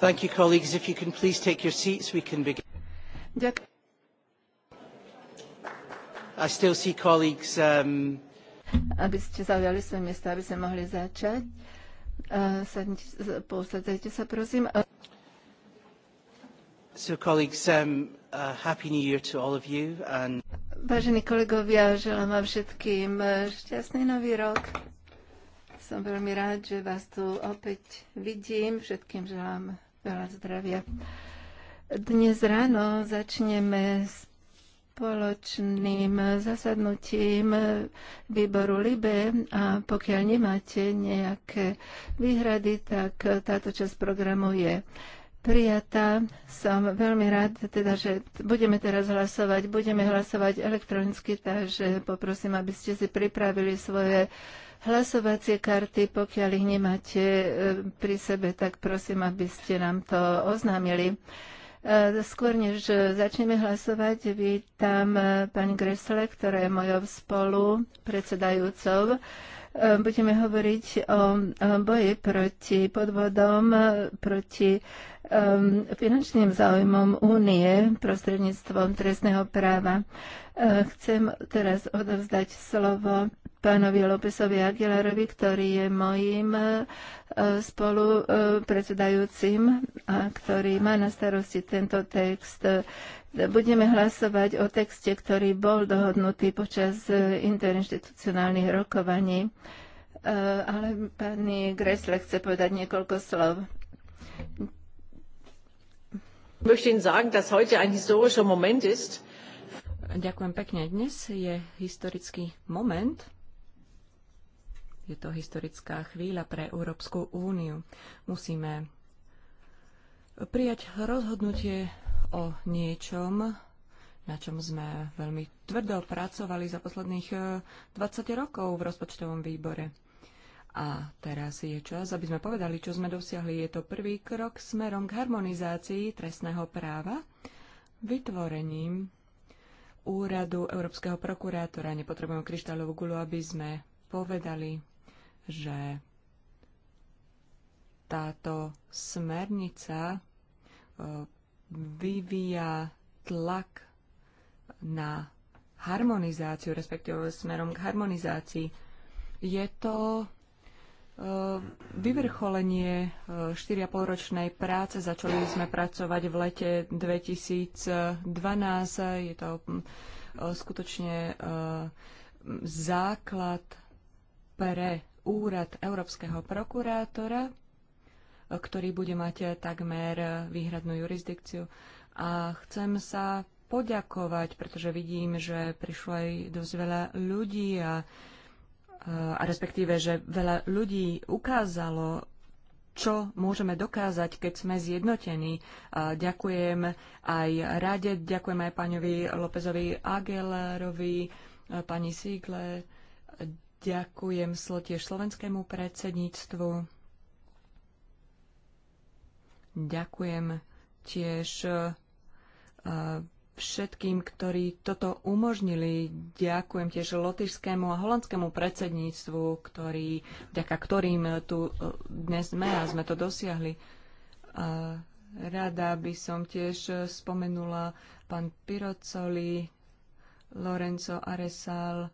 Um, aby ste zaujali svoje miesta, aby sme mohli začať. Uh, posadzajte sa, prosím. So, colleagues, um, uh, happy new year to all of you. And... Vážení kolegovia, želám vám všetkým e, šťastný nový rok. Som veľmi rád, že vás tu opäť vidím. Všetkým želám Veľa zdravia. Dnes ráno začneme s spoločným zasadnutím výboru LIBE a pokiaľ nemáte nejaké výhrady, tak táto časť programu je prijatá. Som veľmi rád, teda, že budeme teraz hlasovať. Budeme hlasovať elektronicky, takže poprosím, aby ste si pripravili svoje Hlasovacie karty, pokiaľ ich nemáte e, pri sebe, tak prosím, aby ste nám to oznámili. E, skôr než začneme hlasovať, vítam e, pani Gresle, ktorá je mojou spolu predsedajúcov. Budeme hovoriť o boji proti podvodom, proti finančným záujmom únie prostredníctvom trestného práva. Chcem teraz odovzdať slovo pánovi Lópezovi Aguilarovi, ktorý je mojím e, spolu e, predsedajúcim a ktorý má na starosti tento text. Budeme hlasovať o texte, ktorý bol dohodnutý počas e, interinstitucionálnych rokovaní. Ale pani Gresle chce povedať niekoľko slov. Möchte Ihnen sagen, dass heute ein historischer Moment ist. Ďakujem pekne. Dnes je historický moment, je to historická chvíľa pre Európsku úniu. Musíme prijať rozhodnutie o niečom, na čom sme veľmi tvrdo pracovali za posledných 20 eh, rokov v rozpočtovom výbore. A teraz je čas, aby sme povedali, čo sme dosiahli. Je to prvý krok smerom k harmonizácii trestného práva vytvorením úradu Európskeho prokurátora. Nepotrebujeme kryštáľovú gulu, aby sme povedali, že táto smernica e, vyvíja tlak na harmonizáciu, respektíve smerom k harmonizácii. Je to e, vyvrcholenie 4,5-ročnej e, práce. Začali sme pracovať v lete 2012. Je to mm, skutočne základ pre úrad Európskeho prokurátora, ktorý bude mať takmer výhradnú jurisdikciu. A chcem sa poďakovať, pretože vidím, že prišlo aj dosť veľa ľudí a, a respektíve, že veľa ľudí ukázalo, čo môžeme dokázať, keď sme zjednotení. A ďakujem aj Rade, ďakujem aj pánovi Lópezovi Aguilarovi, pani Sigle, Ďakujem slotiež tiež slovenskému predsedníctvu. Ďakujem tiež e, všetkým, ktorí toto umožnili. Ďakujem tiež lotyšskému a holandskému predsedníctvu, ktorý, vďaka ktorým tu e, dnes sme a sme to dosiahli. E, rada by som tiež spomenula pán Pirocoli, Lorenzo Aresal,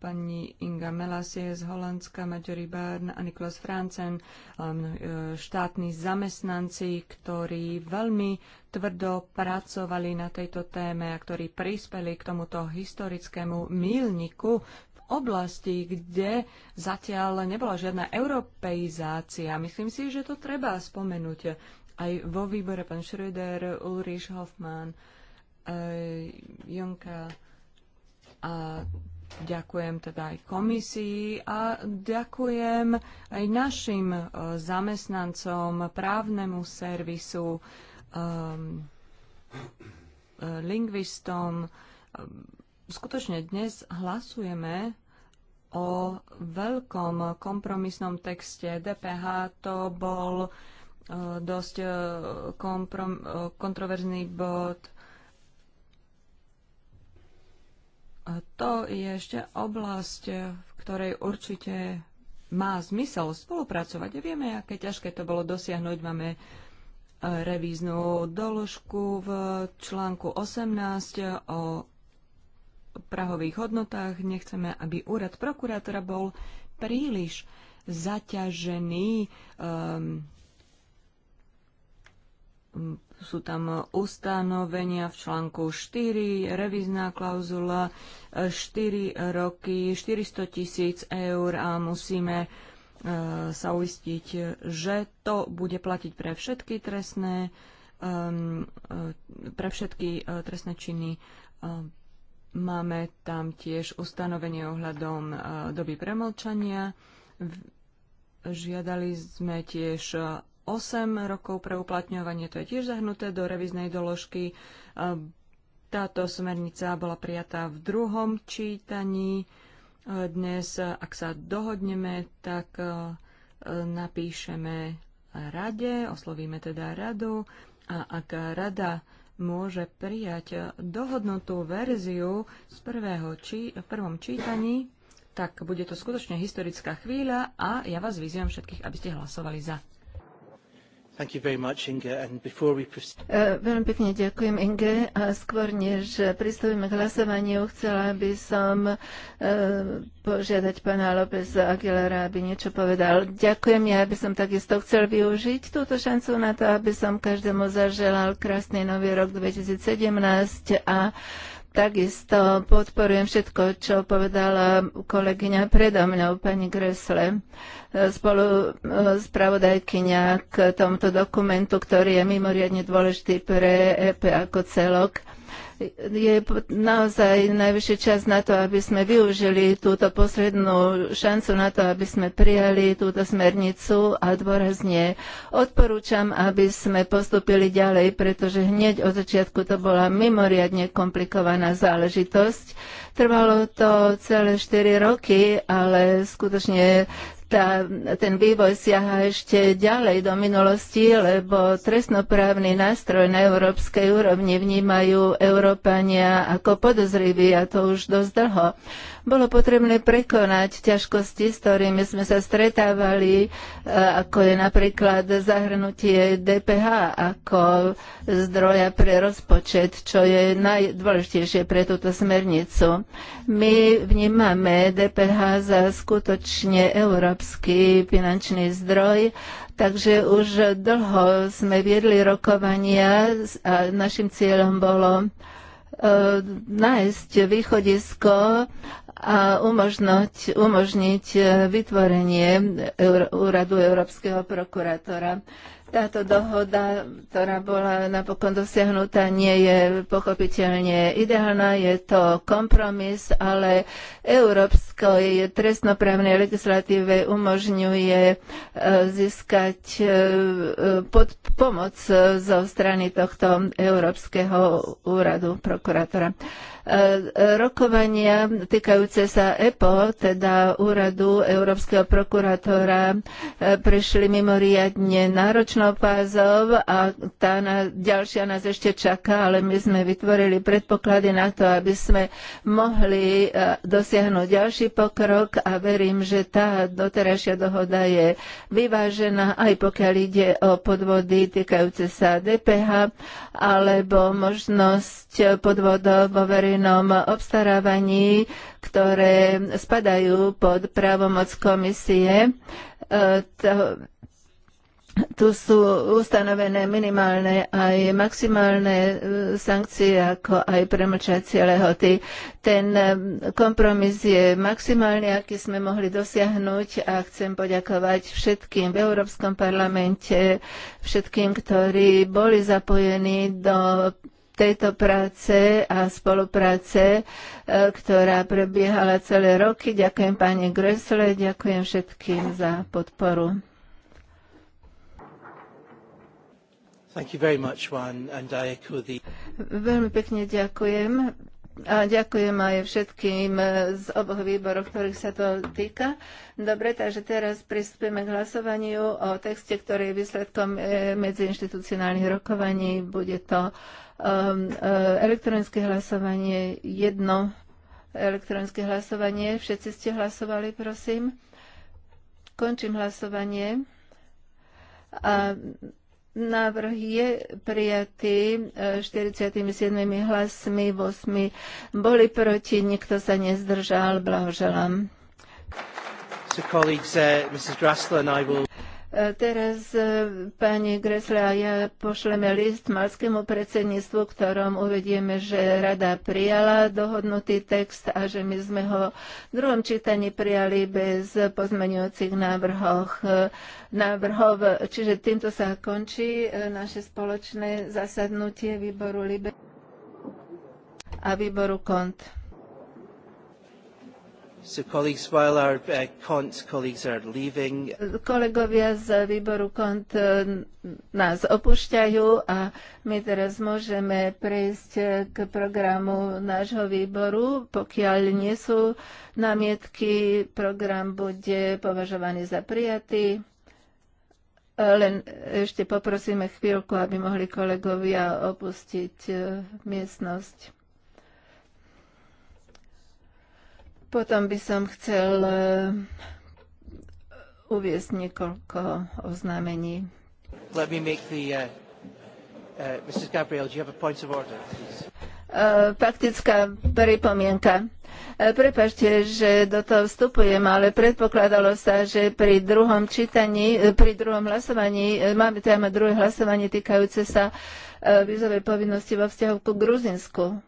pani Inga Melasie z Holandska, Maďori Barn a Niklas Francen, um, e, štátni zamestnanci, ktorí veľmi tvrdo pracovali na tejto téme a ktorí prispeli k tomuto historickému mílniku v oblasti, kde zatiaľ nebola žiadna europeizácia. Myslím si, že to treba spomenúť aj vo výbore pán Schröder, Ulrich Hoffmann, e, Jonka a Ďakujem teda aj komisii a ďakujem aj našim e, zamestnancom, právnemu servisu, um, lingvistom. E, skutočne dnes hlasujeme o veľkom kompromisnom texte DPH. To bol dosť komprom- kontroverzný bod to je ešte oblasť, v ktorej určite má zmysel spolupracovať. A vieme, aké ťažké to bolo dosiahnuť. Máme e, revíznu doložku v článku 18 o prahových hodnotách. Nechceme, aby úrad prokurátora bol príliš zaťažený um, sú tam ustanovenia v článku 4, revízna klauzula 4 roky, 400 tisíc eur a musíme e, sa uistiť, že to bude platiť pre všetky trestné, e, pre všetky e, trestné činy. máme tam tiež ustanovenie ohľadom doby premlčania. Žiadali sme tiež 8 rokov pre uplatňovanie, to je tiež zahnuté do reviznej doložky. E, táto smernica bola prijatá v druhom čítaní. E, dnes, ak sa dohodneme, tak e, napíšeme rade, oslovíme teda radu a ak rada môže prijať dohodnutú verziu z prvého či, v prvom čítaní, tak bude to skutočne historická chvíľa a ja vás vyzývam všetkých, aby ste hlasovali za. Thank you very much, Inge. And before we proceed... E, veľmi pekne ďakujem, Inge. A skôr než pristúpime k hlasovaniu, chcela by som uh, požiadať pána López Aguilera, aby niečo povedal. Ďakujem, ja by som takisto chcel využiť túto šancu na to, aby som každému zaželal krásny nový rok 2017 a Takisto podporujem všetko, čo povedala kolegyňa predo mnou, pani Gresle, spolu e, spravodajkyňa k tomuto dokumentu, ktorý je mimoriadne dôležitý pre EP ako celok je naozaj najvyšší čas na to, aby sme využili túto poslednú šancu na to, aby sme prijali túto smernicu a dôrazne odporúčam, aby sme postupili ďalej, pretože hneď od začiatku to bola mimoriadne komplikovaná záležitosť. Trvalo to celé 4 roky, ale skutočne tá, ten vývoj siaha ešte ďalej do minulosti, lebo trestnoprávny nástroj na európskej úrovni vnímajú Európania ako podozriví a to už dosť dlho bolo potrebné prekonať ťažkosti, s ktorými sme sa stretávali, e, ako je napríklad zahrnutie DPH ako zdroja pre rozpočet, čo je najdôležitejšie pre túto smernicu. My vnímame DPH za skutočne európsky finančný zdroj, takže už dlho sme viedli rokovania a našim cieľom bolo E, nájsť východisko a umožnoť, umožniť e, vytvorenie Úradu Európskeho prokurátora. Táto dohoda, ktorá bola napokon dosiahnutá, nie je pochopiteľne ideálna, je to kompromis, ale európskej trestnoprávnej legislatíve umožňuje e, získať e, pod pomoc zo strany tohto Európskeho úradu prokurátora. Rokovania týkajúce sa EPO, teda úradu Európskeho prokurátora, e, prešli mimoriadne náročnou fázou a tá na, ďalšia nás ešte čaká, ale my sme vytvorili predpoklady na to, aby sme mohli e, dosiahnuť ďalší pokrok a verím, že tá doterajšia dohoda je vyvážená, aj pokiaľ ide o podvody týkajúce sa DPH alebo možnosť podvodov vo verejnom verejnom obstarávaní, ktoré spadajú pod právomoc komisie. E, to, tu sú ustanovené minimálne aj maximálne e, sankcie, ako aj premlčacie lehoty. Ten e, kompromis je maximálny, aký sme mohli dosiahnuť a chcem poďakovať všetkým v Európskom parlamente, všetkým, ktorí boli zapojení do tejto práce a spolupráce, e, ktorá prebiehala celé roky. Ďakujem pani Grösle, ďakujem všetkým za podporu. Thank you very much, Juan, and I echo the... Veľmi pekne ďakujem. A ďakujem aj všetkým e, z oboch výborov, ktorých sa to týka. Dobre, takže teraz pristúpime k hlasovaniu o texte, ktorý je výsledkom e, medziinstitucionálnych rokovaní. Bude to uh, um, uh, elektronické hlasovanie jedno, elektronické hlasovanie. Všetci ste hlasovali, prosím. Končím hlasovanie. A Návrh je prijatý 47 eh, hlasmi, 8 boli proti, nikto sa nezdržal. Blahoželám. So colleagues, uh, Mrs. Grassler and I will... Teraz, e, pani Gresle a ja pošleme list malskému predsedníctvu, ktorom uvedieme, že rada prijala dohodnutý text a že my sme ho v druhom čítaní prijali bez pozmeňujúcich e, návrhov. Čiže týmto sa končí e, naše spoločné zasadnutie výboru Libe a výboru Kont. So colleagues, while our uh, colleagues are leaving... Kolegovia z výboru CONT uh, nás opúšťajú a my teraz môžeme prejsť uh, k programu nášho výboru. Pokiaľ nie sú námietky, program bude považovaný za prijatý. Uh, len ešte poprosíme chvíľku, aby mohli kolegovia opustiť miestnosť. Potom by som chcel e, uviesť niekoľko oznámení. Let me make the, uh, uh, Mrs. Gabriel, do you have a point of order, please? faktická e, pripomienka. E, prepačte, že do toho vstupujem, ale predpokladalo sa, že pri druhom čítaní, pri druhom hlasovaní, máme téma druhé hlasovanie týkajúce sa vízovej povinnosti vo vzťahu ku Gruzinsku.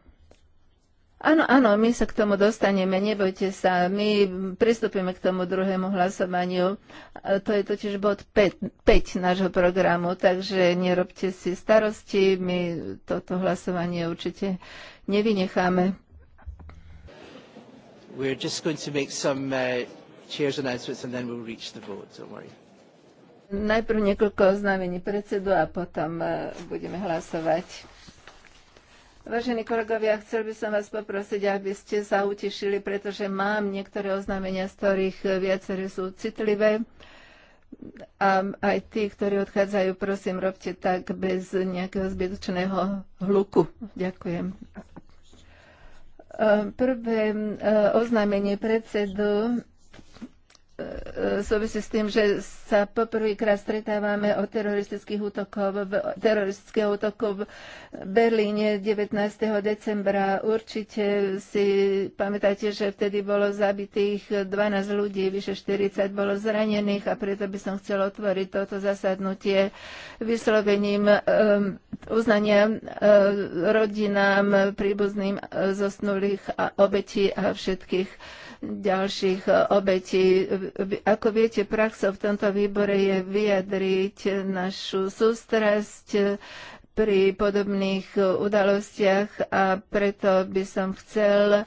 Áno, áno, my sa k tomu dostaneme, nebojte sa, my pristúpime k tomu druhému hlasovaniu. To je totiž bod 5, 5 nášho programu, takže nerobte si starosti, my toto hlasovanie určite nevynecháme. We're just going to make some uh, chair's announcements and then we'll reach the vote, don't worry. Najprv niekoľko oznámení predsedu a potom uh, budeme hlasovať. Vážení kolegovia, chcel by som vás poprosiť, aby ste sa utišili, pretože mám niektoré oznámenia, z ktorých viaceré sú citlivé. A aj tí, ktorí odchádzajú, prosím, robte tak bez nejakého zbytočného hluku. Ďakujem. Prvé eh, oznámenie predsedu E, súvisí s tým, že sa poprvýkrát stretávame o teroristických útokov, teroristického útoku v Berlíne 19. decembra. Určite si pamätáte, že vtedy bolo zabitých 12 ľudí, vyše 40 bolo zranených a preto by som chcel otvoriť toto zasadnutie vyslovením e, uznania e, rodinám, príbuzným zosnulých a obetí a všetkých ďalších e, obetí. Ako viete, praxou v tomto výbore je vyjadriť našu sústrasť pri podobných e, udalostiach a preto by som chcel e,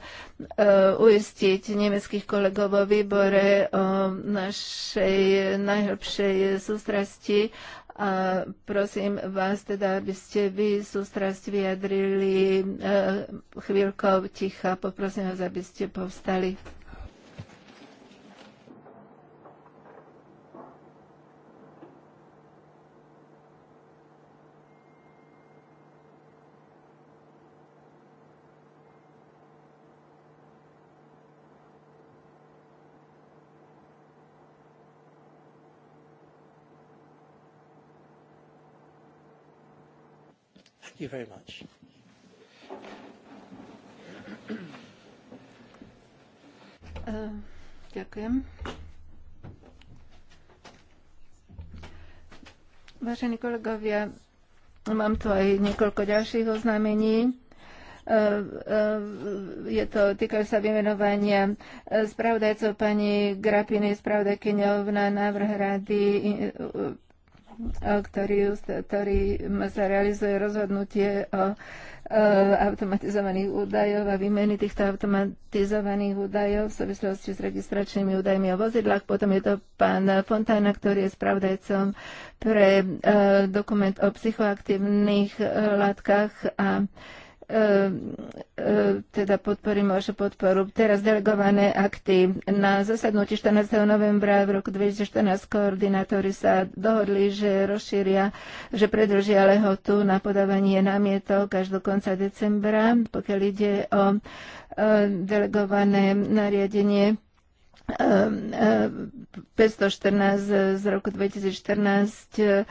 uistiť nemeckých kolegov vo výbore o našej najhlbšej sústrasti a prosím vás teda, aby ste vy sústrasť vyjadrili chvíľkou ticha. Poprosím vás, aby ste povstali. Thank you very much. Uh, ďakujem. Vážení kolegovia, mám tu aj niekoľko ďalších oznámení eh, eh, je to, týkajú sa vymenovania spravodajcov pani Grapiny, spravodajkyňov na návrh rady E, ktorý, ktorý sa realizuje rozhodnutie o e, automatizovaných údajov a výmeny týchto automatizovaných údajov v súvislosti s registračnými údajmi o vozidlách. Potom je to pán Fontána, ktorý je spravodajcom pre e, dokument o psychoaktívnych látkach a Ehm, ehm, teda podporím vašu podporu. Teraz delegované akty. Na zasadnutí 14. novembra v roku 2014 koordinátori sa dohodli, že rozšíria, že predržia lehotu na podávanie námietok až do konca decembra, pokiaľ ide o e, delegované nariadenie 514 e, e, z roku 2014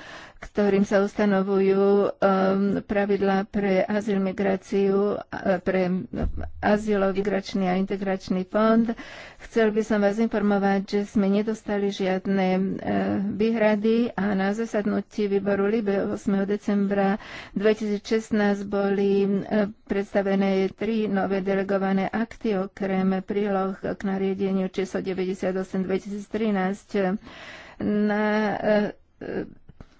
ktorým sa ustanovujú um, pravidlá pre azyl, migráciu, pre azylový migračný a integračný fond. Chcel by som vás informovať, že sme nedostali žiadne e, výhrady a na zasadnutí výboru LIBE 8. decembra 2016 boli e, predstavené tri nové delegované akty, okrem príloh k nariadeniu číslo 98 2013 na e,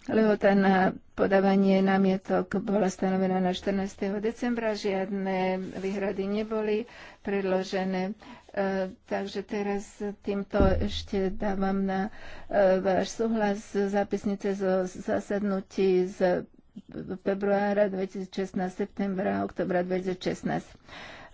tá na eh, podávanie námietok bola stanovená na 14. decembra, žiadne výhrady neboli predložené. Eh, takže teraz týmto ešte dávam na eh, váš súhlas zápisnice zo zasadnutí z februára 2016, septembra, oktobra 2016.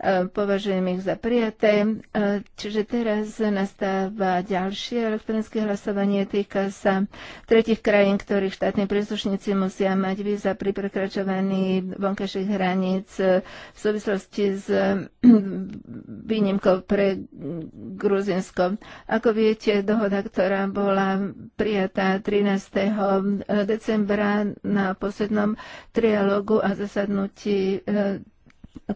Eh, považujem ich za prijaté. Eh, čiže teraz nastáva ďalšie elektronické hlasovanie. Týka sa tretich krajín, ktorých štátni príslušníci musia mať víza pri prekračovaní vonkajších hraníc eh, v súvislosti s výnimkou pre Gruzinsko. Ako viete, dohoda, ktorá bola prijatá 13. decembra na poslednom trialogu a zasadnutí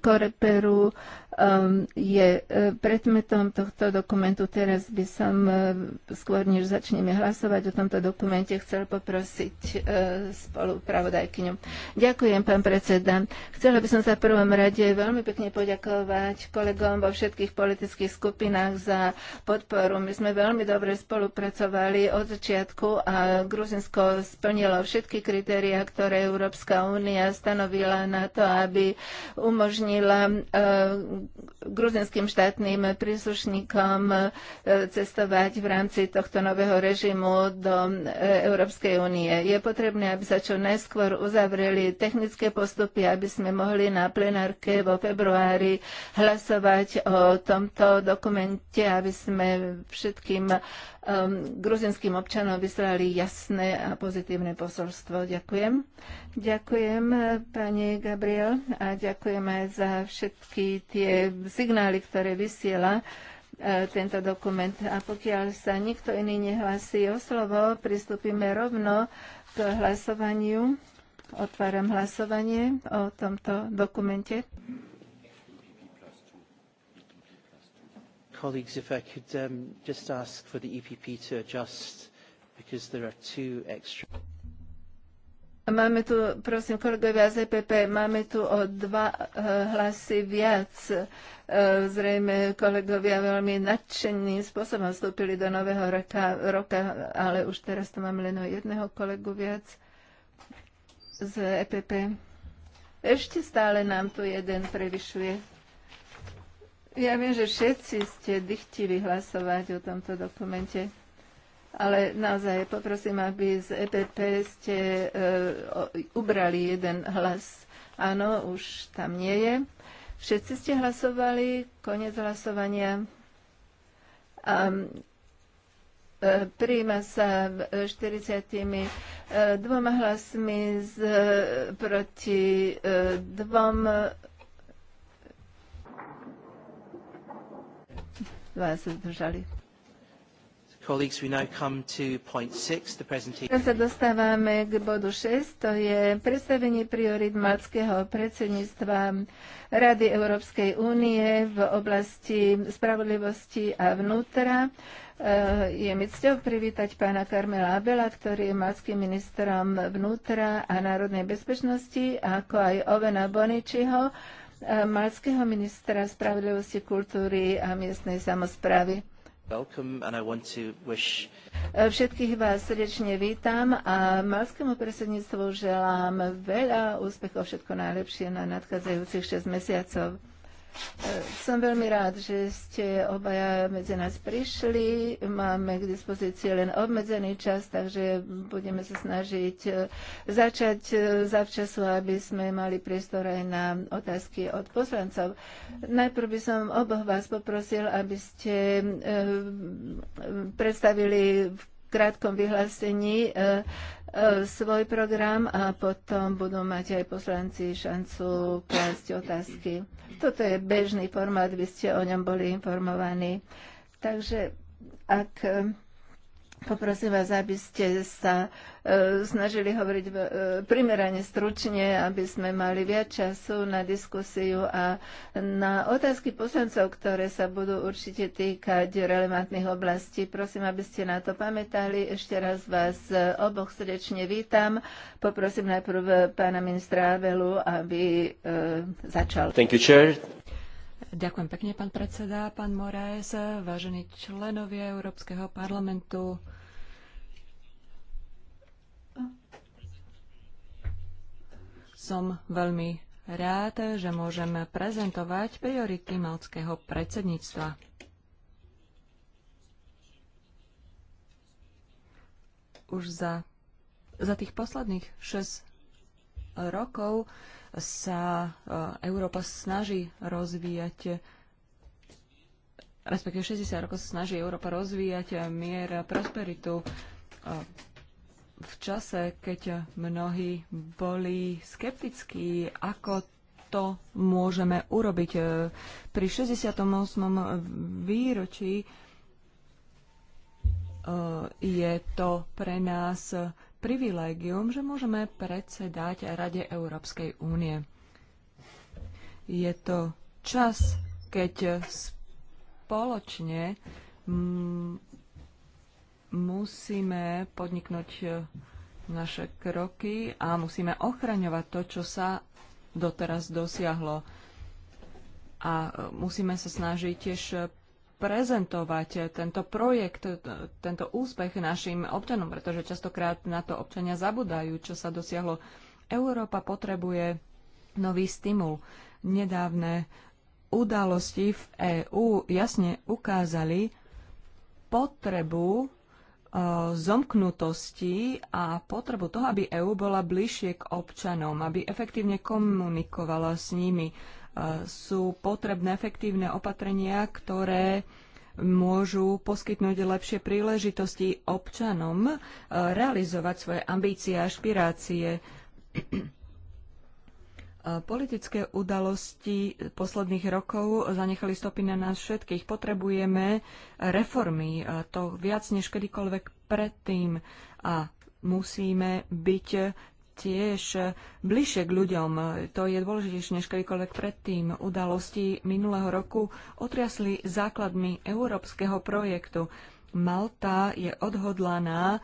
Koreperu Ehm, je e, predmetom tohto dokumentu. Teraz by som, e, skôr než začneme hlasovať o tomto dokumente, chcel poprosiť e, spolupravodajkyňu. Ďakujem, pán predseda. Chcela by som sa prvom rade veľmi pekne poďakovať kolegom vo všetkých politických skupinách za podporu. My sme veľmi dobre spolupracovali od začiatku a Gruzinsko splnilo všetky kritéria, ktoré Európska únia stanovila na to, aby umožnila gruzinským štátnym príslušníkom e, cestovať v rámci tohto nového režimu do e, Európskej únie. Je potrebné, aby sa čo najskôr uzavreli technické postupy, aby sme mohli na plenárke vo februári hlasovať o tomto dokumente, aby sme všetkým um, gruzinským občanom vyslali jasné a pozitívne posolstvo. Ďakujem. Ďakujem, pani Gabriel, a ďakujem aj za všetky tie signály, ktoré vysiela uh, tento dokument. A pokiaľ sa nikto iný nehlasí o slovo, pristúpime rovno k hlasovaniu. Otváram hlasovanie o tomto dokumente. colleagues, if I could um, just ask for the EPP to adjust, because there are two extra... Máme tu, prosím, kolegovia z EPP, máme tu o dva uh, hlasy viac. Uh, Zrejme kolegovia veľmi nadšeným spôsobom vstúpili do nového roka, roka, ale už teraz tu máme len o jedného kolegu viac z EPP. Ešte stále nám tu jeden prevyšuje. Ja viem, že všetci ste dychtili hlasovať o tomto dokumente, ale naozaj poprosím, aby z EPP ste e, ubrali jeden hlas. Áno, už tam nie je. Všetci ste hlasovali, koniec hlasovania. A e, príjma sa 42 e, hlasmi z, proti dvom Dvaja zdržali. Teraz sa dostávame k bodu 6, to je predstavenie priorit malckého predsedníctva Rady Európskej únie v oblasti spravodlivosti a vnútra. Eh, je mi cťou privítať pána Karmela Abela, ktorý je malckým ministrom vnútra a národnej bezpečnosti, ako aj Ovena Boničiho, Eh, malského ministra spravodlivosti, kultúry a miestnej samozprávy. Eh, všetkých vás srdečne vítam a malskému predsedníctvu želám veľa úspechov, všetko najlepšie na nadchádzajúcich 6 mesiacov. Som veľmi rád, že ste obaja medzi nás prišli. Máme k dispozícii len obmedzený čas, takže budeme sa snažiť e, začať e, zavčasu, aby sme mali priestor aj na otázky od poslancov. Najprv by som oboch vás poprosil, aby ste e, predstavili v krátkom vyhlásení E, svoj program a potom budú mať aj poslanci šancu klásť otázky. Toto je bežný formát, vy ste o ňom boli informovaní. Takže ak Poprosím vás, aby ste sa e, snažili hovoriť e, primerane stručne, aby sme mali viac času na diskusiu a na otázky poslancov, ktoré sa budú určite týkať relevantných oblastí. Prosím, aby ste na to pamätali. Ešte raz vás oboch srdečne vítam. Poprosím najprv pána ministra Avelu, aby e, začal. Thank you, chair. Ďakujem pekne, pán predseda, pán Moraes, vážení členovia Európskeho parlamentu, som veľmi rád, že môžeme prezentovať priority malckého predsedníctva. Už za, za tých posledných 6 rokov sa e, Európa snaží rozvíjať respektíve 60 rokov sa snaží Európa rozvíjať mier a prosperitu e, v čase, keď mnohí boli skeptickí, ako to môžeme urobiť. Pri 68. výročí eh, je to pre nás privilégium, že môžeme predsedať Rade Európskej únie. Je to čas, keď spoločne mm, musíme podniknúť e, naše kroky a musíme ochraňovať to, čo sa doteraz dosiahlo. A e, musíme sa snažiť tiež e, prezentovať tento projekt, tento úspech našim občanom, pretože častokrát na to občania zabudajú, čo sa dosiahlo. Európa potrebuje nový stimul. Nedávne udalosti v EÚ jasne ukázali potrebu E, zomknutosti a potrebu toho, aby EÚ bola bližšie k občanom, aby efektívne komunikovala s nimi. E, sú potrebné efektívne opatrenia, ktoré môžu poskytnúť lepšie príležitosti občanom e, realizovať svoje ambície a špirácie. Politické udalosti posledných rokov zanechali stopy na nás všetkých. Potrebujeme reformy, to viac než kedykoľvek predtým. A musíme byť tiež bližšie k ľuďom. To je dôležitejšie než kedykoľvek predtým. Udalosti minulého roku otriasli základmi európskeho projektu. Malta je odhodlaná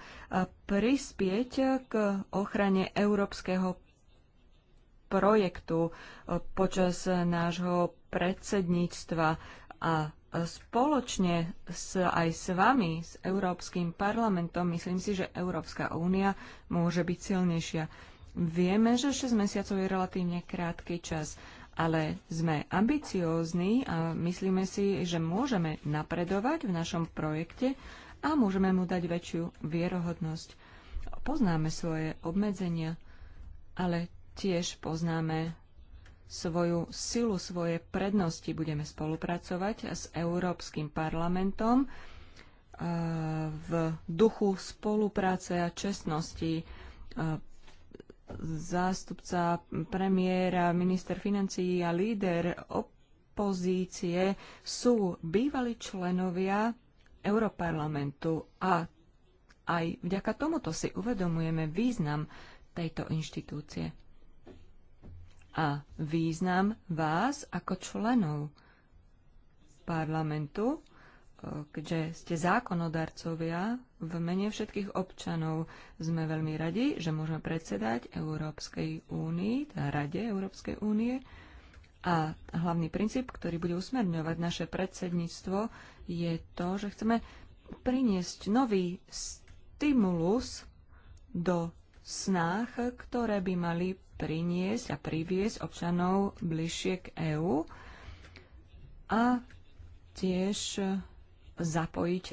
prispieť k ochrane európskeho projektu e, počas nášho predsedníctva a spoločne s, aj s vami, s Európskym parlamentom, myslím si, že Európska únia môže byť silnejšia. Vieme, že 6 mesiacov je relatívne krátky čas, ale sme ambiciózni a myslíme si, že môžeme napredovať v našom projekte a môžeme mu dať väčšiu vierohodnosť. Poznáme svoje obmedzenia, ale tiež poznáme svoju silu, svoje prednosti. Budeme spolupracovať s Európskym parlamentom e, v duchu spolupráce a čestnosti e, zástupca premiéra, minister financií a líder opozície sú bývalí členovia Európarlamentu a aj vďaka tomuto si uvedomujeme význam tejto inštitúcie a význam vás ako členov parlamentu, keďže ste zákonodarcovia v mene všetkých občanov. Sme veľmi radi, že môžeme predsedať Európskej únii, teda Rade Európskej únie. A hlavný princíp, ktorý bude usmerňovať naše predsedníctvo, je to, že chceme priniesť nový stimulus do snách, ktoré by mali priniesť a priviesť občanov bližšie k EÚ a tiež zapojiť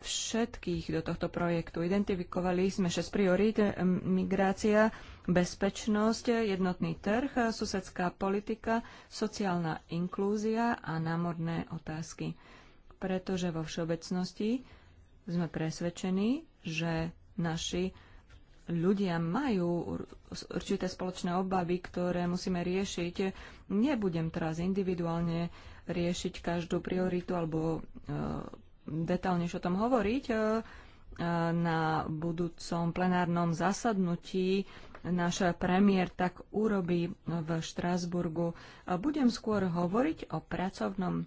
všetkých do tohto projektu. Identifikovali sme 6 priorít, migrácia, bezpečnosť, jednotný trh, susedská politika, sociálna inklúzia a námorné otázky. Pretože vo všeobecnosti sme presvedčení, že naši ľudia majú určité spoločné obavy, ktoré musíme riešiť. Nebudem teraz individuálne riešiť každú prioritu alebo e, detálnejšie o tom hovoriť. E, e, na budúcom plenárnom zasadnutí náš premiér tak urobí v Štrásburgu. Budem skôr hovoriť o pracovnom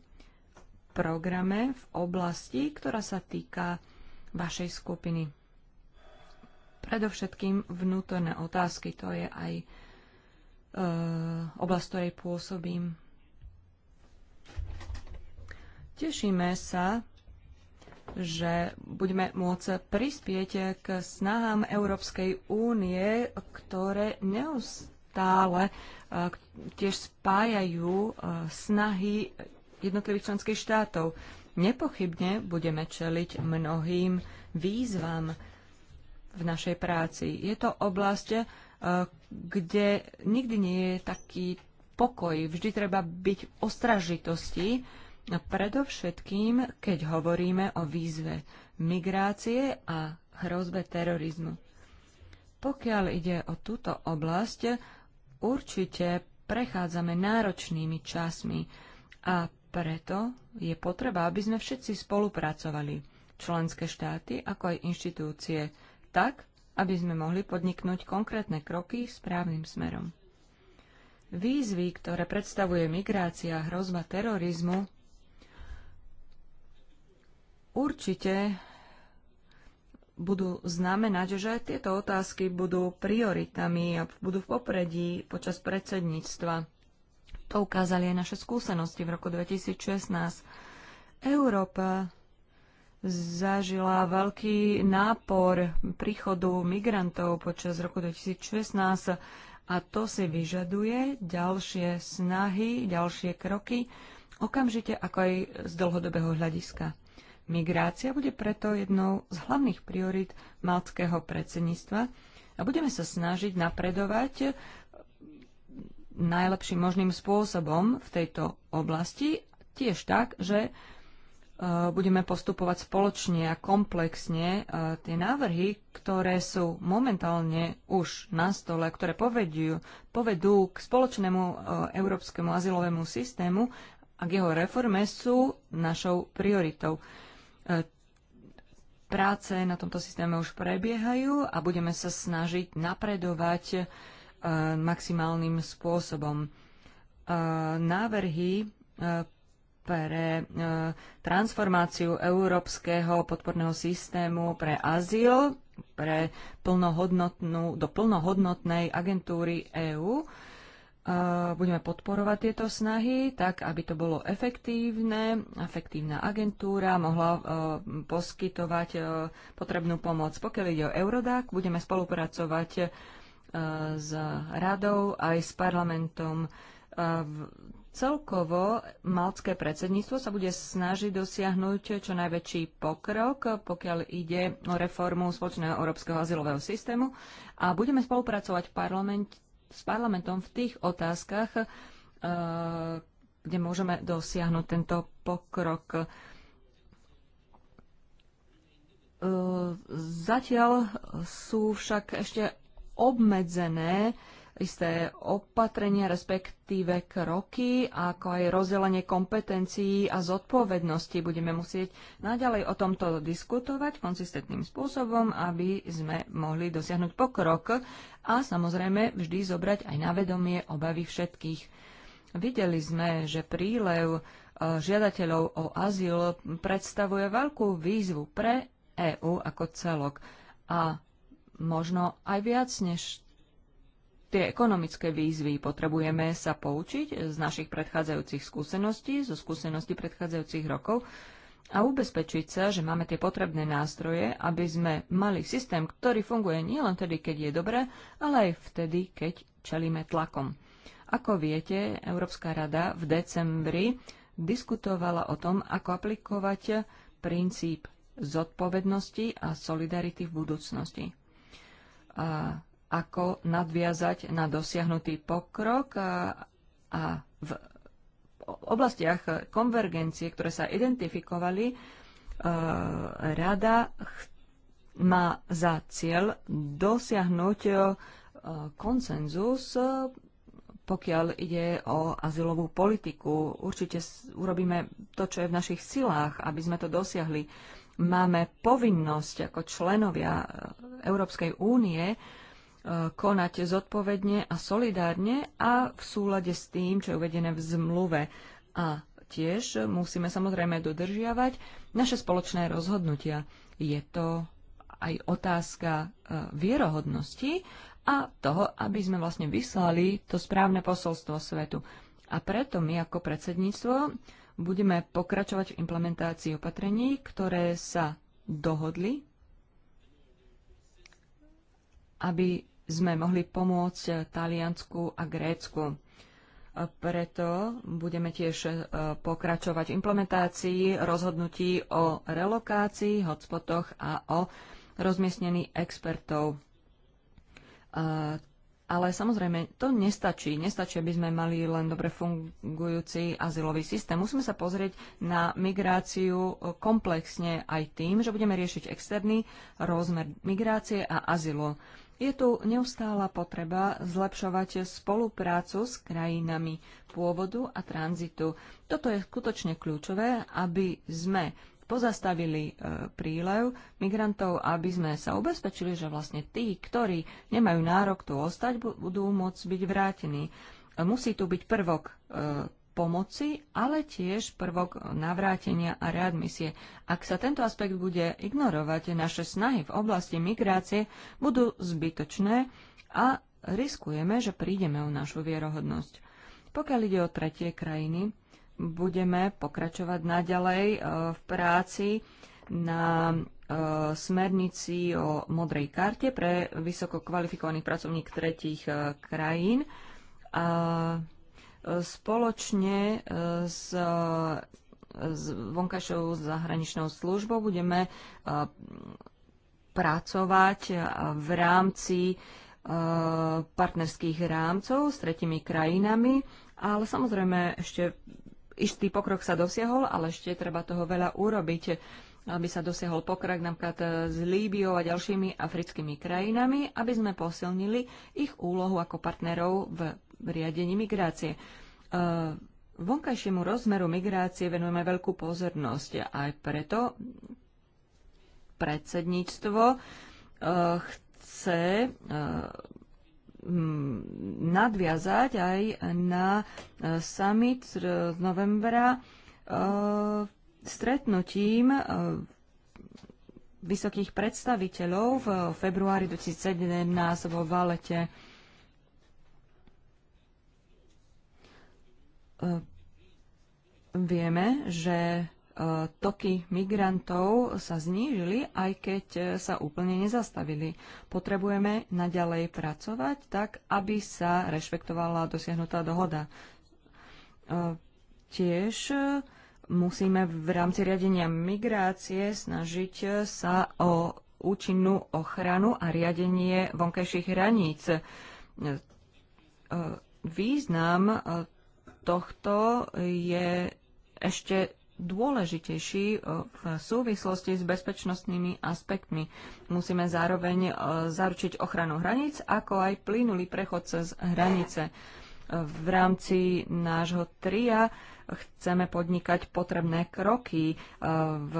programe v oblasti, ktorá sa týka vašej skupiny. Predovšetkým vnútorné otázky, to je aj e, oblasť, ktorej pôsobím. Tešíme sa, že budeme môcť prispieť k snahám Európskej únie, ktoré neustále e, tiež spájajú e, snahy jednotlivých členských štátov. Nepochybne budeme čeliť mnohým výzvam, v našej práci. Je to oblasť, e, kde nikdy nie je taký pokoj. Vždy treba byť ostražitosti, predovšetkým, keď hovoríme o výzve migrácie a hrozbe terorizmu. Pokiaľ ide o túto oblasť, určite prechádzame náročnými časmi a preto je potreba, aby sme všetci spolupracovali, členské štáty ako aj inštitúcie tak, aby sme mohli podniknúť konkrétne kroky správnym smerom. Výzvy, ktoré predstavuje migrácia a hrozba terorizmu, určite budú znamenať, že aj tieto otázky budú prioritami a budú v popredí počas predsedníctva. To ukázali aj naše skúsenosti v roku 2016. Európa zažila veľký nápor príchodu migrantov počas roku 2016 a to si vyžaduje ďalšie snahy, ďalšie kroky, okamžite ako aj z dlhodobého hľadiska. Migrácia bude preto jednou z hlavných priorit maltského predsedníctva a budeme sa snažiť napredovať najlepším možným spôsobom v tejto oblasti, tiež tak, že budeme postupovať spoločne a komplexne. E, tie návrhy, ktoré sú momentálne už na stole, ktoré povedú, povedú k spoločnému e, európskemu azylovému systému a k jeho reforme, sú našou prioritou. E, práce na tomto systéme už prebiehajú a budeme sa snažiť napredovať maximálnym spôsobom. Návrhy pre e, transformáciu európskeho podporného systému pre azyl pre plnohodnotnú, do plnohodnotnej agentúry EÚ. E, budeme podporovať tieto snahy tak, aby to bolo efektívne. Efektívna agentúra mohla e, poskytovať potrebnú pomoc. Pokiaľ ide o Eurodac, budeme spolupracovať s radou aj s parlamentom Celkovo malcké predsedníctvo sa bude snažiť dosiahnuť čo najväčší pokrok, pokiaľ ide o reformu spoločného európskeho azylového systému a budeme spolupracovať parlament, s parlamentom v tých otázkach, e, kde môžeme dosiahnuť tento pokrok. E, zatiaľ sú však ešte obmedzené isté opatrenia, respektíve kroky, ako aj rozdelenie kompetencií a zodpovednosti. Budeme musieť naďalej o tomto diskutovať konsistentným spôsobom, aby sme mohli dosiahnuť pokrok a samozrejme vždy zobrať aj na vedomie obavy všetkých. Videli sme, že prílev e, žiadateľov o azyl predstavuje veľkú výzvu pre EÚ ako celok a možno aj viac než tie ekonomické výzvy. Potrebujeme sa poučiť z našich predchádzajúcich skúseností, zo skúseností predchádzajúcich rokov a ubezpečiť sa, že máme tie potrebné nástroje, aby sme mali systém, ktorý funguje nielen tedy, keď je dobré, ale aj vtedy, keď čelíme tlakom. Ako viete, Európska rada v decembri diskutovala o tom, ako aplikovať princíp zodpovednosti a solidarity v budúcnosti. A ako nadviazať na dosiahnutý pokrok a, a v oblastiach konvergencie, ktoré sa identifikovali, e, rada má za cieľ dosiahnuť e, konsenzus, e, pokiaľ ide o azylovú politiku. Určite urobíme to, čo je v našich silách, aby sme to dosiahli. Máme povinnosť ako členovia Európskej únie E, konať zodpovedne a solidárne a v súlade s tým, čo je uvedené v zmluve. A tiež musíme samozrejme dodržiavať naše spoločné rozhodnutia. Je to aj otázka e, vierohodnosti a toho, aby sme vlastne vyslali to správne posolstvo svetu. A preto my ako predsedníctvo budeme pokračovať v implementácii opatrení, ktoré sa dohodli aby sme mohli pomôcť eh, Taliansku a Grécku. Eh, preto budeme tiež eh, pokračovať v implementácii rozhodnutí o relokácii, hotspotoch a o rozmiestnení expertov. Ale samozrejme, to nestačí. Nestačí, aby sme mali len dobre fungujúci azylový systém. Musíme sa pozrieť na migráciu komplexne aj tým, že budeme riešiť externý rozmer migrácie a azylu. Je tu neustála potreba zlepšovať spoluprácu s krajinami pôvodu a tranzitu. Toto je skutočne kľúčové, aby sme pozastavili e, prílev migrantov, aby sme sa ubezpečili, že vlastne tí, ktorí nemajú nárok tu ostať, budú môcť byť vrátení. Musí tu byť prvok e, pomoci, ale tiež prvok navrátenia a readmisie. Ak sa tento aspekt bude ignorovať, naše snahy v oblasti migrácie budú zbytočné a riskujeme, že prídeme o našu vierohodnosť. Pokiaľ ide o tretie krajiny, budeme pokračovať naďalej e, v práci na e, smernici o modrej karte pre vysoko kvalifikovaných pracovník tretích e, krajín. A Spoločne e, s e, s vonkajšou zahraničnou službou budeme e, pracovať v rámci partnerských rámcov s tretimi krajinami, ale samozrejme ešte istý pokrok sa dosiahol, ale ešte treba toho veľa urobiť, aby sa dosiahol pokrok napríklad s Líbiou a ďalšími africkými krajinami, aby sme posilnili ich úlohu ako partnerov v riadení migrácie. E, vonkajšiemu rozmeru migrácie venujeme veľkú pozornosť. Aj preto predsedníctvo e, chce e, nadviazať aj na summit z novembra stretnutím vysokých predstaviteľov v februári 2017 vo Valete E, vieme, že e, toky migrantov sa znížili, aj keď e, sa úplne nezastavili. Potrebujeme naďalej pracovať tak, aby sa rešpektovala dosiahnutá dohoda. Tiež musíme v rámci riadenia migrácie snažiť sa o účinnú ochranu a riadenie vonkajších hraníc. Význam tohto je ešte dôležitejší e, v súvislosti s bezpečnostnými aspektmi. Musíme zároveň e, zaručiť ochranu hraníc, ako aj plynulý prechod cez hranice. E, v rámci nášho tria chceme podnikať potrebné kroky v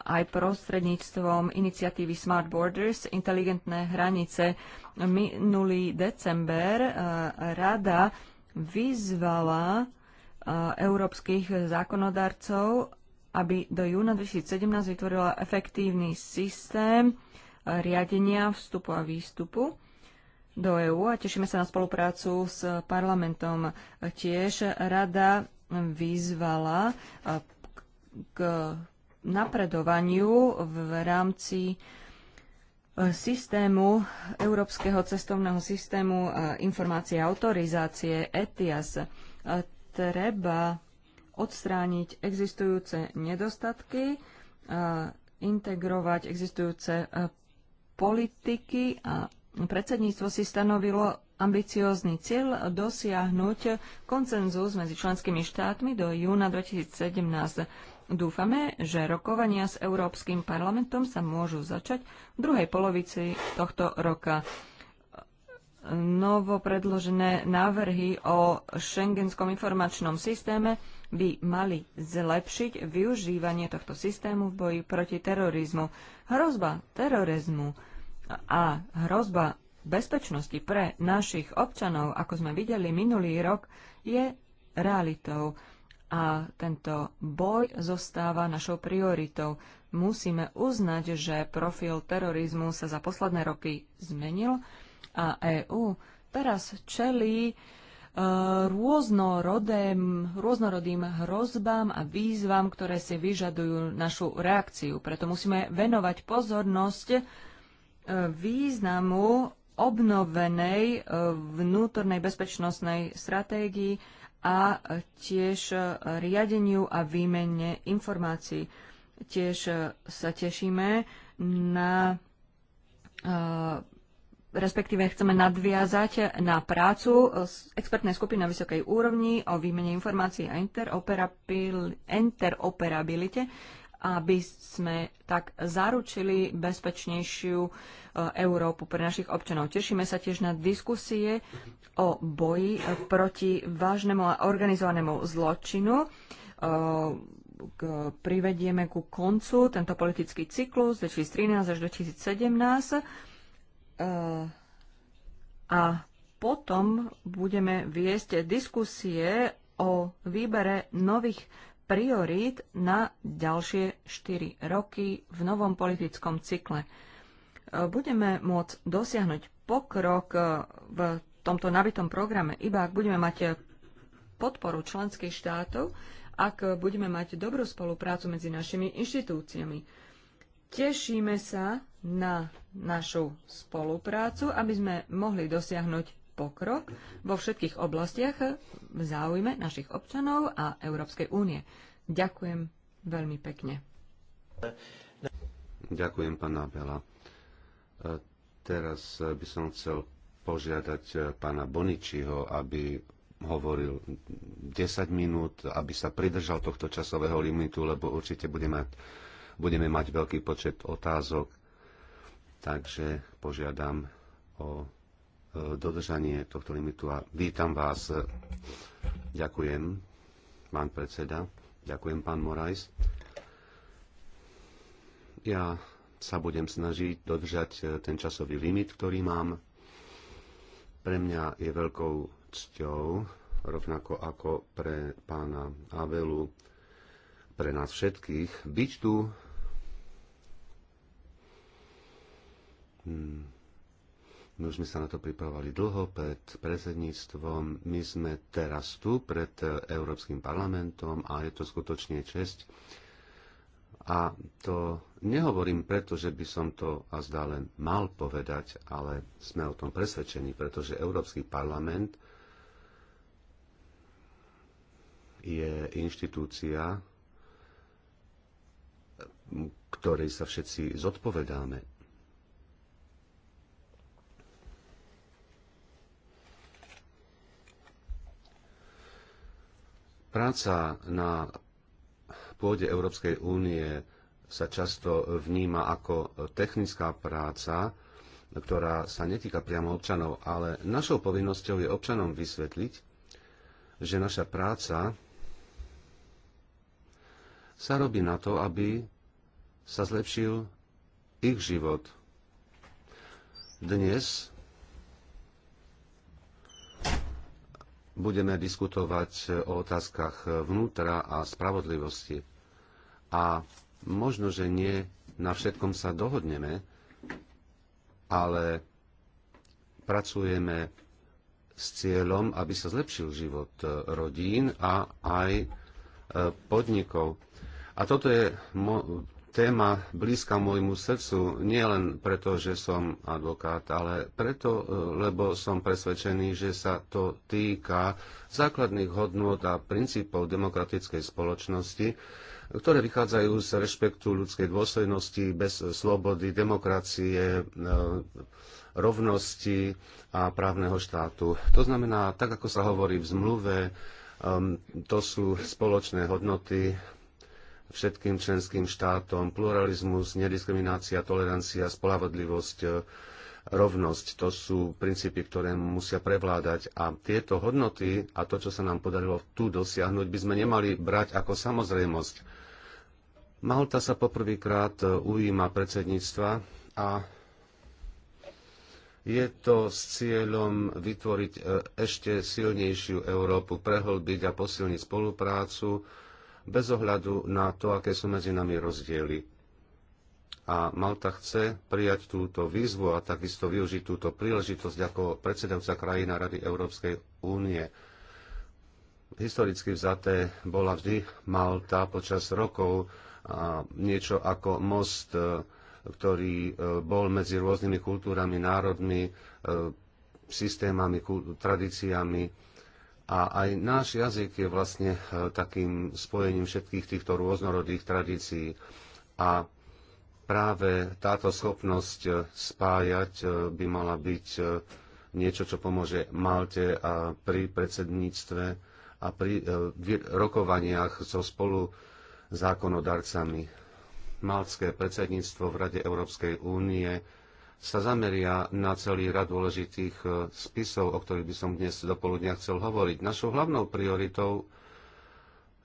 aj prostredníctvom iniciatívy Smart Borders, inteligentné hranice. Minulý december rada vyzvala európskych zákonodarcov, aby do júna 2017 vytvorila efektívny systém riadenia vstupu a výstupu do EÚ a tešíme sa na spoluprácu s parlamentom. Tiež rada vyzvala k napredovaniu v rámci systému, Európskeho cestovného systému e, informácie a autorizácie ETIAS. E, treba odstrániť existujúce nedostatky, e, integrovať existujúce politiky a predsedníctvo si stanovilo ambiciózny cieľ dosiahnuť koncenzus medzi členskými štátmi do júna 2017. Dúfame, že rokovania s Európskym parlamentom sa môžu začať v druhej polovici tohto roka. Novo predložené návrhy o šengenskom informačnom systéme by mali zlepšiť využívanie tohto systému v boji proti terorizmu. Hrozba terorizmu a hrozba bezpečnosti pre našich občanov, ako sme videli minulý rok, je realitou a tento boj zostáva našou prioritou. Musíme uznať, že profil terorizmu sa za posledné roky zmenil a EÚ teraz čelí e, rôznorodým, rôznorodým hrozbám a výzvam, ktoré si vyžadujú našu reakciu. Preto musíme venovať pozornosť e, významu obnovenej e, vnútornej bezpečnostnej stratégii a tiež e, riadeniu a výmene informácií. Tiež e, sa tešíme na respektíve chceme nadviazať na prácu expertnej skupiny na vysokej úrovni o výmene informácií a interoperabilite aby sme tak zaručili bezpečnejšiu e, Európu pre našich občanov. Tešíme sa tiež na diskusie o boji e, proti vážnemu a organizovanému zločinu. E, privedieme ku koncu tento politický cyklus 2013 až 2017 a potom budeme viesť diskusie o výbere nových priorít na ďalšie 4 roky v novom politickom cykle. E, budeme môcť dosiahnuť pokrok e, v tomto nabitom programe, iba ak budeme mať podporu členských štátov, ak budeme mať dobrú spoluprácu medzi našimi inštitúciami. Tešíme sa na našu spoluprácu, aby sme mohli dosiahnuť pokrok vo všetkých oblastiach v záujme našich občanov a Európskej únie. Ďakujem veľmi pekne. Ďakujem, pána Bela. E, teraz by som chcel požiadať e, pána Boničiho, aby hovoril 10 minút, aby sa pridržal tohto časového limitu, lebo určite bude mať, budeme mať veľký počet otázok. Takže požiadam o dodržanie tohto limitu a vítam vás. Ďakujem, pán predseda. Ďakujem, pán Morajs. Ja sa budem snažiť dodržať e, ten časový limit, ktorý mám. Pre mňa je veľkou cťou, rovnako ako pre pána Avelu, pre nás všetkých, byť tu. Hmm my už sme sa na to pripravovali dlho pred predsedníctvom. My sme teraz tu pred Európskym parlamentom a je to skutočne česť. A to nehovorím preto, že by som to a zdá len mal povedať, ale sme o tom presvedčení, pretože Európsky parlament je inštitúcia, ktorej sa všetci zodpovedáme Práca na pôde Európskej únie sa často vníma ako technická práca, ktorá sa netýka priamo občanov, ale našou povinnosťou je občanom vysvetliť, že naša práca sa robí na to, aby sa zlepšil ich život. Dnes budeme diskutovať o otázkach vnútra a spravodlivosti. A možno, že nie na všetkom sa dohodneme, ale pracujeme s cieľom, aby sa zlepšil život rodín a aj e, podnikov. A toto je téma blízka môjmu srdcu, nie len preto, že som advokát, ale preto, e, lebo som presvedčený, že sa to týka základných hodnôt a princípov demokratickej spoločnosti, ktoré vychádzajú z rešpektu ľudskej dôstojnosti, bez slobody, demokracie, e, rovnosti a právneho štátu. To znamená, tak ako sa hovorí v zmluve, e, to sú spoločné hodnoty, všetkým členským štátom, pluralizmus, nediskriminácia, tolerancia, spolavodlivosť, e, rovnosť. To sú princípy, ktoré musia prevládať a tieto hodnoty a to, čo sa nám podarilo tu dosiahnuť, by sme nemali brať ako samozrejmosť. Malta sa poprvýkrát e, ujíma predsedníctva a je to s cieľom vytvoriť e, ešte silnejšiu Európu, prehlbiť a posilniť spoluprácu, bez ohľadu na to, aké sú medzi nami rozdiely. A Malta chce prijať túto výzvu a takisto využiť túto príležitosť ako predsedajúca krajina Rady Európskej únie. Historicky vzaté bola vždy Malta počas rokov a niečo ako most, e, ktorý e, bol medzi rôznymi kultúrami, národmi, e, systémami, tradíciami a aj náš jazyk je vlastne e, takým spojením všetkých týchto rôznorodých tradícií. A práve táto schopnosť e, spájať e, by mala byť niečo, čo pomôže Malte a pri predsedníctve a pri rokovaniach so spolu zákonodarcami. Maltské predsedníctvo v Rade Európskej únie sa zameria na celý rad dôležitých e, spisov, o ktorých by som dnes do poludnia chcel hovoriť. Našou hlavnou prioritou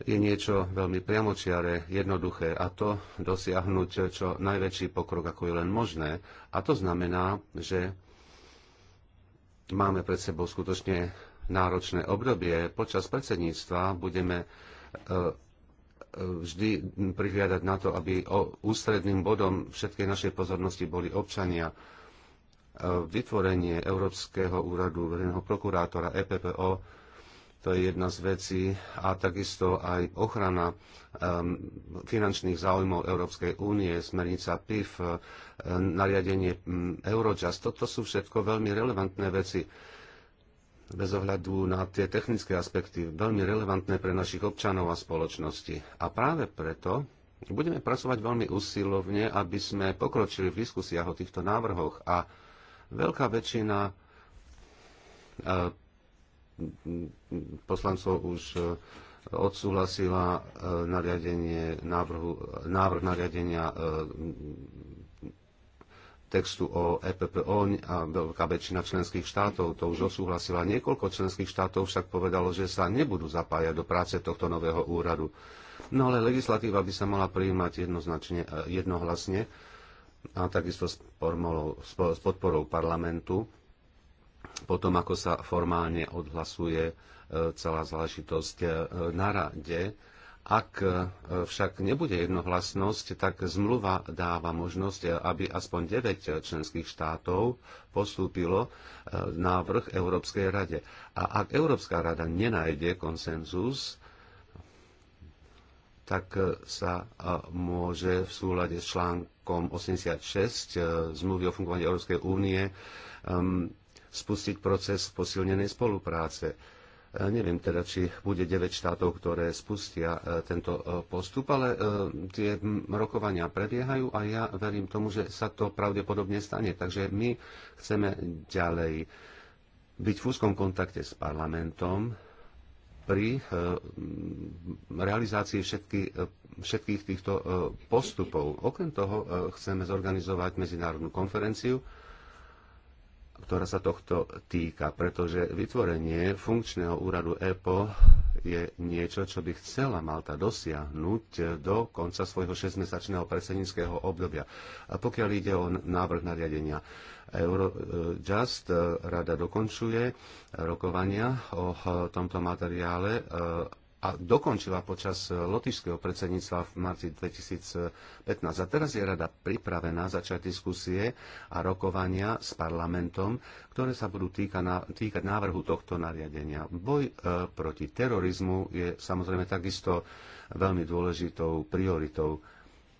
je niečo veľmi priamočiare, jednoduché a to dosiahnuť e, čo najväčší pokrok, ako je len možné. A to znamená, že máme pred sebou skutočne náročné obdobie. Počas predsedníctva budeme e, vždy prihliadať na to, aby ústredným bodom všetkej našej pozornosti boli občania. Vytvorenie Európskeho úradu verejného prokurátora EPPO, to je jedna z vecí, a takisto aj ochrana ehm, finančných záujmov Európskej únie, smernica PIF, ehm, nariadenie ehm, Eurojust, toto sú všetko veľmi relevantné veci bez ohľadu na tie technické aspekty veľmi relevantné pre našich občanov a spoločnosti. A práve preto budeme pracovať veľmi usilovne, aby sme pokročili v diskusiách o týchto návrhoch a veľká väčšina e, poslancov už e, odsúhlasila e, nariadenie, návrhu, návrh nariadenia textu o EPPO a veľká väčšina členských štátov to už osúhlasila. Niekoľko členských štátov však povedalo, že sa nebudú zapájať do práce tohto nového úradu. No ale legislatíva by sa mala prijímať jednoznačne, e, jednohlasne a takisto s, formou, s podporou parlamentu potom ako sa formálne odhlasuje e, celá záležitosť e, na rade ak e, však nebude jednohlasnosť, tak zmluva dáva možnosť, e, aby aspoň 9 e, členských štátov postúpilo návrh Európskej rade. A ak Európska rada nenájde konsenzus, tak sa môže v súlade s článkom 86 zmluvy o fungovaní Európskej únie spustiť proces posilnenej spolupráce E, neviem teda, či bude 9 štátov, ktoré spustia e, tento e, postup, ale tie rokovania prebiehajú a ja verím tomu, že sa to pravdepodobne stane. Takže my chceme ďalej byť v úzkom kontakte s parlamentom pri realizácii všetky, všetkých týchto postupov. Okrem toho chceme zorganizovať medzinárodnú konferenciu, ktorá sa tohto týka, pretože vytvorenie funkčného úradu EPO je niečo, čo by chcela Malta dosiahnuť do konca svojho 6-mesačného predsedníckého obdobia. A pokiaľ ide o návrh nariadenia, Eurojust eh, rada dokončuje rokovania o eh, tomto materiále eh, a dokončila počas e, lotišského predsedníctva v marci 2015. A teraz je rada pripravená začať diskusie a rokovania s parlamentom, ktoré sa budú týka na, týkať návrhu tohto nariadenia. Boj e, proti terorizmu je samozrejme takisto veľmi dôležitou prioritou.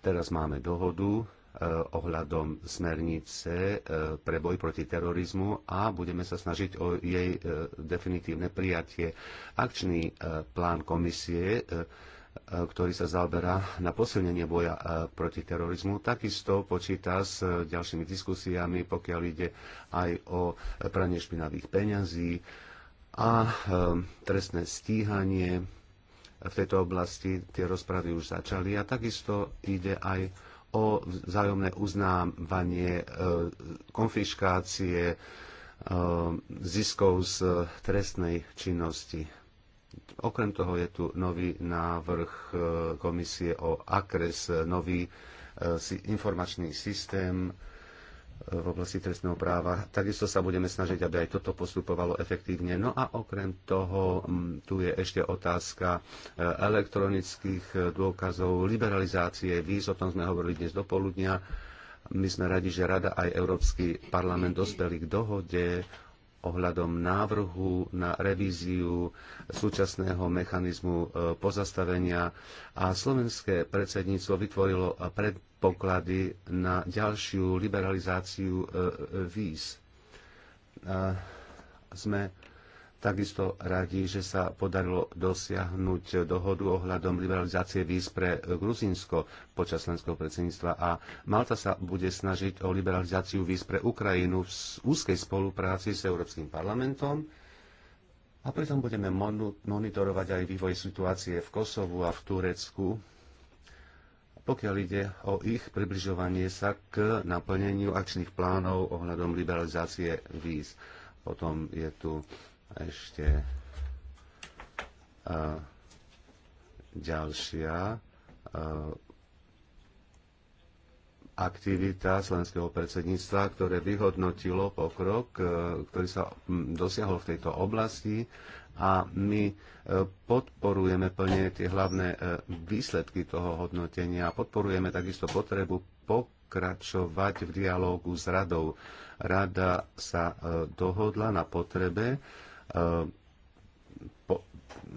Teraz máme dohodu Eh, ohľadom smernice eh, pre boj proti terorizmu a budeme sa snažiť o jej eh, definitívne prijatie. Akčný plán komisie ktorý sa zaoberá na posilnenie boja proti terorizmu. Takisto počíta s ďalšími diskusiami, pokiaľ ide aj o pranie špinavých peňazí a trestné stíhanie v tejto oblasti. Tie rozpravy už začali a takisto ide aj o vzájomné uznávanie e, konfiškácie e, ziskov z trestnej činnosti. Okrem toho je tu nový návrh e, komisie o AKRES, nový informačný systém E, v oblasti trestného práva. Takisto sa budeme snažiť, aby aj toto postupovalo efektívne. No a okrem toho, tu je ešte otázka e, elektronických e, dôkazov, liberalizácie víz, o tom sme hovorili dnes do poludnia. My sme radi, že Rada aj Európsky parlament dospeli k dohode ohľadom návrhu na revíziu súčasného mechanizmu e, pozastavenia a slovenské predsedníctvo vytvorilo predpoklady na ďalšiu liberalizáciu e, e, víz. Sme takisto radí, že sa podarilo dosiahnuť dohodu ohľadom liberalizácie víz pre Gruzinsko počas slovenského predsedníctva a Malta sa bude snažiť o liberalizáciu víz pre Ukrajinu v úzkej spolupráci s Európskym parlamentom a pritom budeme monitorovať aj vývoj situácie v Kosovu a v Turecku, pokiaľ ide o ich približovanie sa k naplneniu akčných plánov ohľadom liberalizácie víz. Potom je tu ešte a ďalšia a aktivita slovenského predsedníctva, ktoré vyhodnotilo pokrok, e, ktorý sa dosiahol v tejto oblasti a my e, podporujeme plne tie hlavné e, výsledky toho hodnotenia a podporujeme takisto potrebu pokračovať v dialógu s radou. Rada sa dohodla na potrebe Eh,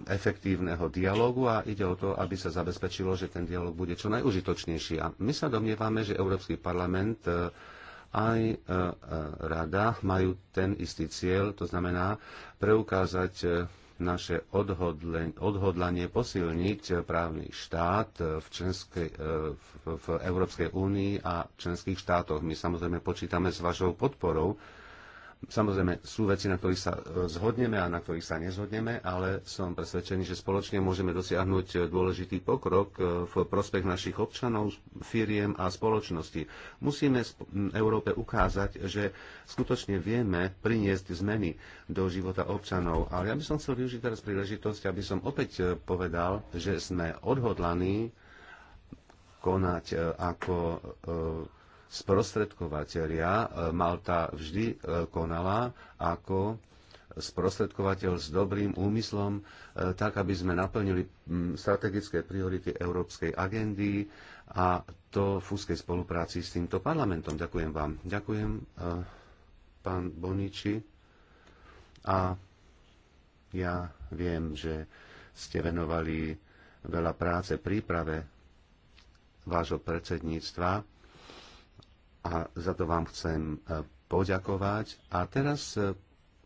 efektívneho dialogu a ide o to, aby sa zabezpečilo, že ten dialog bude čo najužitočnejší. A my sa domnievame, že Európsky parlament eh, aj eh, rada majú ten istý cieľ, to znamená preukázať naše odhodlanie posilniť právny štát v, Českej, v Európskej únii a členských štátoch. My samozrejme počítame s vašou podporou Samozrejme, sú veci, na ktorých sa e, zhodneme a na ktorých sa nezhodneme, ale som presvedčený, že spoločne môžeme dosiahnuť e, dôležitý pokrok e, v prospech našich občanov, firiem a spoločnosti. Musíme Európe ukázať, že skutočne vieme priniesť zmeny do života občanov. Ale ja by som chcel využiť teraz príležitosť, aby som opäť povedal, že sme odhodlaní konať ako sprostredkovateľia e, Malta vždy e, konala ako sprostredkovateľ s dobrým úmyslom, e, tak aby sme naplnili strategické priority európskej agendy a to v úzkej spolupráci s týmto parlamentom. Ďakujem vám. Ďakujem, pán Boniči. A ja viem, že ste venovali veľa práce príprave vášho predsedníctva a za to vám chcem e, poďakovať. A teraz e,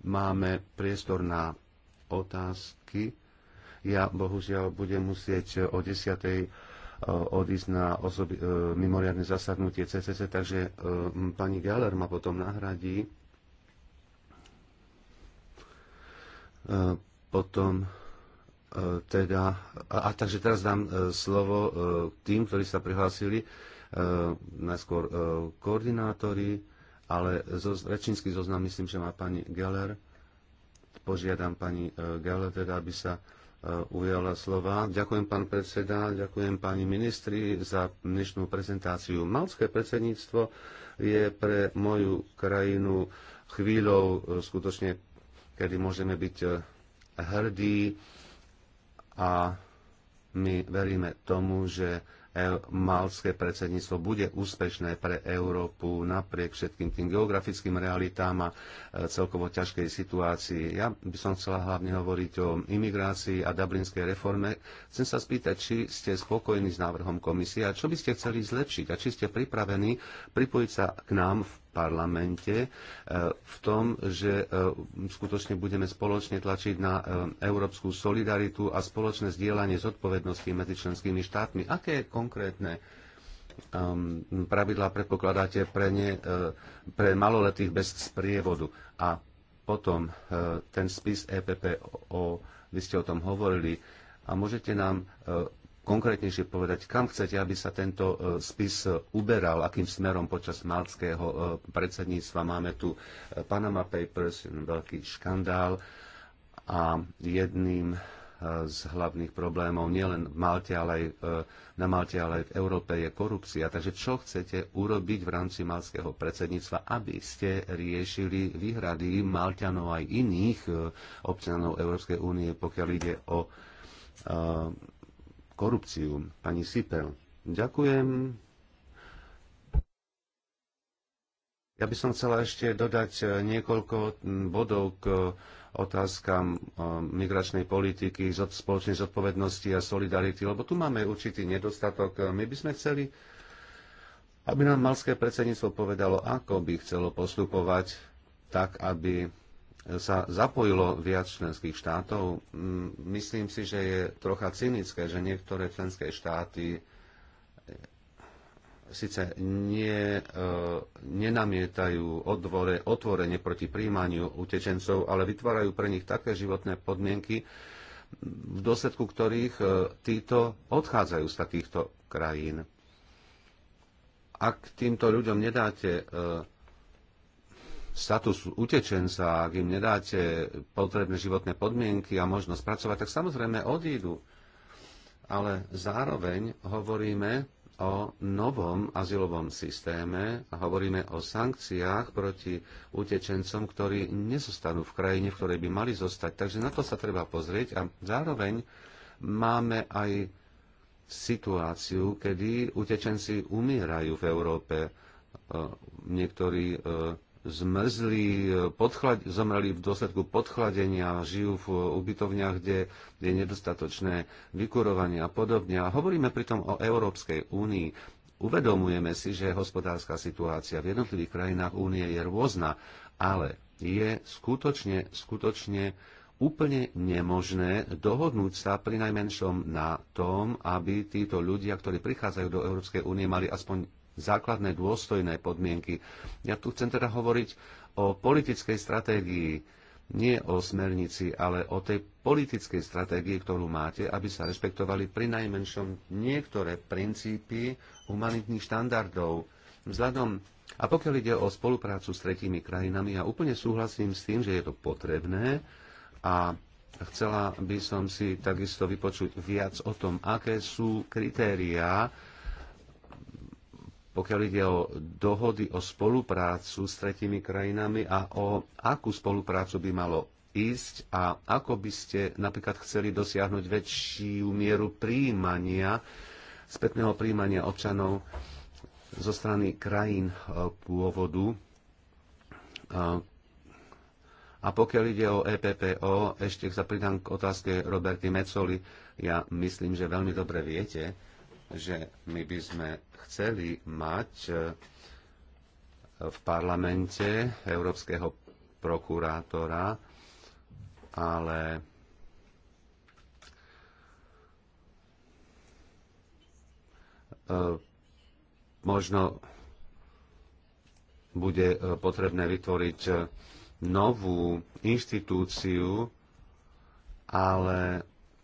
máme priestor na otázky. Ja bohužiaľ budem musieť e, o 10. odísť na osobi, mimoriadne zasadnutie CCC, takže pani Galer ma potom nahradí. Potom teda, a, a takže teraz dám slovo tým, ktorí sa prihlásili E, najskôr e, koordinátori, ale zo, rečínsky zoznam myslím, že má pani Geller. Požiadam pani e, Geller teda, aby sa ujala slova. Ďakujem, pán predseda, ďakujem pani ministri za dnešnú prezentáciu. Malské predsedníctvo je pre moju krajinu chvíľou skutočne, kedy môžeme byť hrdí a my veríme tomu, že malské predsedníctvo bude úspešné pre Európu napriek všetkým tým geografickým realitám a e, celkovo ťažkej situácii. Ja by som chcela hlavne hovoriť o imigrácii a dublinskej reforme. Chcem sa spýtať, či ste spokojní s návrhom komisie a čo by ste chceli zlepšiť a či ste pripravení pripojiť sa k nám v parlamente e, v tom, že e, skutočne budeme spoločne tlačiť na e, európsku solidaritu a spoločné zdieľanie zodpovednosti medzi členskými štátmi. Aké konkrétne um, pravidlá predpokladáte pre, ne, pre maloletých bez sprievodu? A potom ten spis EPP, o, vy ste o tom hovorili, a môžete nám konkrétnejšie povedať, kam chcete, aby sa tento e, spis e, uberal, akým smerom počas malckého e, predsedníctva. Máme tu Panama Papers, veľký škandál a jedným z hlavných problémov nielen v Malte, ale aj, na Malte, ale aj v Európe je korupcia. Takže čo chcete urobiť v rámci malského predsedníctva, aby ste riešili výhrady Malťanov aj iných občanov Európskej únie, pokiaľ ide o korupciu. Pani Sipel, ďakujem. Ja by som chcela ešte dodať eh, niekoľko bodov k otázkam eh, migračnej politiky, spoločnej zodpovednosti a solidarity, lebo tu máme určitý nedostatok. Eh, my by sme chceli, aby nám malské predsedníctvo povedalo, ako by chcelo postupovať tak, aby sa zapojilo viac členských štátov. Mm, myslím si, že je trocha cynické, že niektoré členské štáty eh, síce nie, eh, nenamietajú odvore, otvorene proti príjmaniu utečencov, ale vytvárajú pre nich také životné podmienky, v dôsledku ktorých eh, títo odchádzajú z takýchto krajín. Ak týmto ľuďom nedáte status utečenca, ak im nedáte potrebné životné podmienky a možnosť pracovať, tak samozrejme odídu. Ale zároveň hovoríme o novom azylovom systéme a hovoríme o sankciách proti utečencom, ktorí nezostanú v krajine, v ktorej by mali zostať. Takže na to sa treba pozrieť a zároveň máme aj situáciu, kedy utečenci umierajú v Európe. E, niektorí e, zmrzli, podchlad, zomreli v dôsledku podchladenia, žijú v ubytovniach, kde je nedostatočné vykurovanie a podobne. A hovoríme pritom o Európskej únii. Uvedomujeme si, že hospodárska situácia v jednotlivých krajinách únie je rôzna, ale je skutočne, skutočne úplne nemožné dohodnúť sa pri najmenšom na tom, aby títo ľudia, ktorí prichádzajú do Európskej únie, mali aspoň základné dôstojné podmienky. Ja tu chcem teda hovoriť o politickej stratégii, nie o smernici, ale o tej politickej stratégii, ktorú máte, aby sa rešpektovali pri najmenšom niektoré princípy humanitných štandardov. Vzhľadom a pokiaľ ide o spoluprácu s tretími krajinami, ja úplne súhlasím s tým, že je to potrebné a chcela by som si takisto vypočuť viac o tom, aké sú kritériá, pokiaľ ide o dohody o spoluprácu s tretími krajinami a o akú spoluprácu by malo ísť a ako by ste napríklad chceli dosiahnuť väčšiu mieru príjmania, spätného príjmania občanov zo strany krajín e, pôvodu. E, a pokiaľ ide o EPPO, ešte sa pridám k otázke Roberty Mecoli. Ja myslím, že veľmi dobre viete, že my by sme chceli mať e, v parlamente európskeho prokurátora, ale e, možno bude e, potrebné vytvoriť novú inštitúciu, ale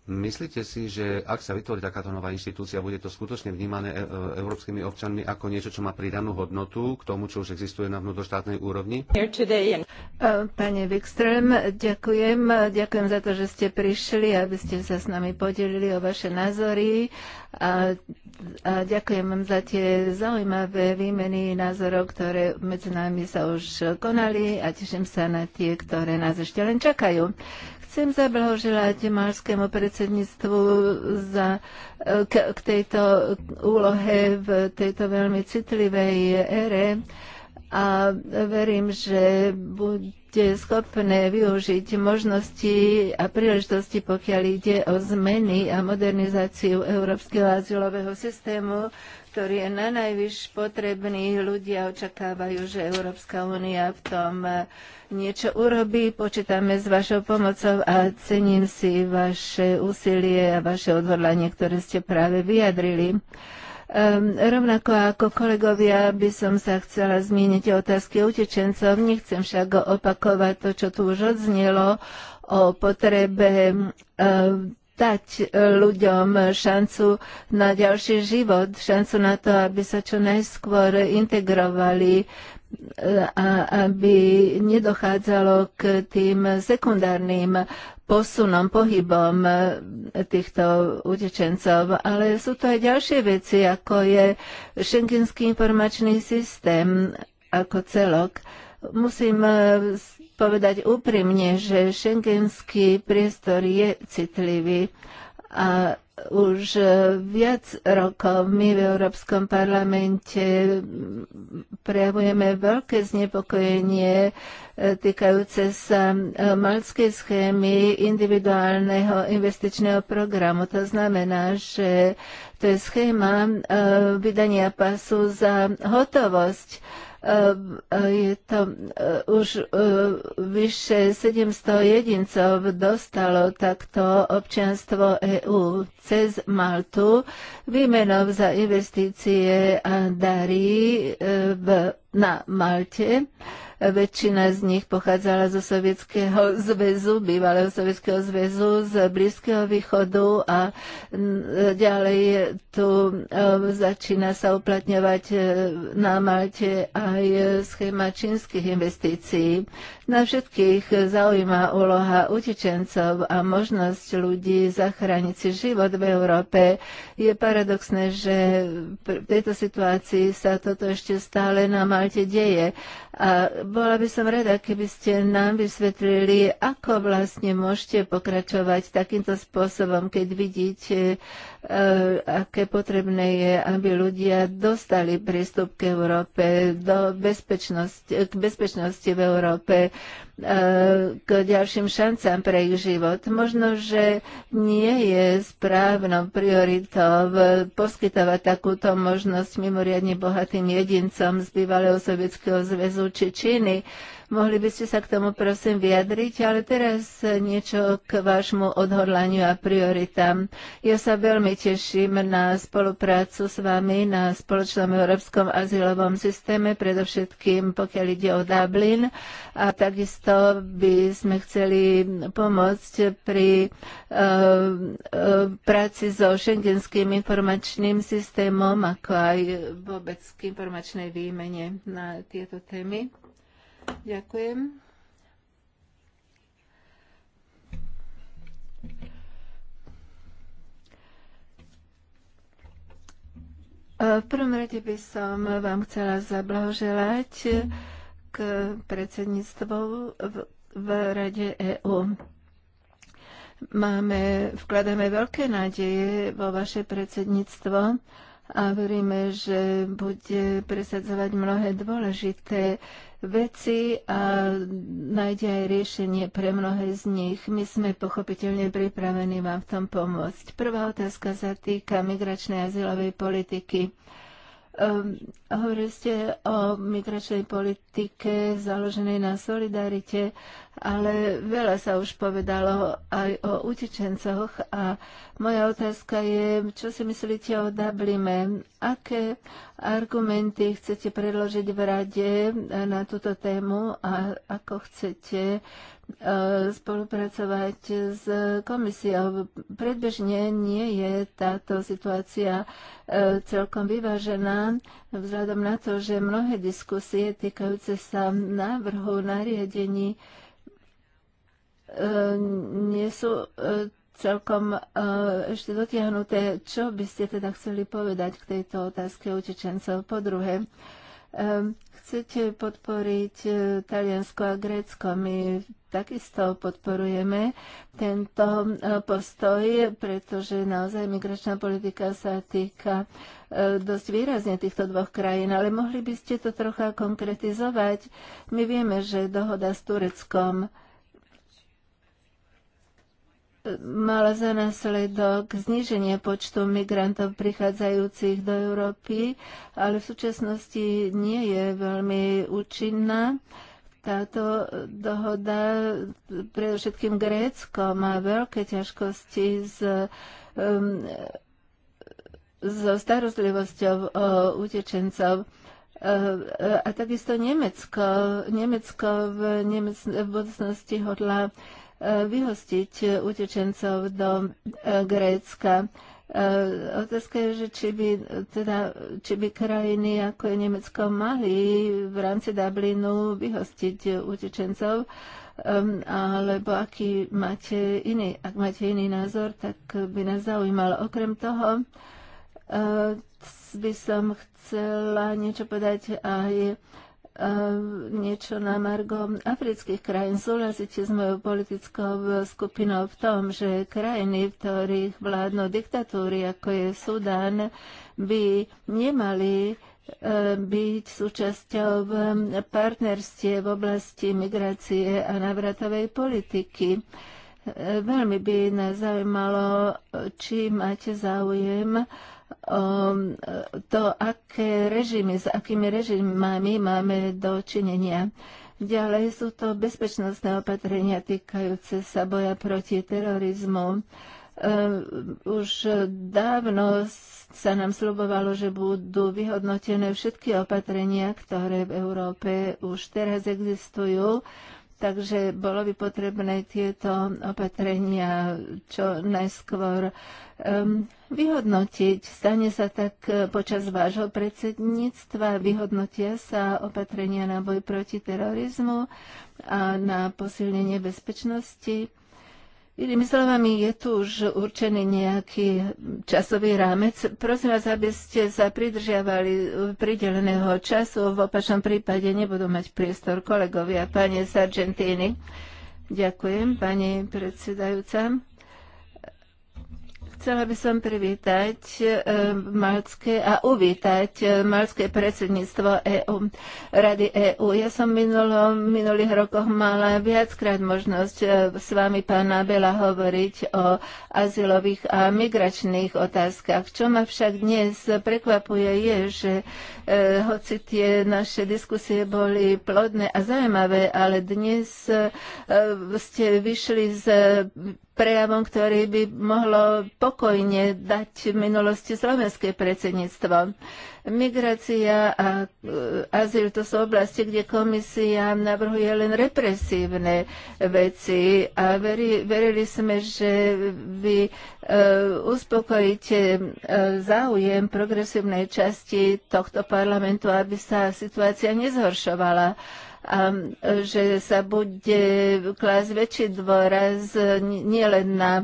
Myslíte si, že ak sa vytvorí takáto nová inštitúcia, bude to skutočne vnímané e, e, európskymi občanmi ako niečo, čo má pridanú hodnotu k tomu, čo už existuje na vnútroštátnej úrovni? E, Pane Wikström, ďakujem. Ďakujem za to, že ste prišli, aby ste sa s nami podelili o vaše názory. A, a ďakujem vám za tie zaujímavé výmeny názorov, ktoré medzi nami sa už konali a teším sa na tie, ktoré nás ešte len čakajú. Chcem zablahoželať malskému predsedníctvu za, eh, k, k tejto úlohe v tejto veľmi citlivej ére a verím, že bude schopné využiť možnosti a príležitosti, pokiaľ ide o zmeny a modernizáciu európskeho azylového systému ktorý je na najvyš potrebný. Ľudia očakávajú, že Európska únia v tom e, niečo urobí. Počítame s vašou pomocou a cením si vaše úsilie a vaše odhodlanie, ktoré ste práve vyjadrili. Um, rovnako ako kolegovia by som sa chcela zmieniť o otázky utečencov. Nechcem však opakovať to, čo tu už odznelo o potrebe um, dať e, ľuďom šancu na ďalší život, šancu na to, aby sa čo najskôr integrovali e, a aby nedochádzalo k tým sekundárnym posunom, pohybom e, týchto utečencov. Ale sú to aj ďalšie veci, ako je schengenský informačný systém ako celok. Musím povedať úprimne, že šengenský priestor je citlivý a už viac rokov my v Európskom parlamente prejavujeme veľké znepokojenie e, týkajúce sa e, malskej schémy individuálneho investičného programu. To znamená, že to je schéma e, vydania pasu za hotovosť Ehm, je to eh, už eh, vyše 700 jedincov dostalo takto občianstvo EÚ cez Maltu výmenou za investície a dary eh, na Malte. Väčšina z nich pochádzala zo Sovietskeho zväzu, bývalého Sovietskeho zväzu, z Blízkeho východu a ďalej tu e, začína sa uplatňovať e, na Malte aj schéma čínskych investícií. Na všetkých zaujíma úloha utečencov a možnosť ľudí zachrániť si život v Európe. Je paradoxné, že v tejto situácii sa toto ešte stále na Malte deje a bola by som rada, keby ste nám vysvetlili, ako vlastne môžete pokračovať takýmto spôsobom, keď vidíte, e, aké potrebné je, aby ľudia dostali prístup k Európe, do bezpečnosti, k bezpečnosti v Európe Eh, k ďalším šancám pre ich život. Možno, že nie je správnou prioritou eh, poskytovať takúto možnosť mimoriadne bohatým jedincom z bývalého Sovietskeho zväzu či Číny, Mohli by ste sa k tomu prosím vyjadriť, ale teraz niečo k vášmu odhodlaniu a prioritám. Ja sa veľmi teším na spoluprácu s vami na spoločnom európskom azylovom systéme, predovšetkým pokiaľ ide o Dublin a takisto by sme chceli pomôcť pri uh, uh, práci so šengenským informačným systémom, ako aj vôbec k informačnej výmene na tieto témy. Ďakujem. E, v prvom rade by som vám chcela zablahoželať k predsedníctvu v, v Rade EÚ. Máme, vkladáme veľké nádeje vo vaše predsedníctvo a veríme, že bude presadzovať mnohé dôležité veci a nájde aj riešenie pre mnohé z nich. My sme pochopiteľne pripravení vám v tom pomôcť. Prvá otázka sa týka migračnej azylovej politiky. Um, hovorili ste o migračnej politike založenej na solidarite, ale veľa sa už povedalo aj o utečencoch a moja otázka je, čo si myslíte o Dublime? Aké argumenty chcete predložiť v rade na túto tému a ako chcete E, spolupracovať s komisiou. Predbežne nie je táto situácia e, celkom vyvážená vzhľadom na to, že mnohé diskusie týkajúce sa návrhu nariadení e, nie sú celkom ešte dotiahnuté. Čo by ste teda chceli povedať k tejto otázke utečencov? Po druhé, chcete podporiť e, Taliansko a Grécko. My takisto podporujeme tento e, postoj, pretože naozaj migračná politika sa týka e, dosť výrazne týchto dvoch krajín, ale mohli by ste to trocha konkretizovať. My vieme, že dohoda s Tureckom mala za následok zniženie počtu migrantov prichádzajúcich do Európy, ale v súčasnosti nie je veľmi účinná. Táto dohoda, predovšetkým Grécko, má veľké ťažkosti s um, so starostlivosťou o utečencov. Uh, a takisto Nemecko. Nemecko v, Nemec- v budúcnosti hodla vyhostiť utečencov do e, Grécka. E, otázka je, že či by, teda, či by krajiny ako je Nemecko mali v rámci Dublinu vyhostiť utečencov, e, alebo aký máte iný, ak máte iný názor, tak by nás zaujímalo. Okrem toho by som chcela niečo povedať aj Ehm, niečo na margo afrických krajín. Súhlasíte s mojou politickou skupinou v tom, že krajiny, v ktorých vládnu diktatúry, ako je Sudán, by nemali ehm, byť súčasťou ehm, partnerstie v oblasti migrácie a navratovej politiky. Veľmi by nás zaujímalo, či máte záujem Ehm, e, to, aké režimy, s akými režimami máme do činenia. Ďalej sú to bezpečnostné opatrenia týkajúce sa boja proti terorizmu. Ehm, už dávno sa nám slubovalo, že budú vyhodnotené všetky opatrenia, ktoré v Európe už teraz existujú Takže bolo by potrebné tieto opatrenia čo najskôr um, vyhodnotiť. Stane sa tak e, počas vášho predsedníctva, vyhodnotia sa opatrenia na boj proti terorizmu a na posilnenie bezpečnosti Inými slovami, je tu už určený nejaký časový rámec. Prosím vás, aby ste sa pridržiavali prideleného času, v opačnom prípade nebudú mať priestor kolegovia. pani Sargentini, ďakujem, pani predsedajúca. Chcela by som privítať e, malské a uvítať e, malské predsedníctvo EU, Rady EU. Ja som minulo, minulých rokoch mala viackrát možnosť e, s vami, pána Bela hovoriť o azylových a migračných otázkach. Čo ma však dnes prekvapuje je, že eh, hoci tie naše diskusie boli plodné a zaujímavé, ale dnes eh, ste vyšli z prejavom, ktorý by mohlo pokojne dať v minulosti slovenské predsedníctvo. Migrácia a e, azyl to sú oblasti, kde komisia navrhuje len represívne veci a veri, verili sme, že vy uh, uspokojíte uh, záujem progresívnej časti tohto parlamentu, aby sa situácia nezhoršovala že sa bude klásť väčší dôraz nielen na e,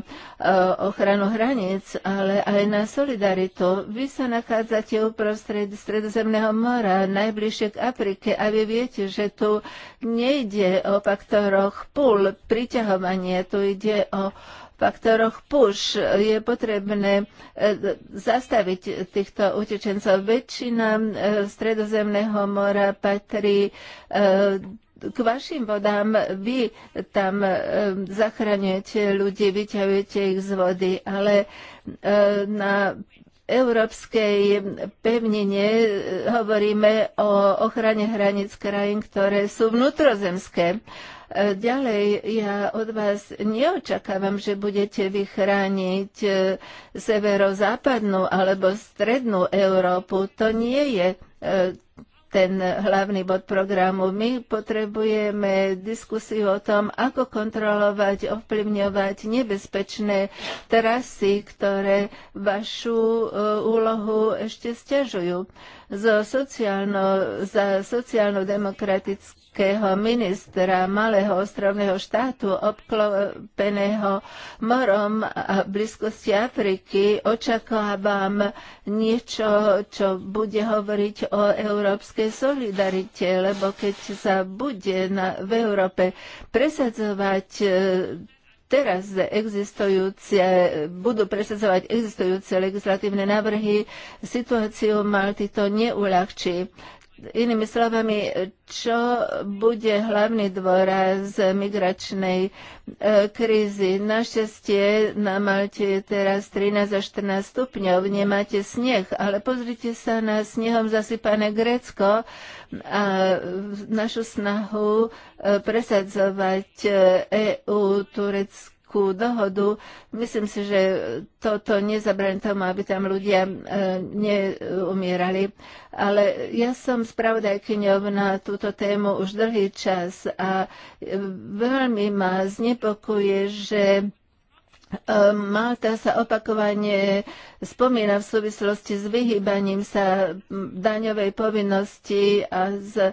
ochranu hraníc, ale aj na solidaritu. Vy sa nachádzate uprostred Stredozemného mora, najbližšie k Afrike a vy viete, že tu nejde o faktoroch púl, priťahovanie, tu ide o faktoroch push. Je potrebné e, zastaviť týchto utečencov. Väčšina e, stredozemného mora patrí e, k vašim vodám, vy tam zachraňujete ľudí, vyťahujete ich z vody, ale na európskej pevnine hovoríme o ochrane hraníc krajín, ktoré sú vnútrozemské. Ďalej, ja od vás neočakávam, že budete vychrániť e, severozápadnú alebo strednú Európu. To nie je e, ten hlavný bod programu. My potrebujeme diskusiu o tom, ako kontrolovať, ovplyvňovať nebezpečné trasy, ktoré vašu e, úlohu ešte stiažujú. Zo sociálno, za sociálno-demokratické švedského ministra malého ostrovného štátu obklopeného morom a blízkosti Afriky očakávam niečo, čo bude hovoriť o európskej solidarite, lebo keď sa bude na, v Európe presadzovať e, teraz existujúce, budú presadzovať existujúce legislatívne návrhy, situáciu Malty to neuľahčí. Inými slovami, čo bude hlavný dôraz migračnej e, krízy? Našťastie na Malte je teraz 13 až 14 stupňov, nemáte sneh, ale pozrite sa na snehom zasypané Grécko a našu snahu e, presadzovať EU, e Turecko politickú dohodu. Myslím si, že toto nezabraní tomu, aby tam ľudia e, neumierali. Ale ja som spravodajkyňov na túto tému už dlhý čas a e, veľmi ma znepokuje, že Ehm, Malta sa opakovane spomína v súvislosti s vyhýbaním sa daňovej povinnosti a s e,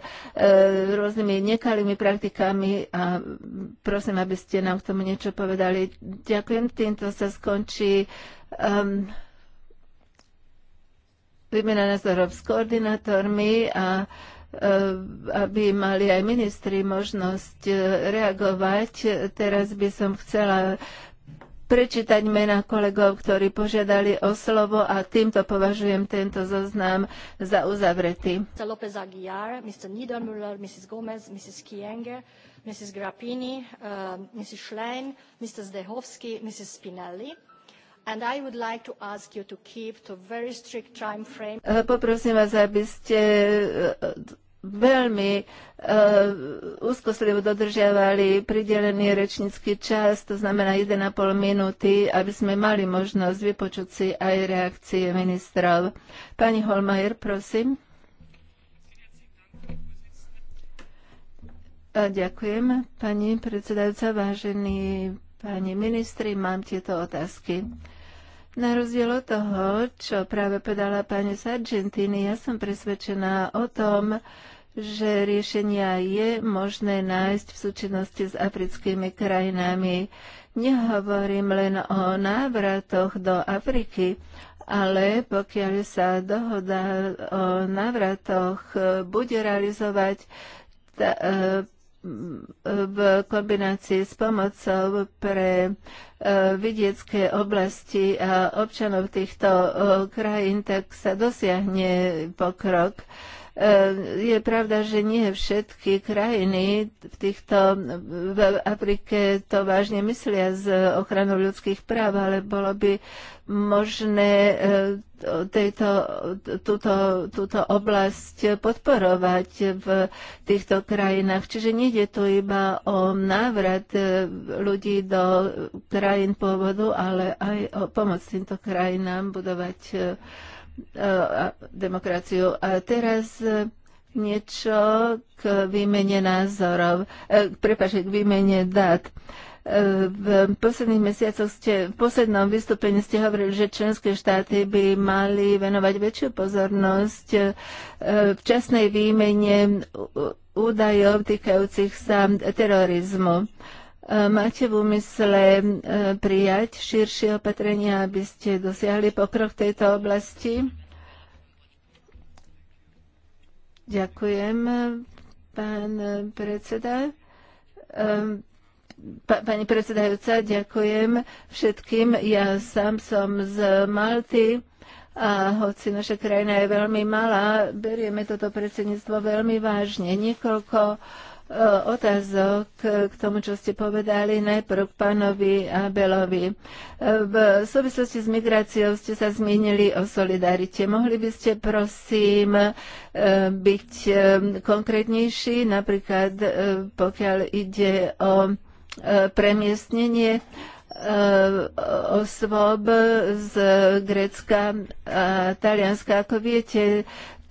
rôznymi nekalými praktikami a prosím, aby ste nám k tomu niečo povedali. Ďakujem, týmto sa skončí um, výmena názorov s koordinátormi a e, aby mali aj ministri možnosť e, reagovať. Teraz by som chcela prečítať mena kolegov, ktorí požiadali o slovo a týmto považujem tento zoznam za uzavretý. Mr. López Aguiar, Mr. Niedermüller, Mrs. Gomez, Mrs. Kienge, Mrs. Grappini, uh, Mrs. Schlein, Mr. Zdehovsky, Mrs. Spinelli. And I would like to ask you to keep to very strict time frame. Uh, poprosím vás, aby ste uh, veľmi uh, e, úzkoslivo dodržiavali pridelený rečnícky čas, to znamená 1,5 minúty, aby sme mali možnosť vypočuť si aj reakcie ministrov. Pani Holmajer, prosím. A e, ďakujem, pani predsedajúca, vážení pani ministri, mám tieto otázky. Na rozdiel od toho, čo práve povedala pani Sargentini, ja som presvedčená o tom, že riešenia je možné nájsť v súčinnosti s africkými krajinami. Nehovorím len o návratoch do Afriky, ale pokiaľ sa dohoda o návratoch bude realizovať ta, e, v kombinácii s pomocou pre e, vidiecké oblasti a občanov týchto e, krajín, tak sa dosiahne pokrok. Eh, je pravda, že nie všetky krajiny v týchto v Afrike to vážne myslia s ochranou ľudských práv, ale bolo by možné eh, tejto, túto, túto oblasť podporovať v týchto krajinách. Čiže nejde tu iba o návrat eh, ľudí do krajín pôvodu, ale aj o pomoc týmto krajinám budovať demokraciu. A teraz e, niečo k výmene názorov, e, prepáčte, k výmene dát. E, v posledných mesiacoch ste, v poslednom vystúpení ste hovorili, že členské štáty by mali venovať väčšiu pozornosť včasnej výmene údajov týkajúcich sa terorizmu. Eh, máte v úmysle eh, prijať širšie opatrenia, aby ste dosiahli pokrok v tejto oblasti? Ďakujem, pán predseda. Pani predsedajúca, ďakujem všetkým. Ja sám som z Malty a hoci naša krajina je veľmi malá, berieme toto predsedníctvo veľmi vážne. Niekoľko uh, otázok k tomu, čo ste povedali, najprv k pánovi Abelovi. V súvislosti s migráciou ste sa zmienili o solidarite. Mohli by ste prosím e, byť e, konkrétnejší, napríklad e, pokiaľ ide o premiestnenie osôb z Grécka a Talianska. Ako viete,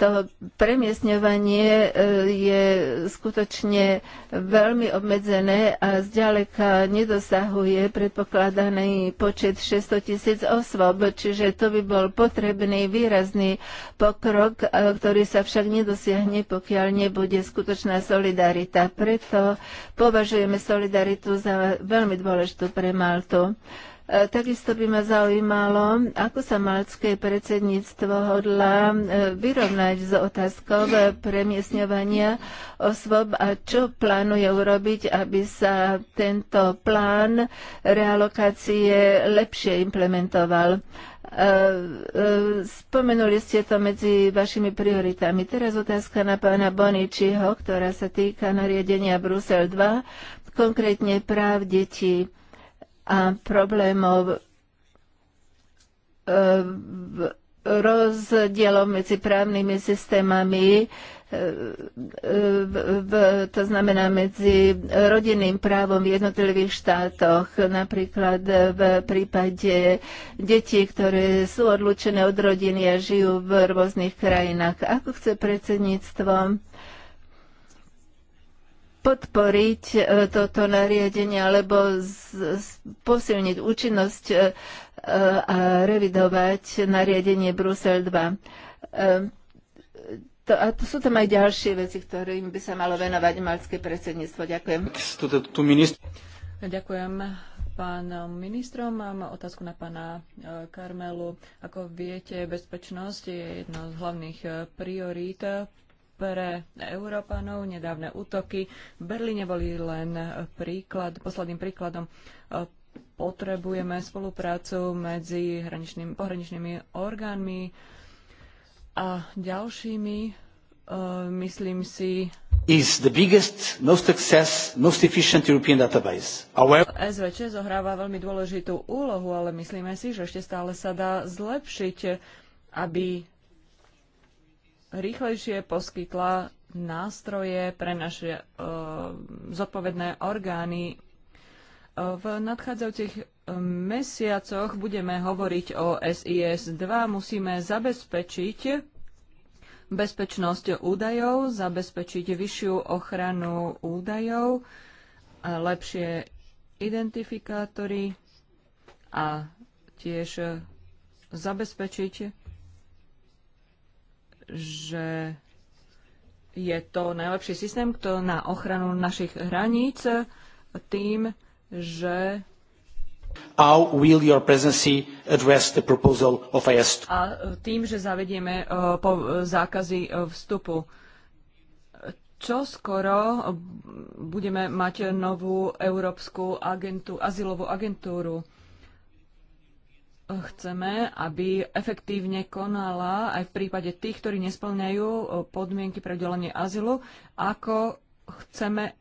to premiesňovanie e, je skutočne veľmi obmedzené a zďaleka nedosahuje predpokladaný počet 600 tisíc osôb, čiže to by bol potrebný výrazný pokrok, e, ktorý sa však nedosiahne, pokiaľ nebude skutočná solidarita. Preto považujeme solidaritu za veľmi dôležitú pre Maltu. E, takisto by ma zaujímalo, ako sa malcké predsedníctvo hodla e, vyrovnať s otázkou e, premiesňovania osôb a čo plánuje urobiť, aby sa tento plán realokácie lepšie implementoval. Spomenuli ste to medzi vašimi prioritami. Teraz otázka na pána Boničiho, ktorá sa týka nariadenia Brusel 2, konkrétne práv detí a problémov e, rozdielov medzi právnymi systémami, e, e, to znamená medzi rodinným právom v jednotlivých štátoch, napríklad v prípade detí, ktoré sú odlučené od rodiny a žijú v rôznych krajinách. Ako chce predsedníctvo podporiť e, toto nariadenie alebo posilniť účinnosť e, e, a revidovať nariadenie Brusel 2. To, a to sú tam aj ďalšie veci, ktorým by sa malo venovať malské predsedníctvo. Ďakujem. Ďakujem pán ministrom. Mám otázku na pána Karmelu. Ako viete, bezpečnosť je jedno z hlavných priorít pre Európanov. Nedávne útoky v Berlíne boli len príklad, posledným príkladom. Potrebujeme spoluprácu medzi hraničným, pohraničnými orgánmi a ďalšími. E, myslím si, is the biggest, most success, most efficient European database. SVČ zohráva veľmi dôležitú úlohu, ale myslíme si, že ešte stále sa dá zlepšiť, aby rýchlejšie poskytla nástroje pre naše uh, zodpovedné orgány. E, v nadchádzajúcich e, mesiacoch budeme hovoriť o SIS 2. Musíme zabezpečiť bezpečnosť údajov, zabezpečiť vyššiu ochranu údajov, lepšie identifikátory a tiež zabezpečiť že je to najlepší systém kto na ochranu našich hraníc tým, že How will your presidency address the proposal of IS? A e, tým, že zavedieme uh, po, zákazy e, vstupu. Čo skoro budeme mať novú európsku agentu, azylovú agentúru chceme, aby efektívne konala aj v prípade tých, ktorí nesplňajú eh, podmienky pre udelenie azylu, ako chceme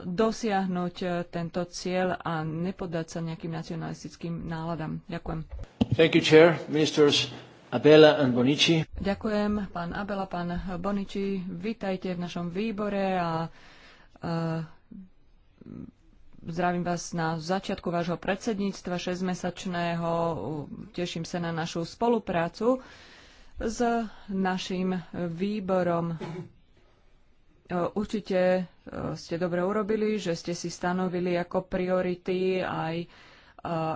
dosiahnuť eh, tento cieľ a nepodať sa nejakým nacionalistickým náladám. Ďakujem. Thank you, Chair. Ministers Abela and Bonici. Ďakujem, pán Abela, pán Bonici. Vítajte v našom výbore a uh, Zdravím vás na začiatku vášho predsedníctva šesťmesačného, Teším sa na našu spoluprácu s našim výborom. Určite e, ste dobre urobili, že ste si stanovili ako priority aj e,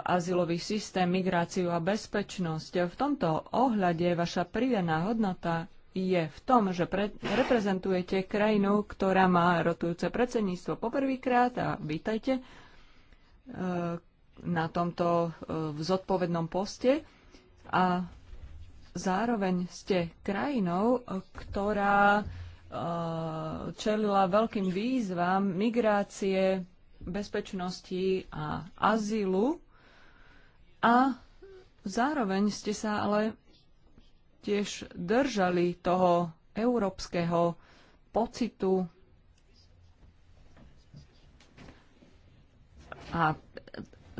azylový systém, migráciu a bezpečnosť. V tomto ohľade vaša pridaná hodnota je v tom, že pre, reprezentujete krajinu, ktorá má rotujúce predsedníctvo poprvýkrát a vítajte e, na tomto e, v zodpovednom poste a zároveň ste krajinou, ktorá e, čelila veľkým výzvam migrácie, bezpečnosti a azylu a zároveň ste sa ale tiež držali toho európskeho pocitu a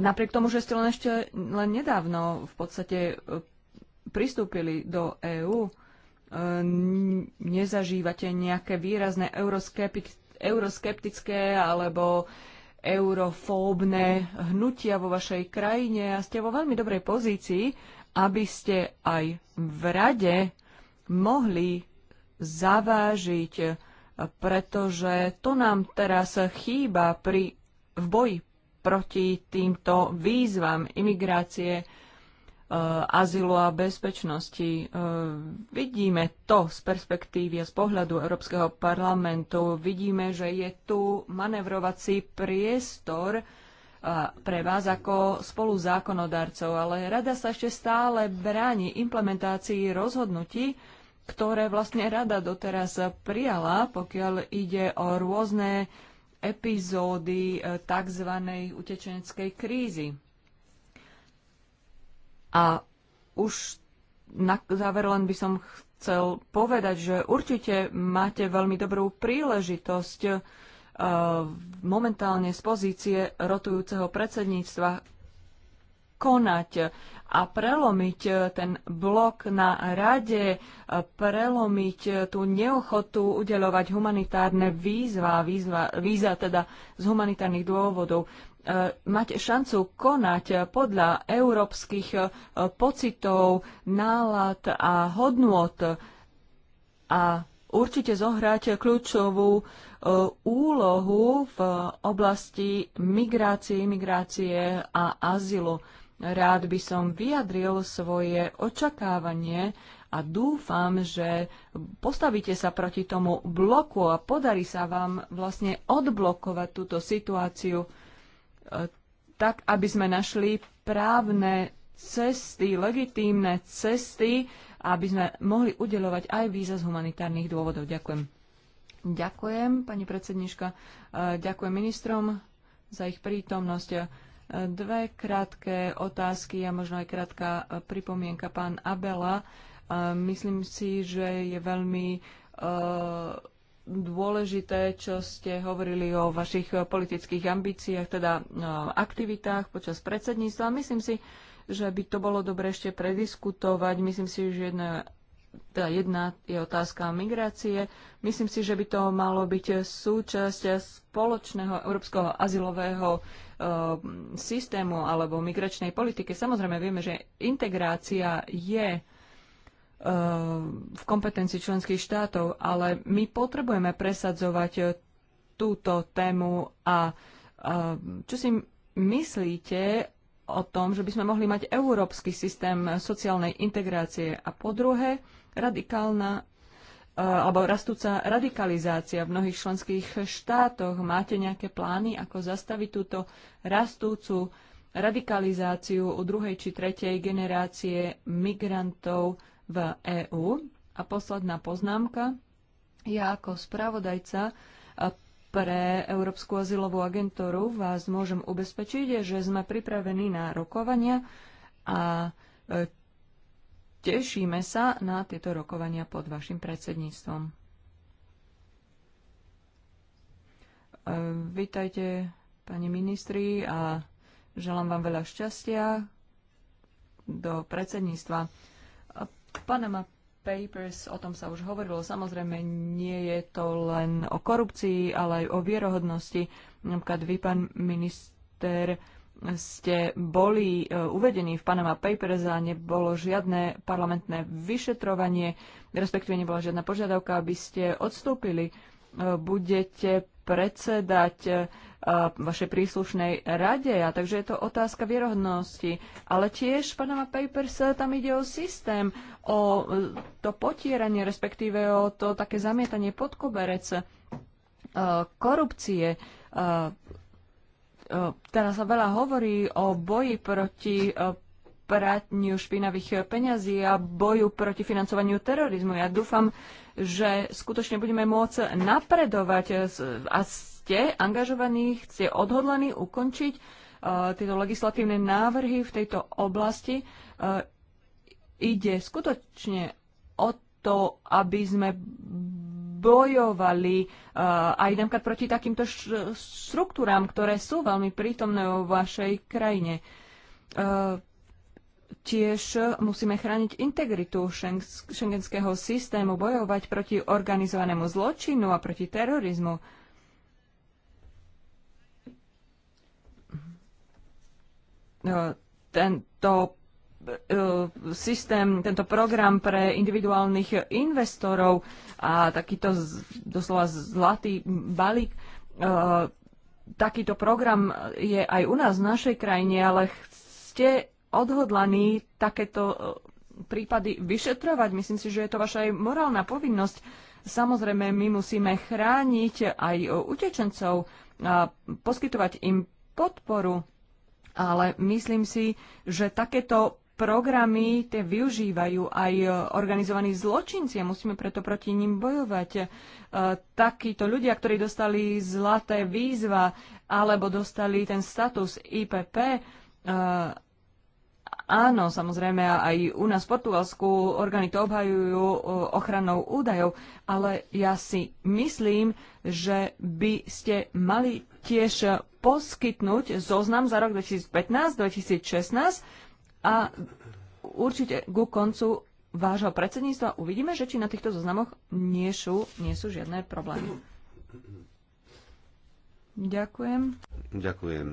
napriek tomu, že ste len ešte len nedávno v podstate e, pristúpili do EÚ, e, nezažívate nejaké výrazné euroskeptické alebo eurofóbne hnutia vo vašej krajine a ste vo veľmi dobrej pozícii, aby ste aj v rade mohli zavážiť, pretože to nám teraz chýba pri, v boji proti týmto výzvam imigrácie, e, azylu a bezpečnosti. E, vidíme to z perspektívy a z pohľadu Európskeho parlamentu. Vidíme, že je tu manevrovací priestor, pre vás ako spolu zákonodarcov, ale rada sa ešte stále bráni implementácii rozhodnutí, ktoré vlastne rada doteraz prijala, pokiaľ ide o rôzne epizódy e, tzv. utečeneckej krízy. A už na záver len by som chcel povedať, že určite máte veľmi dobrú príležitosť Eh, momentálne z pozície rotujúceho predsedníctva konať a prelomiť eh, ten blok na rade, eh, prelomiť tú neochotu udeľovať humanitárne výzva, výzva, víza teda z humanitárnych dôvodov, mať šancu konať podľa európskych pocitov, nálad a hodnôt a určite zohrať kľúčovú úlohu v oblasti migrácie, imigrácie a azylu. Rád by som vyjadril svoje očakávanie a dúfam, že postavíte sa proti tomu bloku a podarí sa vám vlastne odblokovať túto situáciu e, tak, aby sme našli právne cesty, legitímne cesty, aby sme mohli udelovať aj víza z humanitárnych dôvodov. Ďakujem. Ďakujem, pani predsedniška. E, ďakujem ministrom za ich prítomnosť. E, dve krátke otázky a možno aj krátka e, pripomienka pán Abela. Myslím si, že je veľmi dôležité, čo ste hovorili o vašich politických ambíciách, teda aktivitách počas predsedníctva. Myslím si, že by to bolo dobre ešte prediskutovať. Myslím si, že jedna teda jedna je otázka migrácie. Myslím si, že by to malo byť súčasť spoločného európskeho azylového e, systému alebo migračnej politiky. Samozrejme vieme, že integrácia je e, v kompetencii členských štátov, ale my potrebujeme presadzovať túto tému a, e, čo si myslíte o tom, že by sme mohli mať európsky systém sociálnej integrácie a po druhé, radikálna e, alebo rastúca radikalizácia v mnohých členských štátoch. Máte nejaké plány, ako zastaviť túto rastúcu radikalizáciu u druhej či tretej generácie migrantov v EÚ? A posledná poznámka. Ja ako spravodajca e, pre Európsku azylovú agentúru vás môžem ubezpečiť, že sme pripravení na rokovania a e, tešíme sa na tieto rokovania pod vašim predsedníctvom. Ehm, vítajte, pani ministri, a želám vám veľa šťastia do predsedníctva. Panama Papers, o tom sa už hovorilo, samozrejme nie je to len o korupcii, ale aj o vierohodnosti. Napríklad vy, pán minister, ste boli e, uvedení v Panama Papers a nebolo žiadne parlamentné vyšetrovanie, respektíve nebola žiadna požiadavka, aby ste odstúpili. E, budete predsedať e, vašej príslušnej rade a takže je to otázka vierohodnosti. Ale tiež Panama Papers tam ide o systém, o to potieranie, respektíve o to také zamietanie pod koberec korupcie teraz sa veľa hovorí o boji proti e, praniu špinavých peňazí a boju proti financovaniu terorizmu. Ja dúfam, že skutočne budeme môcť napredovať a ste angažovaní, ste odhodlaní ukončiť e, tieto legislatívne návrhy v tejto oblasti. E, ide skutočne o to, aby sme bojovali uh, aj napríklad proti takýmto štruktúram, ktoré sú veľmi prítomné vo vašej krajine. Uh, tiež musíme chrániť integritu šengenského systému, bojovať proti organizovanému zločinu a proti terorizmu. Eh, tento E, systém, tento program pre individuálnych investorov a takýto doslova zlatý balík. E, takýto program je aj u nás v našej krajine, ale ste odhodlaní takéto e, prípady vyšetrovať. Myslím si, že je to vaša aj morálna povinnosť. Samozrejme, my musíme chrániť aj utečencov a poskytovať im podporu, ale myslím si, že takéto programy tie využívajú aj organizovaní zločinci a musíme preto proti ním bojovať. E, takíto ľudia, ktorí dostali zlaté výzva alebo dostali ten status IPP, e, Áno, samozrejme, aj u nás v Portugalsku orgány to obhajujú e, ochranou údajov, ale ja si myslím, že by ste mali tiež poskytnúť zoznam za rok 2015-2016 a určite ku koncu vášho predsedníctva uvidíme, že či na týchto zoznamoch nie sú, nie sú žiadne problémy. Ďakujem. Ďakujem.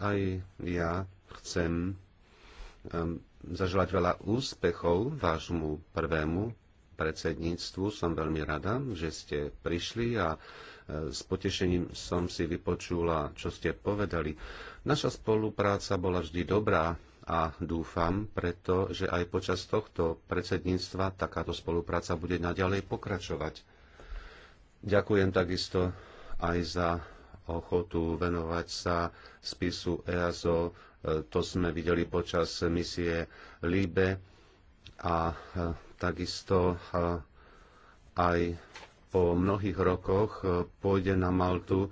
Aj ja chcem um, zaželať veľa úspechov vášmu prvému predsedníctvu. Som veľmi rada, že ste prišli a e, s potešením som si vypočula, čo ste povedali. Naša spolupráca bola vždy dobrá a dúfam preto, že aj počas tohto predsedníctva takáto spolupráca bude naďalej pokračovať. Ďakujem takisto aj za ochotu venovať sa spisu EASO. E, to sme videli počas misie LIBE a e, takisto e, aj po mnohých rokoch pôjde na Maltu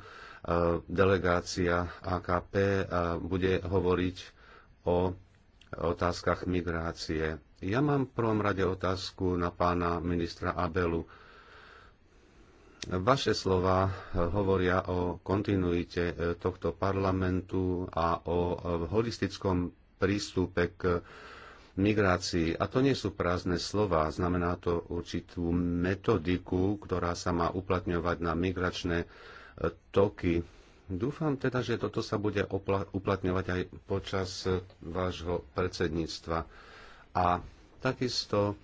delegácia AKP bude hovoriť o otázkach migrácie. Ja mám v prvom rade otázku na pána ministra Abelu. Vaše slova hovoria o kontinuite e, tohto parlamentu a o e, holistickom prístupe k migrácii. A to nie sú prázdne slova, znamená to určitú metodiku, ktorá sa má uplatňovať na migračné toky. Dúfam teda, že toto sa bude uplatňovať aj počas vášho predsedníctva. A takisto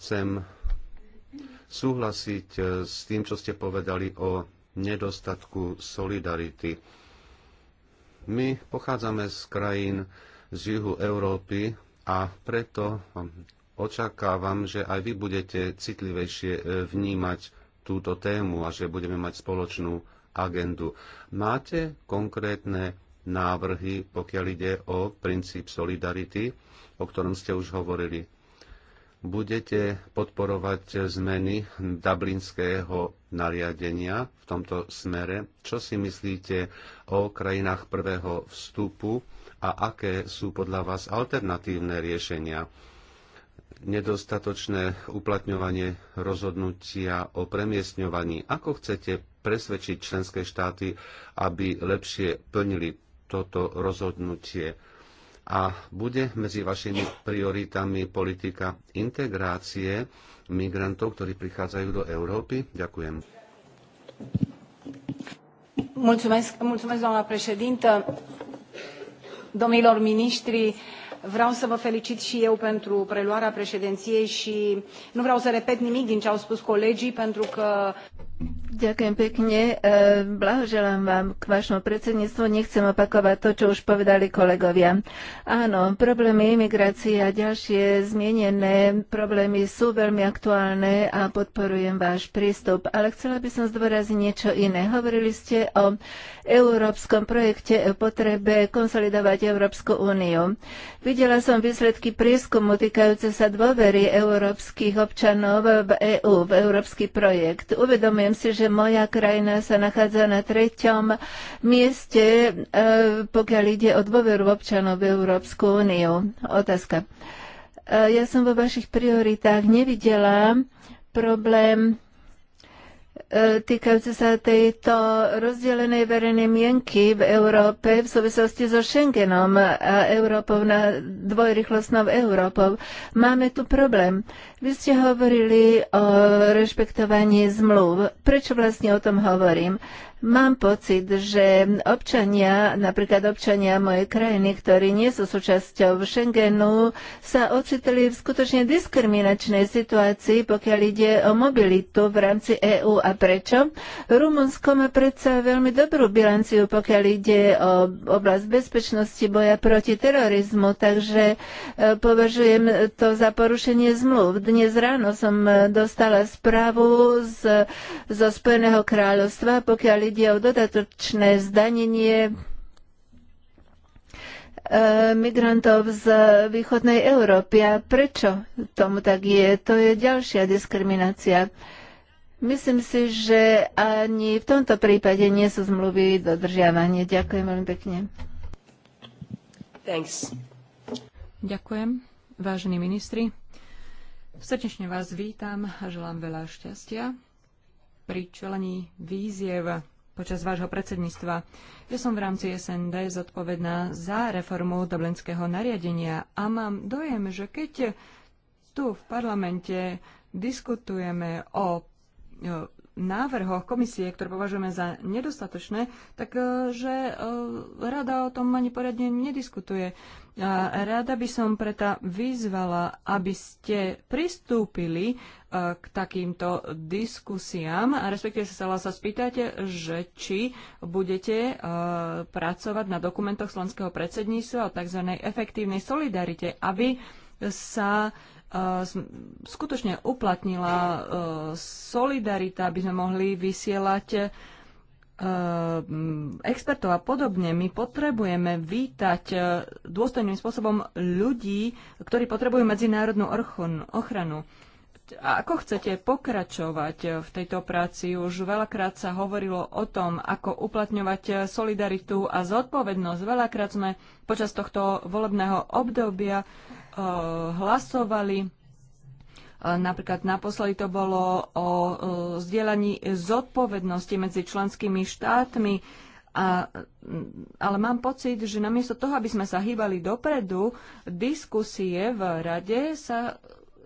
chcem súhlasiť e, s tým, čo ste povedali o nedostatku solidarity. My pochádzame z krajín z juhu Európy a preto očakávam, že aj vy budete citlivejšie e, vnímať túto tému a že budeme mať spoločnú agendu. Máte konkrétne návrhy, pokiaľ ide o princíp solidarity, o ktorom ste už hovorili? Budete podporovať zmeny dublinského nariadenia v tomto smere? Čo si myslíte o krajinách prvého vstupu a aké sú podľa vás alternatívne riešenia? nedostatočné uplatňovanie rozhodnutia o premiestňovaní. Ako chcete presvedčiť členské štáty, aby lepšie plnili toto rozhodnutie. A bude medzi vašimi prioritami politika integrácie migrantov, ktorí prichádzajú do Európy? Ďakujem. Mulțumesc, mulțumesc doamna președintă, domnilor miniștri, vreau să vă felicit și eu pentru preluarea președinției și nu vreau să repet nimic din ce au spus colegii pentru că Ďakujem pekne. E, blahoželám vám k vašemu predsedníctvu. Nechcem opakovať to, čo už povedali kolegovia. Áno, problémy imigrácie a ďalšie zmienené problémy sú veľmi aktuálne a podporujem váš prístup. Ale chcela by som zdôraziť niečo iné. Hovorili ste o európskom projekte o potrebe konsolidovať Európsku úniu. Videla som výsledky prieskumu týkajúce sa dôvery európskych občanov v EÚ, v európsky projekt. Uvedomujem si, že že moja krajina sa nachádza na treťom mieste, e, pokiaľ ide o dôveru občanov v Európsku úniu. Otázka. E, ja som vo vašich prioritách nevidela problém E, týkajúce sa tejto rozdelenej verejnej mienky v Európe v súvislosti so Schengenom a Európou na dvojrychlostnou Európou. Máme tu problém. Vy ste hovorili o rešpektovaní zmluv. Prečo vlastne o tom hovorím? Mám pocit, že občania, napríklad občania mojej krajiny, ktorí nie sú súčasťou Schengenu, sa ocitli v skutočne diskriminačnej situácii, pokiaľ ide o mobilitu v rámci EÚ. A prečo? Rumunsko má predsa veľmi dobrú bilanciu, pokiaľ ide o oblasť bezpečnosti boja proti terorizmu, takže e, považujem to za porušenie zmluv. Dnes ráno som e, dostala správu z, zo Spojeného kráľovstva, pokiaľ ide o dodatočné zdanenie e, migrantov z východnej Európy. A prečo tomu tak je? To je ďalšia diskriminácia. Myslím si, že ani v tomto prípade nie sú zmluvy dodržiavanie. Ďakujem veľmi pekne. Thanks. Ďakujem, vážení ministri. Srdečne vás vítam a želám veľa šťastia pri čelení víziev počas vášho predsedníctva. Ja som v rámci SND zodpovedná za reformu Dublinského nariadenia a mám dojem, že keď tu v parlamente diskutujeme o návrhoch komisie, ktoré považujeme za nedostatočné, takže e, e, rada o tom ani poriadne nediskutuje. Rada by som preto vyzvala, aby ste pristúpili e, k takýmto diskusiám, a respektíve sa sa spýtate, že či budete e, pracovať na dokumentoch slovenského predsedníctva o tzv. efektívnej solidarite, aby sa e, skutočne uplatnila solidarita, aby sme mohli vysielať Eh, expertov a podobne, my potrebujeme vítať eh, dôstojným spôsobom ľudí, ktorí potrebujú medzinárodnú ochranu. A ako chcete pokračovať eh, v tejto práci? Už veľakrát sa hovorilo o tom, ako uplatňovať solidaritu a zodpovednosť. Veľakrát sme počas tohto volebného obdobia uh, hlasovali E, napríklad naposledy to bolo o e, zdieľaní zodpovednosti medzi členskými štátmi, a, ale mám pocit, že namiesto toho, aby sme sa hýbali dopredu, diskusie v rade sa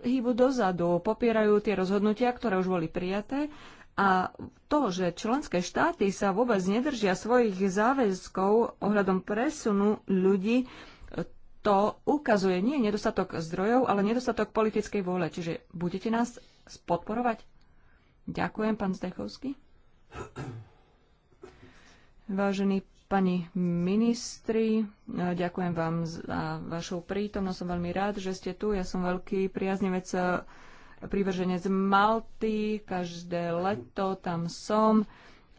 hýbu dozadu, popierajú tie rozhodnutia, ktoré už boli prijaté a to, že členské štáty sa vôbec nedržia svojich záväzkov ohľadom presunu ľudí to ukazuje nie nedostatok zdrojov, ale nedostatok politickej vôle. Čiže budete nás podporovať? Ďakujem, pán Zdechovský. Vážení pani ministri, ďakujem vám za vašu prítomnosť. Som veľmi rád, že ste tu. Ja som veľký priaznivec z eh, Malty. Každé leto tam som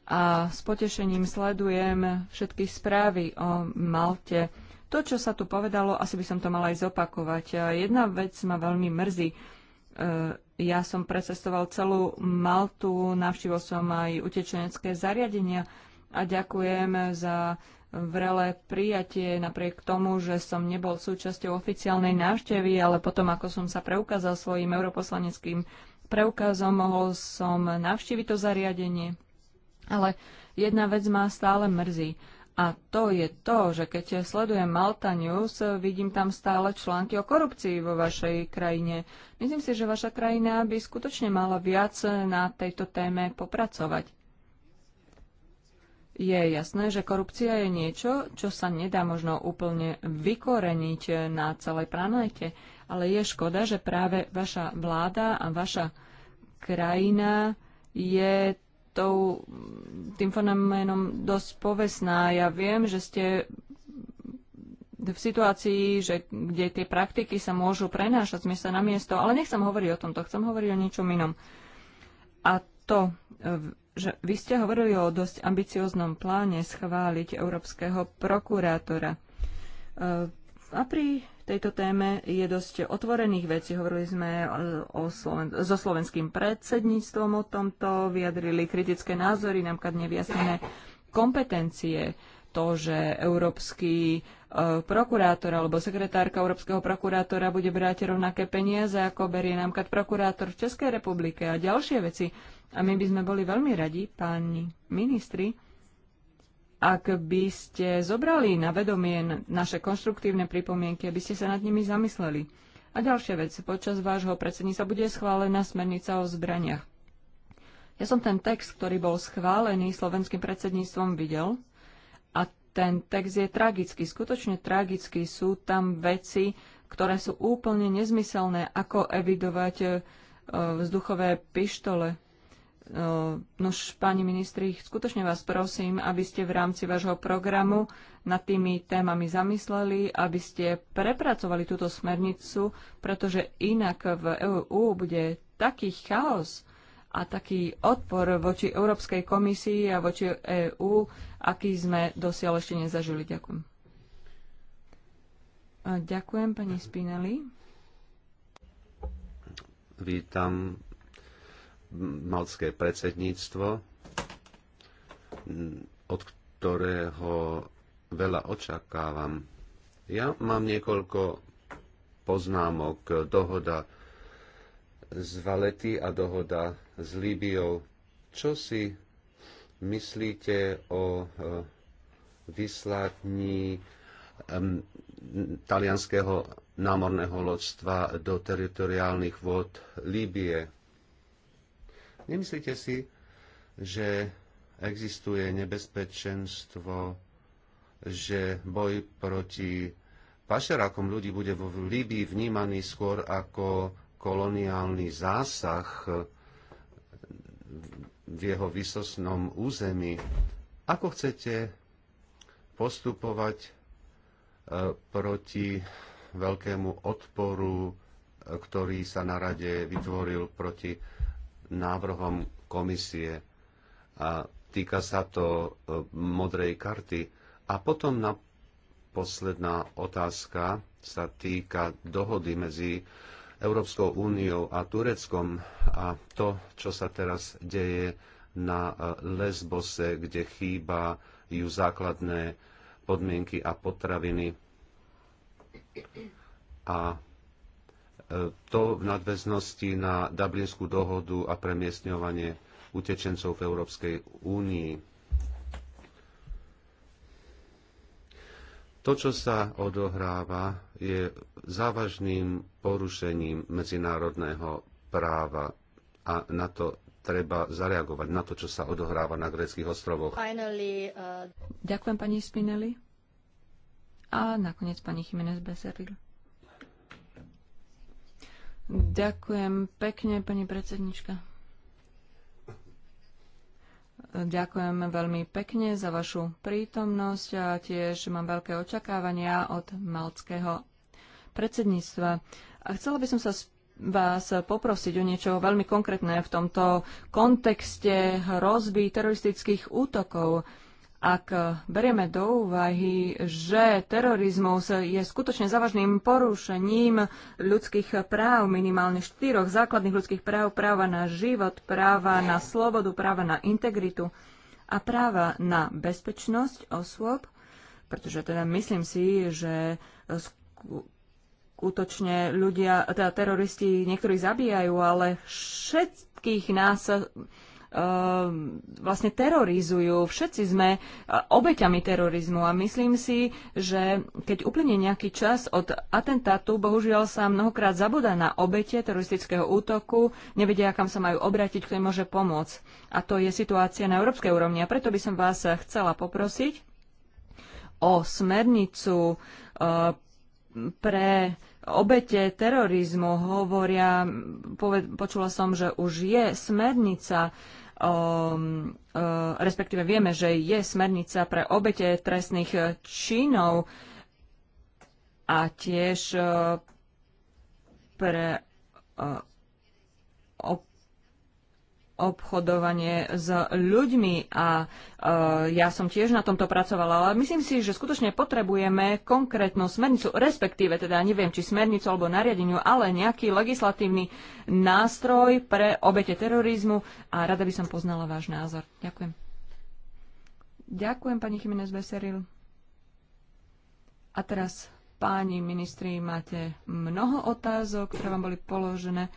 a s potešením sledujem všetky správy o Malte to, čo sa tu povedalo, asi by som to mala aj zopakovať. Jedna vec ma veľmi mrzí. E, ja som precestoval celú Maltu, navštívil som aj utečenecké zariadenia a ďakujem za vrelé prijatie napriek tomu, že som nebol súčasťou oficiálnej návštevy, ale potom, ako som sa preukázal svojim europoslaneckým preukazom, mohol som navštíviť to zariadenie. Ale jedna vec ma stále mrzí. A to je to, že keď sledujem Malta News, vidím tam stále články o korupcii vo vašej krajine. Myslím si, že vaša krajina by skutočne mala viac na tejto téme popracovať. Je jasné, že korupcia je niečo, čo sa nedá možno úplne vykoreniť na celej planéte, ale je škoda, že práve vaša vláda a vaša krajina je tou, tým fenoménom dosť povesná. Ja viem, že ste v situácii, že kde tie praktiky sa môžu prenášať z miesta na miesto, ale nechcem hovoriť o tomto, chcem hovoriť o niečom inom. A to, že vy ste hovorili o dosť ambicioznom pláne schváliť európskeho prokurátora. A pri tejto téme je dosť otvorených vecí. Hovorili sme e, o Sloven- so slovenským predsedníctvom o tomto, vyjadrili kritické názory, napríklad nevyjasnené kompetencie, to, že európsky e, prokurátor alebo sekretárka európskeho prokurátora bude brať rovnaké peniaze, ako berie napríklad prokurátor v Českej republike a ďalšie veci. A my by sme boli veľmi radi, páni ministri, ak by ste zobrali na vedomie naše konštruktívne pripomienky, aby ste sa nad nimi zamysleli. A ďalšia vec, počas vášho predsedníctva bude schválená smernica o zbraniach. Ja som ten text, ktorý bol schválený slovenským predsedníctvom, videl a ten text je tragický, skutočne tragický. Sú tam veci, ktoré sú úplne nezmyselné, ako evidovať e, vzduchové pištole Eh, nož, páni ministri, skutočne vás prosím, aby ste v rámci vášho programu nad tými témami zamysleli, aby ste prepracovali túto smernicu, pretože inak v EÚ bude taký chaos a taký odpor voči Európskej komisii a voči EÚ, aký sme dosiaľ ešte nezažili. Ďakujem. Eh, ďakujem, pani Spinelli. Vítam maltské predsedníctvo, od ktorého veľa očakávam. Ja mám niekoľko poznámok. Dohoda z Valety a dohoda s Líbiou. Čo si myslíte o e, vyslatní talianského námorného lodstva do teritoriálnych vod Líbie. Nemyslíte si, že existuje nebezpečenstvo, že boj proti pašerákom ľudí bude v Líbii vnímaný skôr ako koloniálny zásah v jeho vysosnom území. Ako chcete postupovať e, proti veľkému odporu, e, ktorý sa na rade vytvoril proti návrhom komisie a týka sa to e, modrej karty. A potom na posledná otázka sa týka dohody medzi Európskou úniou a Tureckom a to, čo sa teraz deje na e, Lesbose, kde chýba ju základné podmienky a potraviny. A to v nadväznosti na Dublinskú dohodu a premiestňovanie utečencov v Európskej únii. To, čo sa odohráva, je závažným porušením medzinárodného práva a na to treba zareagovať, na to, čo sa odohráva na gréckých ostrovoch. Finally, uh... Ďakujem pani Spinelli. A nakoniec pani Jiménez Becerril. Ďakujem pekne, pani predsednička. Ďakujem veľmi pekne za vašu prítomnosť a tiež mám veľké očakávania od malckého predsedníctva. A chcela by som sa vás poprosiť o niečo veľmi konkrétne v tomto kontexte hrozby teroristických útokov. Ak berieme do úvahy, že terorizmus je skutočne závažným porušením ľudských práv, minimálne štyroch základných ľudských práv, práva na život, práva na slobodu, práva na integritu a práva na bezpečnosť osôb, pretože teda myslím si, že skutočne ľudia, teda teroristi niektorí zabíjajú, ale všetkých nás Ehm, vlastne terorizujú. Všetci sme e, obeťami terorizmu a myslím si, že keď uplynie nejaký čas od atentátu, bohužiaľ sa mnohokrát zabudá na obete teroristického útoku, nevedia, kam sa majú obratiť, kto im môže pomôcť. A to je situácia na európskej úrovni. A preto by som vás chcela poprosiť o smernicu e, pre obete terorizmu hovoria, poved, počula som, že už je smernica, um, uh, respektíve vieme, že je smernica pre obete trestných činov a tiež uh, pre uh, obchodovanie s ľuďmi a e, ja som tiež na tomto pracovala, ale myslím si, že skutočne potrebujeme konkrétnu smernicu, respektíve teda neviem, či smernicu alebo nariadeniu, ale nejaký legislatívny nástroj pre obete terorizmu a rada by som poznala váš názor. Ďakujem. Ďakujem, pani Chimenez Veseril. A teraz, páni ministri, máte mnoho otázok, ktoré vám boli položené.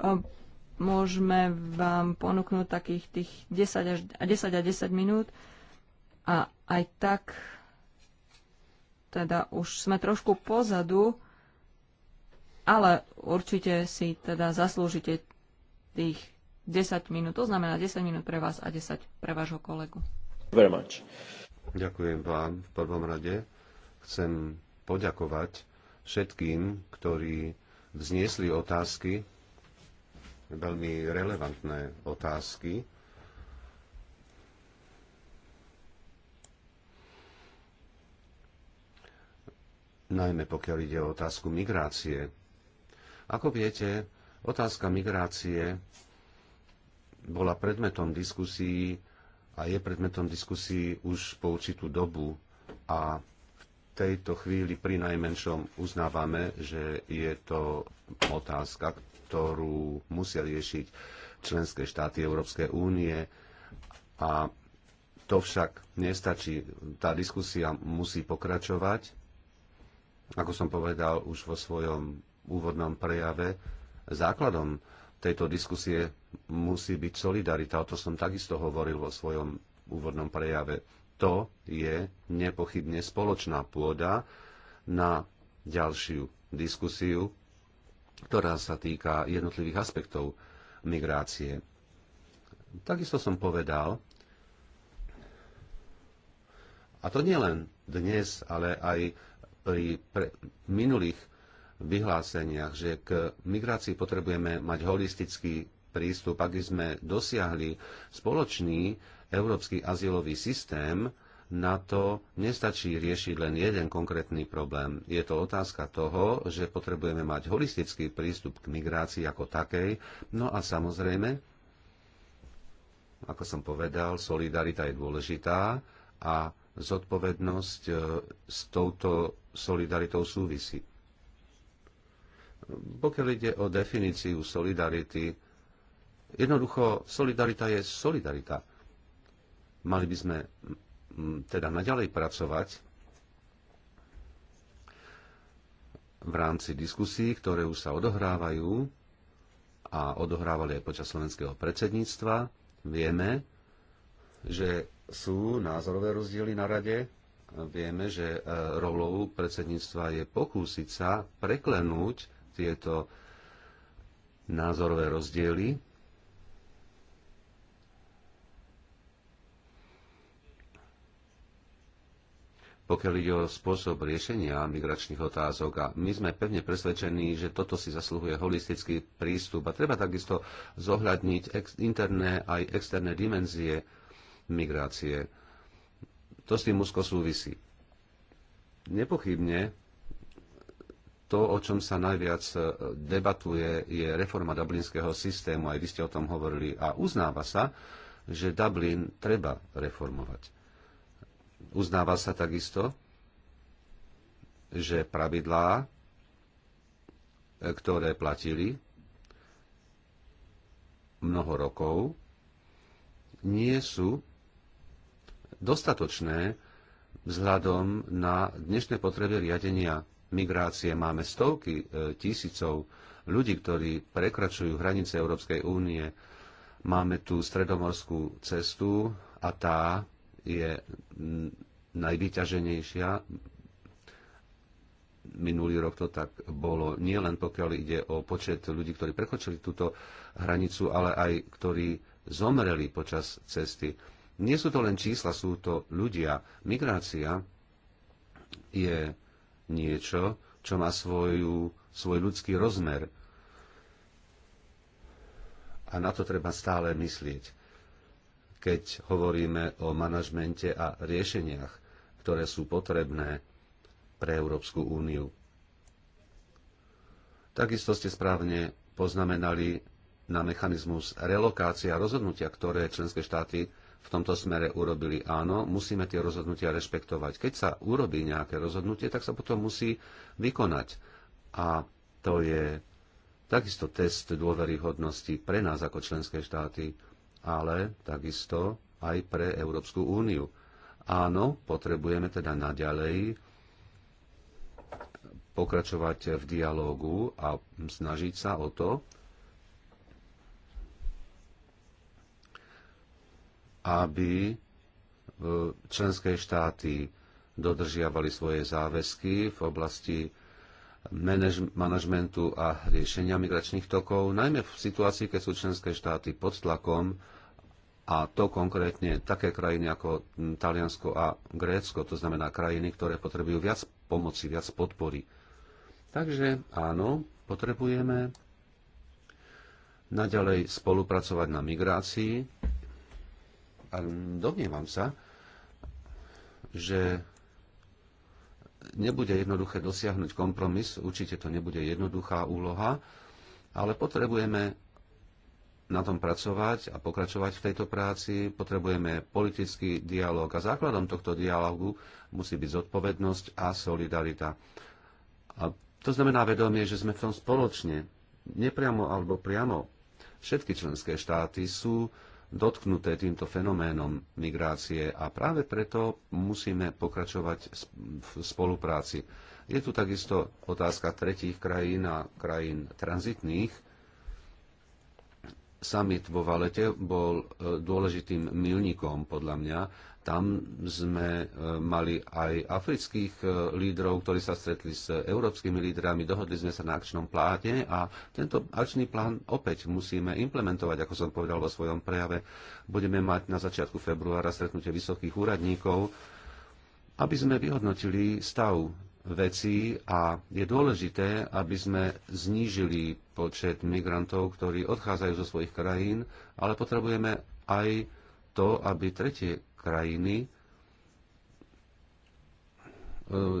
E, môžeme vám ponúknuť takých tých 10 až 10, a 10 minút a aj tak teda už sme trošku pozadu, ale určite si teda zaslúžite tých 10 minút, to znamená 10 minút pre vás a 10 pre vášho kolegu. Very much. Ďakujem vám v prvom rade. Chcem poďakovať všetkým, ktorí vzniesli otázky veľmi relevantné otázky. Najmä pokiaľ ide o otázku migrácie. Ako viete, otázka migrácie bola predmetom diskusí a je predmetom diskusí už po určitú dobu a v tejto chvíli pri najmenšom uznávame, že je to otázka, ktorú musia riešiť členské štáty Európskej únie. A to však nestačí. Tá diskusia musí pokračovať. Ako som povedal už vo svojom úvodnom prejave, základom tejto diskusie musí byť solidarita. O to som takisto hovoril vo svojom úvodnom prejave. To je nepochybne spoločná pôda na ďalšiu diskusiu ktorá sa týka jednotlivých aspektov migrácie. Takisto som povedal, a to nielen dnes, ale aj pri pre, minulých vyhláseniach, že k migrácii potrebujeme mať holistický prístup, aby sme dosiahli spoločný európsky azylový systém, na to nestačí riešiť len jeden konkrétny problém. Je to otázka toho, že potrebujeme mať holistický prístup k migrácii ako takej. No a samozrejme, ako som povedal, solidarita je dôležitá a zodpovednosť e, s touto solidaritou súvisí. Pokiaľ ide o definíciu solidarity, jednoducho solidarita je solidarita. Mali by sme teda naďalej pracovať v rámci diskusí, ktoré už sa odohrávajú a odohrávali aj počas slovenského predsedníctva. Vieme, že sú názorové rozdiely na rade. Vieme, že e, rolou predsedníctva je pokúsiť sa preklenúť tieto názorové rozdiely pokiaľ ide o spôsob riešenia migračných otázok. A my sme pevne presvedčení, že toto si zasluhuje holistický prístup a treba takisto zohľadniť ex- interné aj externé dimenzie migrácie. To s tým úzko súvisí. Nepochybne to, o čom sa najviac e, debatuje, je reforma dublinského systému, aj vy ste o tom hovorili, a uznáva sa, že Dublin treba reformovať. Uznáva sa takisto, že pravidlá, e, ktoré platili mnoho rokov, nie sú dostatočné vzhľadom na dnešné potreby riadenia migrácie. Máme stovky e, tisícov ľudí, ktorí prekračujú hranice Európskej únie. Máme tu stredomorskú cestu a tá je najvyťaženejšia. Minulý rok to tak bolo nielen pokiaľ ide o počet ľudí, ktorí prekočili túto hranicu, ale aj ktorí zomreli počas cesty. Nie sú to len čísla, sú to ľudia. Migrácia je niečo, čo má svoju, svoj ľudský rozmer. A na to treba stále myslieť keď hovoríme o manažmente a riešeniach, ktoré sú potrebné pre Európsku úniu. Takisto ste správne poznamenali na mechanizmus relokácia rozhodnutia, ktoré členské štáty v tomto smere urobili áno, musíme tie rozhodnutia rešpektovať. Keď sa urobí nejaké rozhodnutie, tak sa potom musí vykonať. A to je takisto test dôveryhodnosti pre nás ako členské štáty ale takisto aj pre Európsku úniu. Áno, potrebujeme teda naďalej pokračovať v dialógu a snažiť sa o to, aby e, členské štáty dodržiavali svoje záväzky v oblasti manažmentu a riešenia migračných tokov, najmä v situácii, keď sú členské štáty pod tlakom a to konkrétne také krajiny ako Taliansko a Grécko, to znamená krajiny, ktoré potrebujú viac pomoci, viac podpory. Takže áno, potrebujeme naďalej spolupracovať na migrácii. A domnievam sa, že nebude jednoduché dosiahnuť kompromis, určite to nebude jednoduchá úloha, ale potrebujeme na tom pracovať a pokračovať v tejto práci. Potrebujeme politický dialog a základom tohto dialogu musí byť zodpovednosť a solidarita. A to znamená vedomie, že sme v tom spoločne, nepriamo alebo priamo. Všetky členské štáty sú dotknuté týmto fenoménom migrácie a práve preto musíme pokračovať v spolupráci. Je tu takisto otázka tretích krajín a krajín tranzitných. Summit vo Valete bol e, dôležitým milníkom podľa mňa tam sme e, mali aj afrických e, lídrov, ktorí sa stretli s európskymi lídrami, dohodli sme sa na akčnom pláne a tento akčný plán opäť musíme implementovať, ako som povedal vo svojom prejave. Budeme mať na začiatku februára stretnutie vysokých úradníkov, aby sme vyhodnotili stav vecí a je dôležité, aby sme znížili počet migrantov, ktorí odchádzajú zo svojich krajín, ale potrebujeme aj to, aby tretie krajiny e,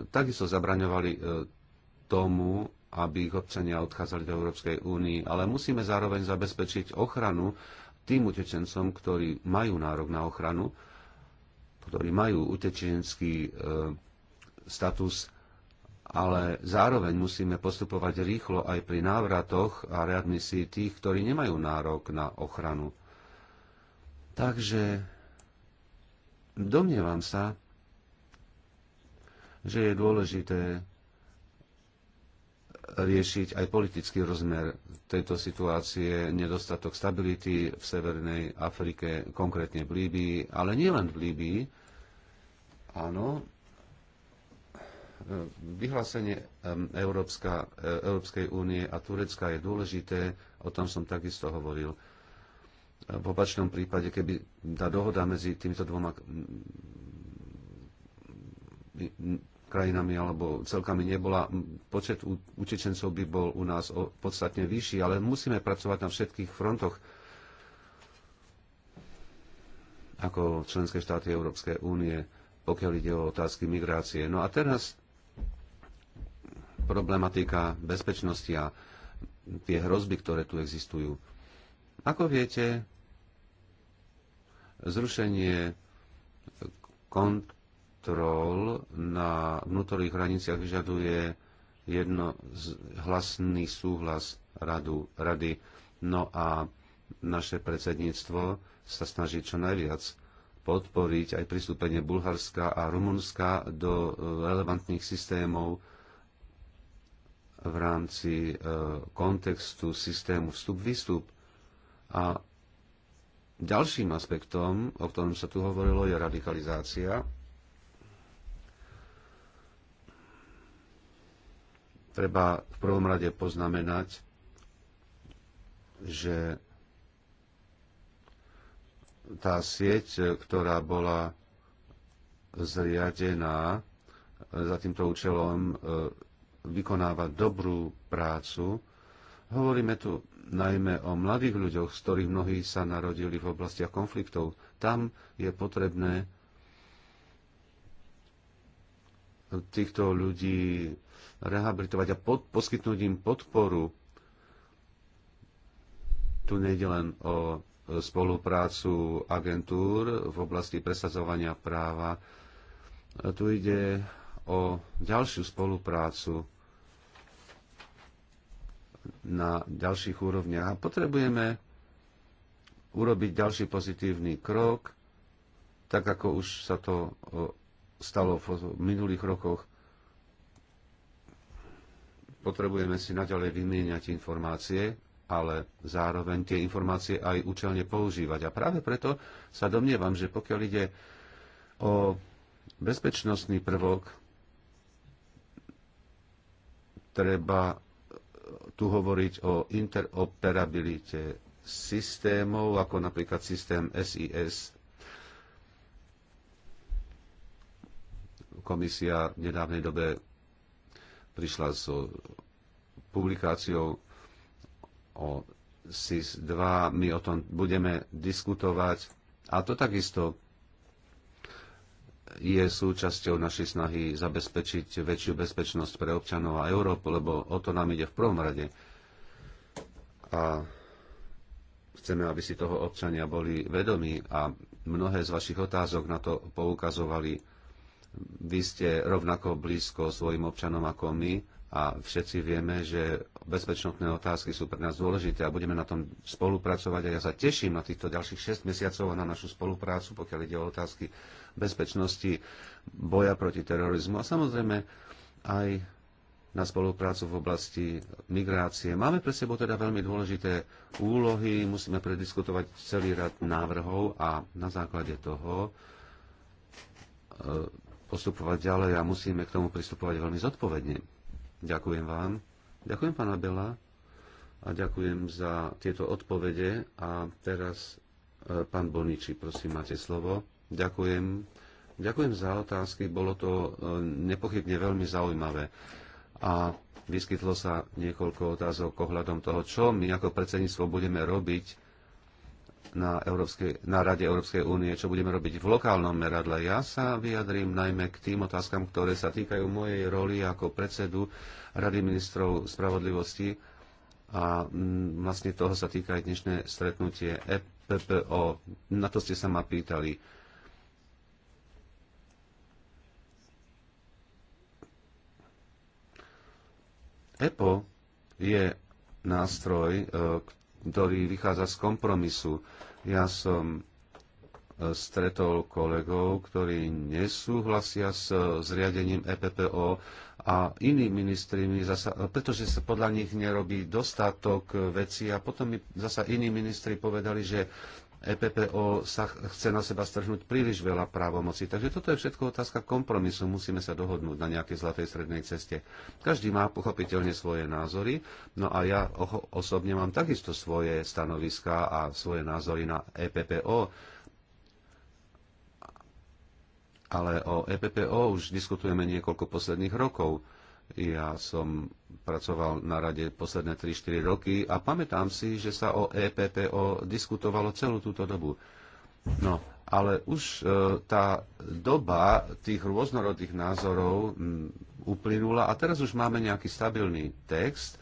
takisto zabraňovali e, tomu, aby ich občania odchádzali do Európskej únii, ale musíme zároveň zabezpečiť ochranu tým utečencom, ktorí majú nárok na ochranu, ktorí majú utečenský e, status, ale zároveň musíme postupovať rýchlo aj pri návratoch a readmisii tých, ktorí nemajú nárok na ochranu. Takže Domnievam sa, že je dôležité riešiť aj politický rozmer tejto situácie, nedostatok stability v Severnej Afrike, konkrétne v Líbii, ale nielen v Líbii. Áno, vyhlásenie Európska, e, Európskej únie a Turecka je dôležité, o tom som takisto hovoril. V opačnom prípade, keby tá dohoda medzi týmito dvoma mm, mm, krajinami alebo celkami nebola, počet utečencov by bol u nás podstatne vyšší, ale musíme pracovať na všetkých frontoch ako členské štáty Európskej únie, pokiaľ ide o otázky migrácie. No a teraz problematika bezpečnosti a tie hrozby, ktoré tu existujú. Ako viete, zrušenie kontrol na vnútorných hraniciach vyžaduje jedno hlasný súhlas radu, rady. No a naše predsedníctvo sa snaží čo najviac podporiť aj pristúpenie Bulharska a Rumunska do e, relevantných systémov v rámci e, kontextu systému vstup-výstup. A ďalším aspektom, o ktorom sa tu hovorilo, je radikalizácia. Treba v prvom rade poznamenať, že tá sieť, ktorá bola zriadená za týmto účelom, e, vykonáva dobrú prácu. Hovoríme tu najmä o mladých ľuďoch, z ktorých mnohí sa narodili v oblastiach konfliktov. Tam je potrebné týchto ľudí rehabilitovať a pod, poskytnúť im podporu. Tu nejde len o spoluprácu agentúr v oblasti presadzovania práva. Tu ide o ďalšiu spoluprácu na ďalších úrovniach. A potrebujeme urobiť ďalší pozitívny krok, tak ako už sa to stalo v minulých rokoch. Potrebujeme si naďalej vymieňať informácie, ale zároveň tie informácie aj účelne používať. A práve preto sa domnievam, že pokiaľ ide o bezpečnostný prvok, treba tu hovoriť o interoperabilite systémov, ako napríklad systém SIS. Komisia v nedávnej dobe prišla s so publikáciou o SIS-2. My o tom budeme diskutovať. A to takisto je súčasťou našej snahy zabezpečiť väčšiu bezpečnosť pre občanov a Európu, lebo o to nám ide v prvom rade. A chceme, aby si toho občania boli vedomí a mnohé z vašich otázok na to poukazovali. Vy ste rovnako blízko svojim občanom ako my a všetci vieme, že bezpečnostné otázky sú pre nás dôležité a budeme na tom spolupracovať a ja sa teším na týchto ďalších 6 mesiacov a na našu spoluprácu, pokiaľ ide o otázky bezpečnosti, boja proti terorizmu a samozrejme aj na spoluprácu v oblasti migrácie. Máme pre sebou teda veľmi dôležité úlohy, musíme prediskutovať celý rad návrhov a na základe toho e, postupovať ďalej a musíme k tomu pristupovať veľmi zodpovedne. Ďakujem vám. Ďakujem, pána Bela. A ďakujem za tieto odpovede. A teraz e, pán Boniči, prosím, máte slovo. Ďakujem. Ďakujem za otázky, bolo to e, nepochybne veľmi zaujímavé. A vyskytlo sa niekoľko otázok ohľadom toho, čo my ako predsedníctvo budeme robiť na, Európskej, na Rade Európskej únie, čo budeme robiť v lokálnom meradle. Ja sa vyjadrím najmä k tým otázkam, ktoré sa týkajú mojej roli ako predsedu Rady ministrov spravodlivosti a vlastne toho sa týka aj dnešné stretnutie EPPO. Na to ste sa ma pýtali EPO je nástroj, e, ktorý vychádza z kompromisu. Ja som e, stretol kolegov, ktorí nesúhlasia s e, zriadením EPPO a iní ministri mi zasa, pretože sa podľa nich nerobí dostatok vecí a potom mi zasa iní ministri povedali, že EPPO sa chce na seba strhnúť príliš veľa právomocí. Takže toto je všetko otázka kompromisu. Musíme sa dohodnúť na nejakej zlatej strednej ceste. Každý má pochopiteľne svoje názory, no a ja osobne mám takisto svoje stanoviská a svoje názory na EPPO. Ale o EPPO už diskutujeme niekoľko posledných rokov. Ja som pracoval na rade posledné 3-4 roky a pamätám si, že sa o EPPO diskutovalo celú túto dobu. No, ale už e, tá doba tých rôznorodých názorov uplynula a teraz už máme nejaký stabilný text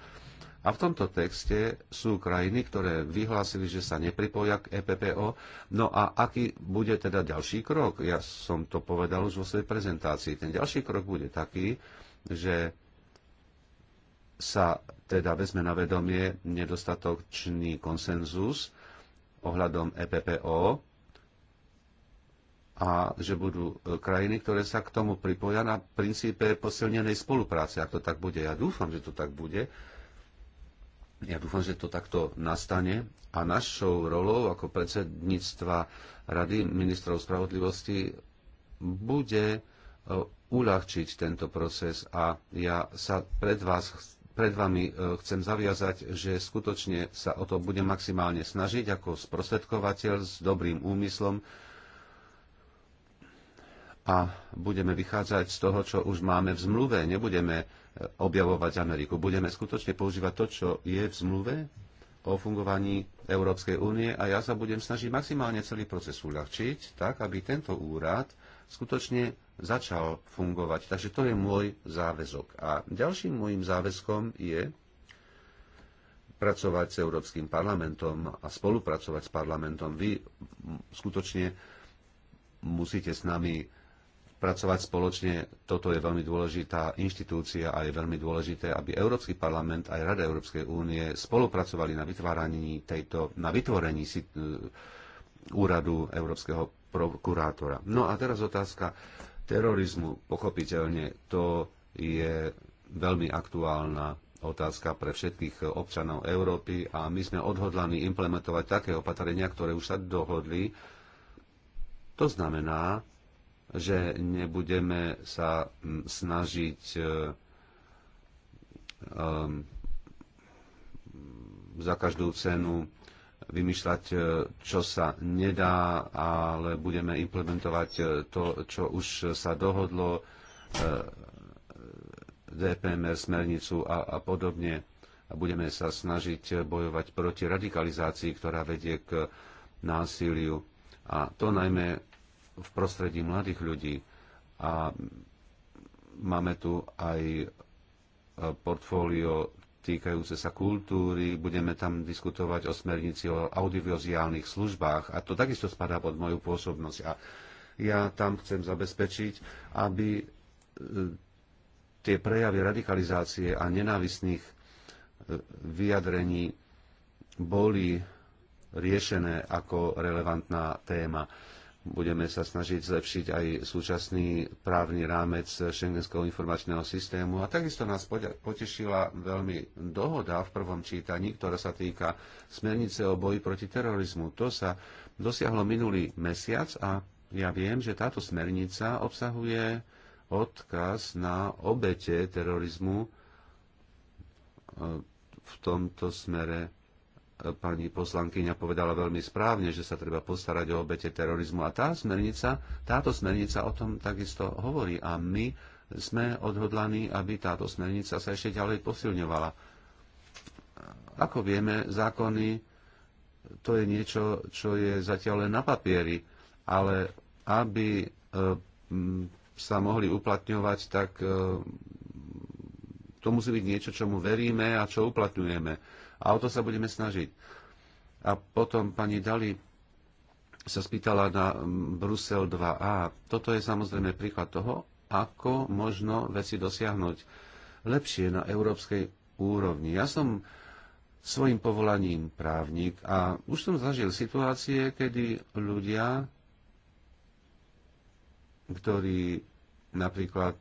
a v tomto texte sú krajiny, ktoré vyhlásili, že sa nepripoja k EPPO. No a aký bude teda ďalší krok? Ja som to povedal už vo svojej prezentácii. Ten ďalší krok bude taký, že sa teda vezme na vedomie nedostatočný konsenzus ohľadom EPPO a že budú e, krajiny, ktoré sa k tomu pripoja na princípe posilnenej spolupráce. Ak to tak bude, ja dúfam, že to tak bude. Ja dúfam, že to takto nastane a našou rolou ako predsedníctva Rady ministrov spravodlivosti bude e, uľahčiť tento proces a ja sa pred, vás, pred vami e, chcem zaviazať, že skutočne sa o to budem maximálne snažiť ako sprostredkovateľ s dobrým úmyslom a budeme vychádzať z toho, čo už máme v zmluve. Nebudeme e, objavovať Ameriku. Budeme skutočne používať to, čo je v zmluve o fungovaní Európskej únie a ja sa budem snažiť maximálne celý proces uľahčiť, tak aby tento úrad skutočne začal fungovať. Takže to je môj záväzok. A ďalším môjim záväzkom je pracovať s Európskym parlamentom a spolupracovať s parlamentom. Vy skutočne musíte s nami pracovať spoločne. Toto je veľmi dôležitá inštitúcia a je veľmi dôležité, aby Európsky parlament aj Rada Európskej únie spolupracovali na vytváraní tejto, na vytvorení si, e, úradu Európskeho prokurátora. No a teraz otázka terorizmu. Pochopiteľne to je veľmi aktuálna otázka pre všetkých občanov Európy a my sme odhodlaní implementovať také opatrenia, ktoré už sa dohodli. To znamená, že nebudeme sa mm, snažiť e, e, za každú cenu vymýšľať, e, čo sa nedá, ale budeme implementovať e, to, čo už sa dohodlo, e, DPMR, smernicu a, a podobne. A budeme sa snažiť bojovať proti radikalizácii, ktorá vedie k násiliu. A to najmä v prostredí mladých ľudí. A máme tu aj portfólio týkajúce sa kultúry, budeme tam diskutovať o smernici o audiovizuálnych službách a to takisto spadá pod moju pôsobnosť. A ja tam chcem zabezpečiť, aby e, tie prejavy radikalizácie a nenávisných e, vyjadrení boli riešené ako relevantná téma. Budeme sa snažiť zlepšiť aj súčasný právny rámec šengenského informačného systému. A takisto nás potešila veľmi dohoda v prvom čítaní, ktorá sa týka smernice o boji proti terorizmu. To sa dosiahlo minulý mesiac a ja viem, že táto smernica obsahuje odkaz na obete terorizmu e, v tomto smere pani poslankyňa povedala veľmi správne, že sa treba postarať o obete terorizmu a tá smernica, táto smernica o tom takisto hovorí a my sme odhodlaní, aby táto smernica sa ešte ďalej posilňovala. Ako vieme, zákony to je niečo, čo je zatiaľ len na papieri, ale aby e, sa mohli uplatňovať, tak e, to musí byť niečo, čomu veríme a čo uplatňujeme a o to sa budeme snažiť. A potom pani Dali sa spýtala na mm, Brusel 2a. Toto je samozrejme príklad toho, ako možno veci dosiahnuť lepšie na európskej úrovni. Ja som svojim povolaním právnik a už som zažil situácie, kedy ľudia, ktorí napríklad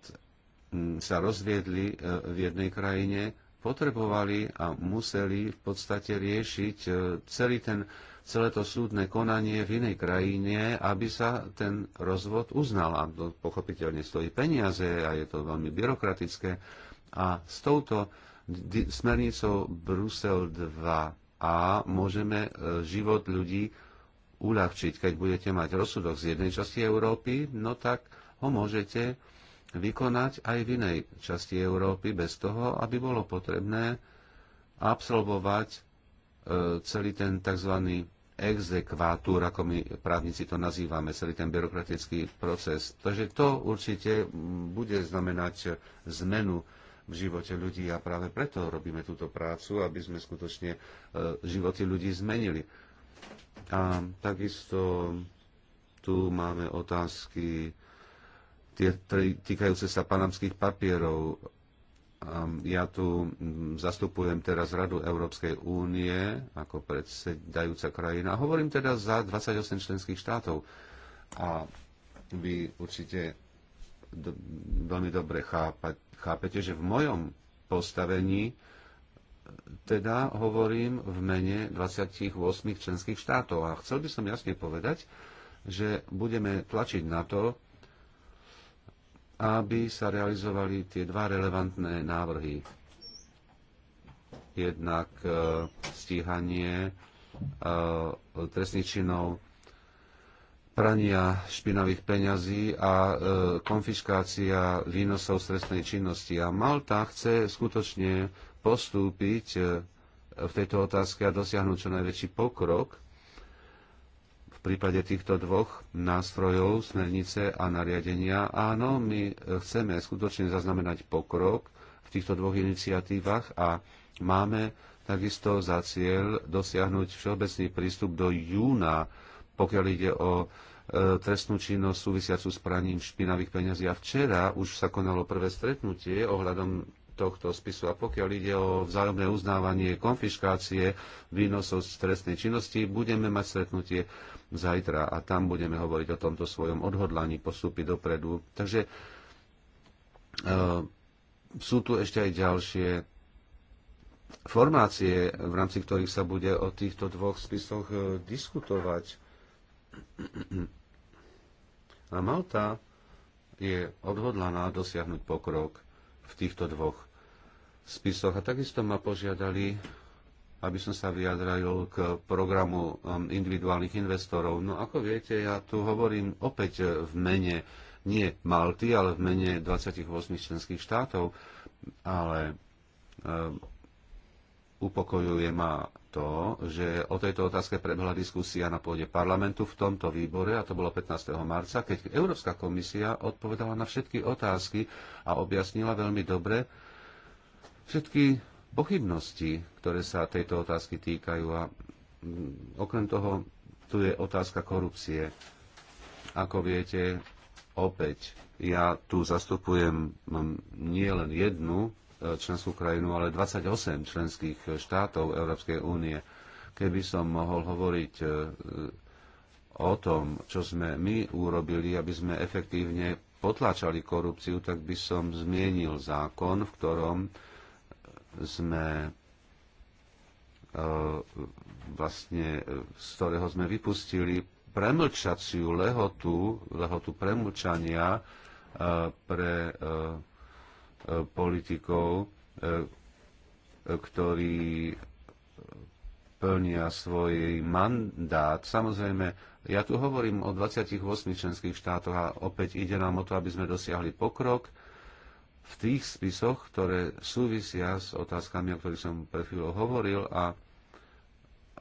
mm, sa rozviedli e, v jednej krajine potrebovali a museli v podstate riešiť e, celý ten, celé to súdne konanie v inej krajine, aby sa ten rozvod uznal. A to pochopiteľne stojí peniaze a je to veľmi byrokratické. A s touto smernicou Brusel 2a môžeme e, život ľudí uľahčiť. Keď budete mať rozsudok z jednej časti Európy, no tak ho môžete vykonať aj v inej časti Európy bez toho, aby bolo potrebné absolvovať e, celý ten tzv. exekvátur, ako my právnici to nazývame, celý ten byrokratický proces. Takže to určite bude znamenať zmenu v živote ľudí a práve preto robíme túto prácu, aby sme skutočne e, životy ľudí zmenili. A takisto tu máme otázky tie týkajúce sa panamských papierov. Ja tu zastupujem teraz Radu Európskej únie ako predsedajúca krajina. Hovorím teda za 28 členských štátov. A vy určite do, veľmi dobre chápa, chápete, že v mojom postavení e, teda hovorím v mene 28 členských štátov. A chcel by som jasne povedať, že budeme tlačiť na to, aby sa realizovali tie dva relevantné návrhy. Jednak e, stíhanie e, trestných činov prania špinavých peňazí a e, konfiškácia výnosov z trestnej činnosti. A Malta chce skutočne postúpiť v tejto otázke a dosiahnuť čo najväčší pokrok prípade týchto dvoch nástrojov, smernice a nariadenia, áno, my chceme skutočne zaznamenať pokrok v týchto dvoch iniciatívach a máme takisto za cieľ dosiahnuť všeobecný prístup do júna, pokiaľ ide o e, trestnú činnosť súvisiacu s praním špinavých peňazí. A včera už sa konalo prvé stretnutie ohľadom tohto spisu. A pokiaľ ide o vzájomné uznávanie konfiškácie výnosov z trestnej činnosti, budeme mať stretnutie zajtra a tam budeme hovoriť o tomto svojom odhodlaní postúpiť dopredu. Takže eh, sú tu ešte aj ďalšie formácie, v rámci ktorých sa bude o týchto dvoch spisoch eh, diskutovať. A Malta je odhodlaná dosiahnuť pokrok v týchto dvoch spisoch. A takisto ma požiadali aby som sa vyjadril k programu um, individuálnych investorov. No ako viete, ja tu hovorím opäť v mene nie Malty, ale v mene 28 členských štátov, ale um, upokojuje ma to, že o tejto otázke prebehla diskusia na pôde parlamentu v tomto výbore, a to bolo 15. marca, keď Európska komisia odpovedala na všetky otázky a objasnila veľmi dobre všetky pochybnosti, ktoré sa tejto otázky týkajú. A mm, okrem toho, tu je otázka korupcie. Ako viete, opäť ja tu zastupujem mm, nie len jednu e, členskú krajinu, ale 28 členských štátov Európskej únie. Keby som mohol hovoriť e, o tom, čo sme my urobili, aby sme efektívne potláčali korupciu, tak by som zmienil zákon, v ktorom sme e, vlastne, z ktorého sme vypustili premlčaciu lehotu, lehotu premlčania e, pre e, politikov, ktorí plnia svoj mandát. Samozrejme, ja tu hovorím o 28 členských štátoch a opäť ide nám o to, aby sme dosiahli pokrok v tých spisoch, ktoré súvisia s otázkami, o ktorých som pred chvíľu hovoril a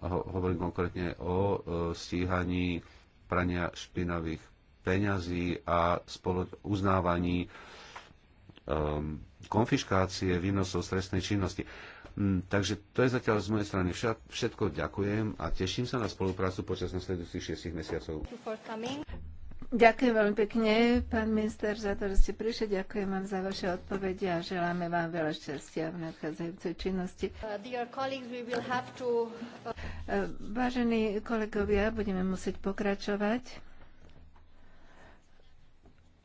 ho, hovorím konkrétne o e, stíhaní prania špinavých peňazí a spolo, uznávaní um, konfiškácie výnosov stresnej činnosti. Mm, takže to je zatiaľ z mojej strany všetko. Ďakujem a teším sa na spoluprácu počas nasledujúcich 6 mesiacov. Ďakujem veľmi pekne, pán minister, za to, že ste prišli. Ďakujem vám za vaše odpovede a želáme vám veľa šťastia v nadchádzajúcej činnosti. Uh, to... Uh, vážení kolegovia, budeme musieť pokračovať,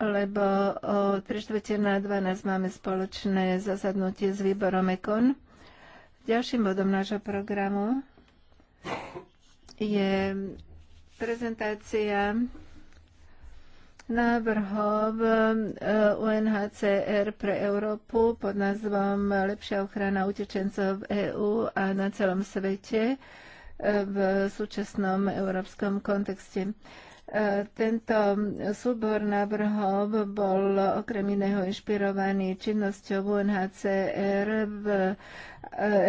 lebo o 3 na 12 máme spoločné zasadnutie s výborom EKON. Ďalším bodom nášho programu je prezentácia návrhov ehm, eh, UNHCR pre Európu pod názvom Lepšia ochrana utečencov v EÚ a na celom svete eh, v súčasnom európskom kontexte. E, tento súbor návrhov bol okrem iného inšpirovaný činnosťou UNHCR v e,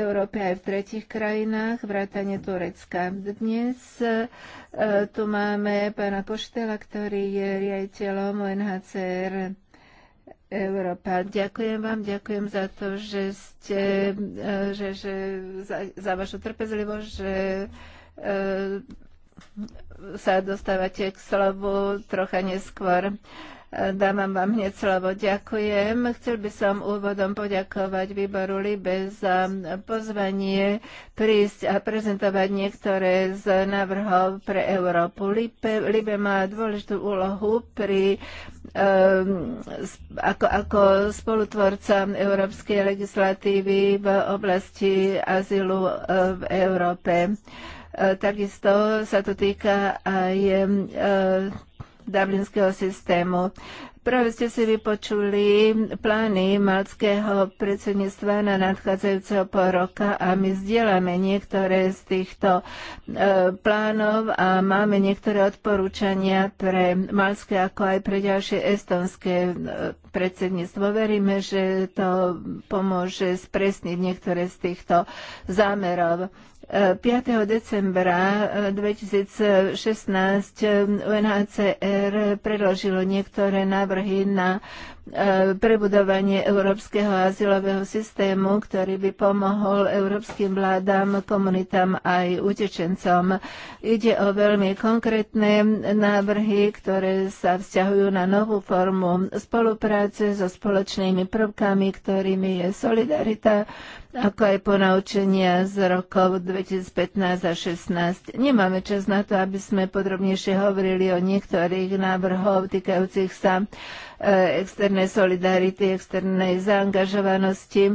Európe aj v tretich krajinách, vrátane Turecka. Dnes e, tu máme pána Koštela, ktorý je riaditeľom UNHCR Európa. Ďakujem vám, ďakujem za to, že ste, že, že za, za vašu trpezlivosť, že sa dostávate k slovu trocha neskôr. Dávam vám hneď slovo. Ďakujem. Chcel by som úvodom poďakovať výboru Libe za pozvanie prísť a prezentovať niektoré z návrhov pre Európu. Libe, Libe má dôležitú úlohu pri, um, ako, ako spolutvorca európskej legislatívy v oblasti azylu eh, v Európe. E, takisto sa to týka aj e, dublinského systému. Práve ste si vypočuli plány malckého predsedníctva na nadchádzajúceho pol roka a my zdieľame niektoré z týchto e, plánov a máme niektoré odporúčania pre malské ako aj pre ďalšie estonské e, predsedníctvo. Veríme, že to pomôže spresniť niektoré z týchto zámerov. 5. decembra 2016 eh, eh, UNHCR predložilo niektoré návrhy na eh, prebudovanie európskeho azylového systému, ktorý by pomohol európskym vládám, komunitám aj utečencom. Ide o veľmi konkrétne návrhy, ktoré sa vzťahujú na novú formu spolupráce so spoločnými prvkami, ktorými je solidarita, ako aj ponaučenia z rokov 2015 a 2016. Nemáme čas na to, aby sme podrobnejšie hovorili o niektorých návrhov týkajúcich sa e, externej solidarity, externej zaangažovanosti. E,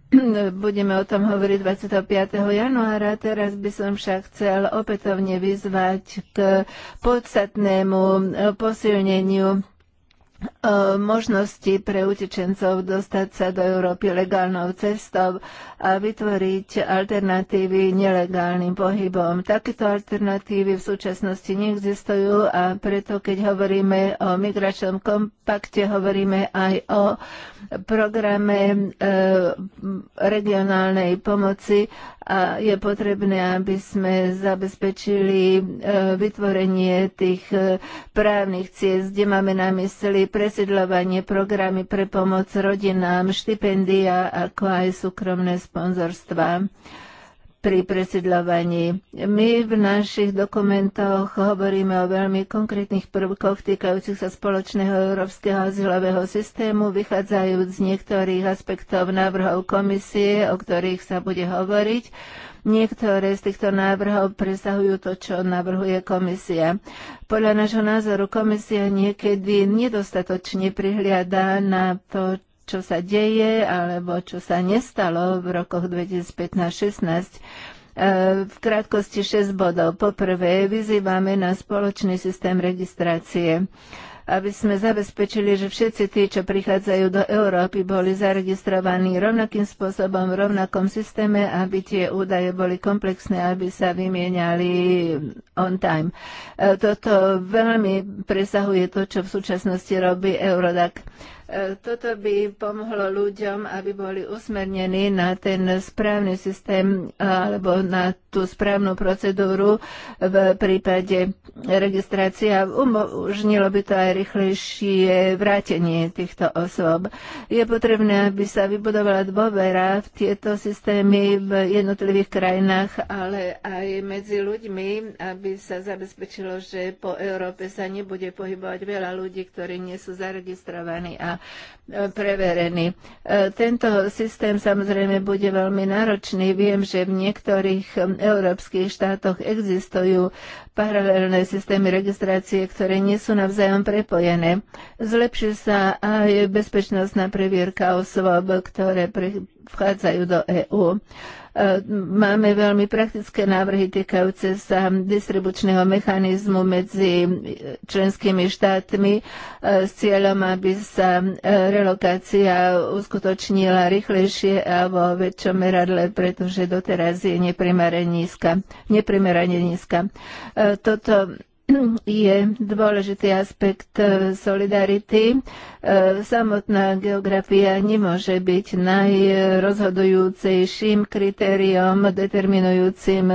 budeme o tom hovoriť 25. januára. Teraz by som však chcel opätovne vyzvať k podstatnému posilneniu E, možnosti pre utečencov dostať sa do Európy legálnou cestou a vytvoriť alternatívy nelegálnym pohybom. Takéto alternatívy v súčasnosti neexistujú a preto, keď hovoríme o migračnom kompakte, hovoríme aj o programe e, regionálnej pomoci a je potrebné, aby sme zabezpečili e, vytvorenie tých e, právnych ciest, kde máme na mysli presidľovanie, programy pre pomoc rodinám, štipendia, ako aj súkromné sponzorstva pri presidľovaní. My v našich dokumentoch hovoríme o veľmi konkrétnych prvkoch týkajúcich sa spoločného európskeho azylového systému, vychádzajúc z niektorých aspektov návrhov komisie, o ktorých sa bude hovoriť. Niektoré z týchto návrhov presahujú to, čo navrhuje komisia. Podľa nášho názoru komisia niekedy nedostatočne prihliada na to, čo sa deje alebo čo sa nestalo v rokoch 2015-16. E, v krátkosti 6 bodov. Poprvé, vyzývame na spoločný systém registrácie aby sme zabezpečili, že všetci tí, čo prichádzajú do Európy, boli zaregistrovaní rovnakým spôsobom, v rovnakom systéme, aby tie údaje boli komplexné, aby sa vymieniali on time. E, toto veľmi presahuje to, čo v súčasnosti robí Eurodac. E, toto by pomohlo ľuďom, aby boli usmernení na ten správny systém alebo na tú správnu procedúru v prípade registrácie a Umožnilo by to aj rýchlejšie vrátenie týchto osôb. Je potrebné, aby sa vybudovala dôvera v tieto systémy v jednotlivých krajinách, ale aj medzi ľuďmi, aby sa zabezpečilo, že po Európe sa nebude pohybovať veľa ľudí, ktorí nie sú zaregistrovaní a preverený. E, tento systém samozrejme bude veľmi náročný. Viem, že v niektorých e, európskych štátoch existujú paralelné systémy registrácie, ktoré nie sú navzájom prepojené. Zlepší sa aj bezpečnostná previerka osôb, ktoré vchádzajú do EÚ. E, máme veľmi praktické návrhy týkajúce sa distribučného mechanizmu medzi členskými štátmi e, s cieľom, aby sa e, relokácia uskutočnila rýchlejšie a vo väčšom meradle, pretože doteraz je neprimerane nízka. Neprimerane nízka. Toto je dôležitý aspekt e, solidarity. E, samotná geografia nemôže byť najrozhodujúcejším kritériom determinujúcim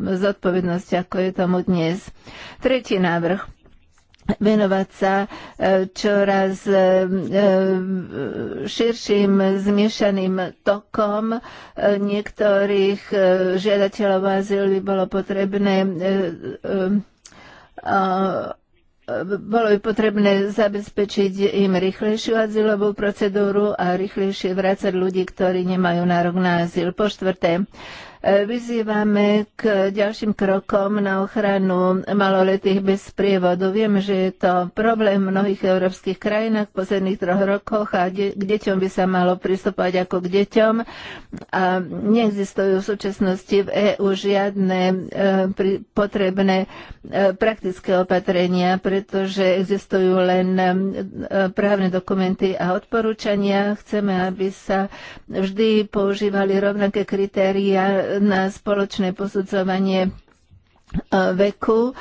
zodpovednosť, ako je tomu dnes. Tretí návrh venovať sa e, čoraz širším zmiešaným tokom niektorých žiadateľov azyl by bolo potrebné Eh, bolo by potrebné zabezpečiť im rýchlejšiu azylovú procedúru a rýchlejšie vrácať ľudí, ktorí nemajú nárok na azyl. Po štvrté, Vyzývame k ďalším krokom na ochranu maloletých bez prievodu. Vieme, že je to problém v mnohých európskych krajinách v posledných troch rokoch a de- k deťom by sa malo pristupovať ako k deťom a neexistujú v súčasnosti v EÚ žiadne e, pri- potrebné e, praktické opatrenia, pretože existujú len e, právne dokumenty a odporúčania. Chceme, aby sa vždy používali rovnaké kritéria na spoločné posudzovanie e, veku, e,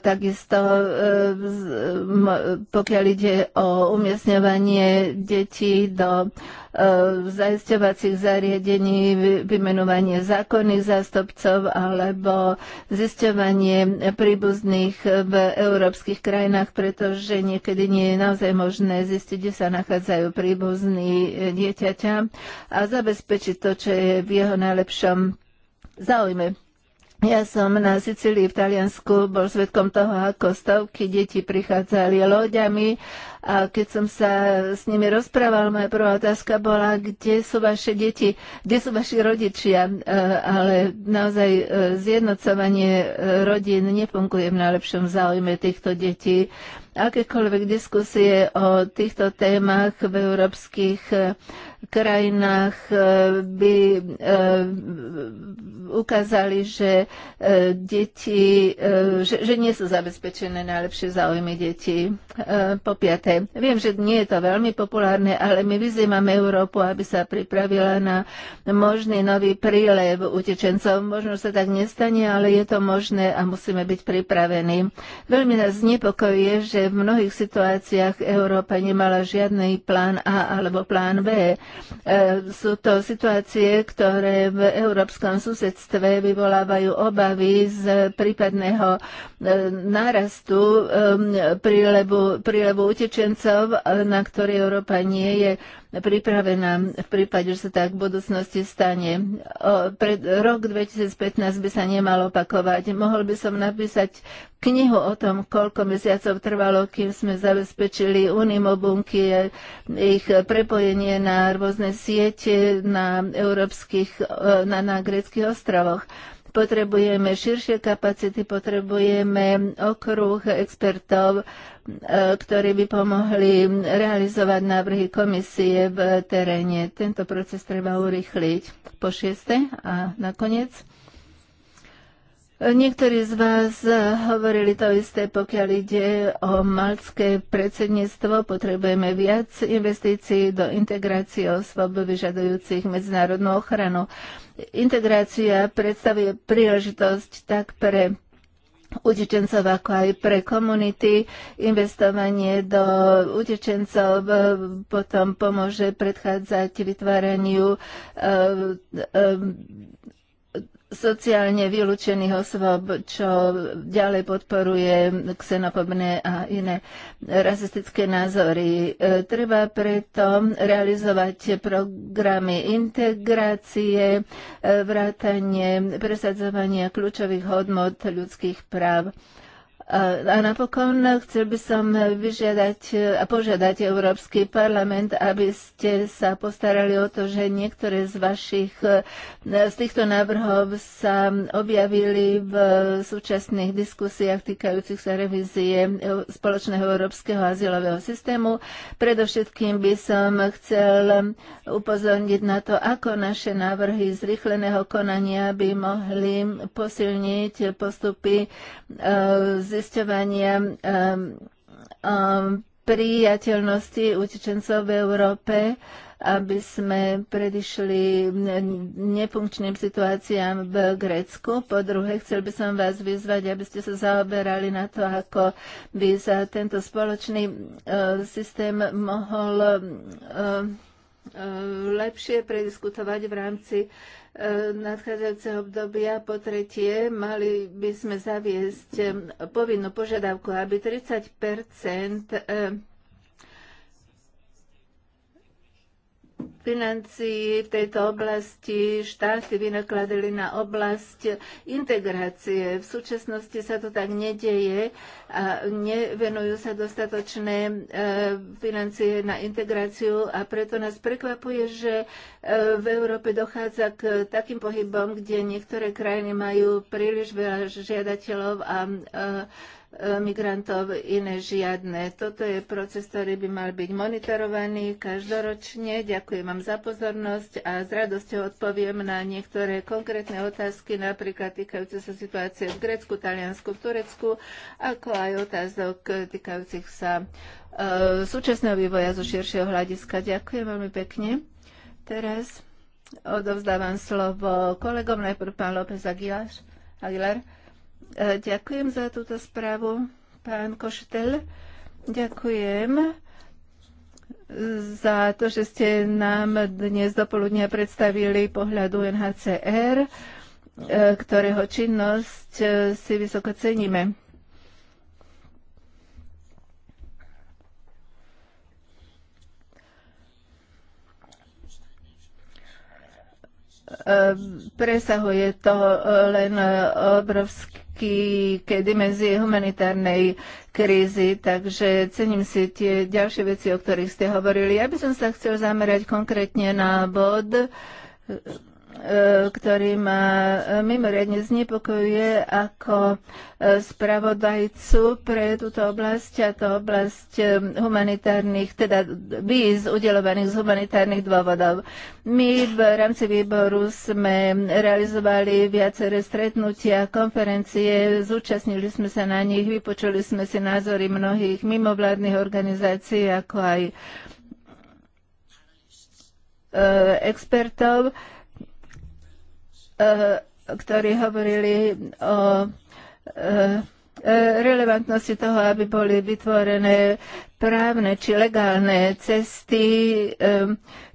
takisto e, pokiaľ ide o umiestňovanie detí do zaisťovacích zariadení, vymenovanie zákonných zástupcov alebo zisťovanie príbuzných v európskych krajinách, pretože niekedy nie je naozaj možné zistiť, kde sa nachádzajú príbuzní dieťaťa a zabezpečiť to, čo je v jeho najlepšom Zaujme. Ja som na Sicílii v Taliansku bol svetkom toho, ako stovky detí prichádzali loďami a keď som sa s nimi rozprával, moja prvá otázka bola, kde sú vaše deti, kde sú vaši rodičia, e, ale naozaj e, zjednocovanie e, rodín nefunguje v najlepšom záujme týchto detí. Akékoľvek diskusie o týchto témach v európskych krajinách eh, by eh, ukázali, že eh, deti, že, že nie sú zabezpečené najlepšie záujmy detí. Po piaté, viem, že nie je to veľmi populárne, ale my vyzývame Európu, aby sa pripravila na možný nový prílev utečencov. Možno sa tak nestane, ale je to možné a musíme byť pripravení. Veľmi nás znepokojuje, že v mnohých situáciách Európa nemala žiadny plán A alebo plán B E, sú to situácie, ktoré v európskom susedstve vyvolávajú obavy z prípadného e, nárastu e, prílevu, prílevu utečencov, na ktorý Európa nie je pripravená v prípade, že sa tak v budúcnosti stane. O, pred, rok 2015 by sa nemal opakovať. Mohol by som napísať knihu o tom, koľko mesiacov trvalo, kým sme zabezpečili unimobunky, ich prepojenie na rôzne siete na európskych, e, na, na greckých ostrovoch. Potrebujeme širšie kapacity, potrebujeme okruh expertov, e, ktorí by pomohli realizovať návrhy komisie v teréne. Tento proces treba urychliť. Po šieste a nakoniec Niektorí z vás hovorili to isté, pokiaľ ide o malcké predsedníctvo. Potrebujeme viac investícií do integrácie osôb vyžadujúcich medzinárodnú ochranu. Integrácia predstavuje príležitosť tak pre utečencov, ako aj pre komunity. Investovanie do utečencov e, potom pomôže predchádzať vytváraniu e, e, sociálne vylúčených osôb, čo ďalej podporuje xenofobné a iné rasistické názory. E, Treba preto realizovať programy integrácie, e, vrátanie, presadzovania kľúčových hodnot ľudských práv. A napokon chcel by som vyžiadať e, a požiadať Európsky parlament, aby ste sa postarali o to, že niektoré z vašich, e, z týchto návrhov sa objavili v súčasných diskusiách týkajúcich sa revízie spoločného európskeho azylového systému. Predovšetkým by som chcel upozorniť na to, ako naše návrhy zrychleného konania by mohli posilniť postupy z e, zisťovania um, um, priateľnosti utečencov v Európe, aby sme predišli nefunkčným situáciám v Grécku. Po druhé, chcel by som vás vyzvať, aby ste sa zaoberali na to, ako by sa tento spoločný uh, systém mohol uh, uh lepšie prediskutovať v rámci nadchádzajúceho obdobia. Po tretie, mali by sme zaviesť povinnú požiadavku, aby 30 financií tejto oblasti štáty vynakladali na oblasť integrácie. V súčasnosti sa to tak nedieje a nevenujú sa dostatočné e, financie na integráciu a preto nás prekvapuje, že e, v Európe dochádza k takým pohybom, kde niektoré krajiny majú príliš veľa žiadateľov a e, migrantov, iné žiadne. Toto je proces, ktorý by mal byť monitorovaný každoročne. Ďakujem vám za pozornosť a s radosťou odpoviem na niektoré konkrétne otázky, napríklad týkajúce sa situácie v Grécku, Taliansku, v Turecku, ako aj otázok týkajúcich sa e, súčasného vývoja zo širšieho hľadiska. Ďakujem veľmi pekne. Teraz odovzdávam slovo kolegom, najprv pán López Aguilar. Aguilar. E, ďakujem za túto správu, pán Koštel. Ďakujem za to, že ste nám dnes dopoludnia predstavili pohľadu NHCR, e, ktorého činnosť e, si vysoko ceníme. Presahuje to len obrovské všetky dimenzie humanitárnej krízy, takže cením si tie ďalšie veci, o ktorých ste hovorili. Ja by som sa chcel zamerať konkrétne na bod, E, ktorý ma e, mimoriadne znepokojuje ako e, spravodajcu pre túto oblasť, a to oblasť humanitárnych, teda víz udelovaných z humanitárnych dôvodov. My v rámci výboru sme realizovali viaceré stretnutia, konferencie, zúčastnili sme sa na nich, vypočuli sme si názory mnohých mimovládnych organizácií, ako aj expertov. Eh, ktorí hovorili o eh, eh, relevantnosti toho, aby boli vytvorené právne či legálne cesty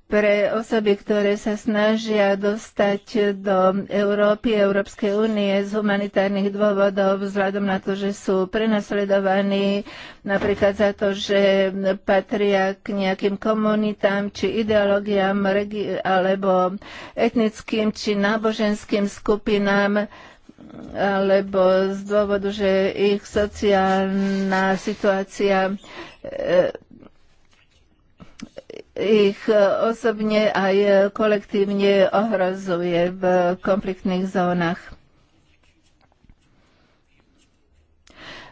pre osoby, ktoré sa snažia dostať do Európy, Európskej únie z humanitárnych dôvodov, vzhľadom na to, že sú prenasledovaní napríklad za to, že patria k nejakým komunitám či ideológiám alebo etnickým či náboženským skupinám alebo z dôvodu, že ich sociálna situácia e, ich e, osobne aj e, kolektívne ohrozuje v konfliktných zónach.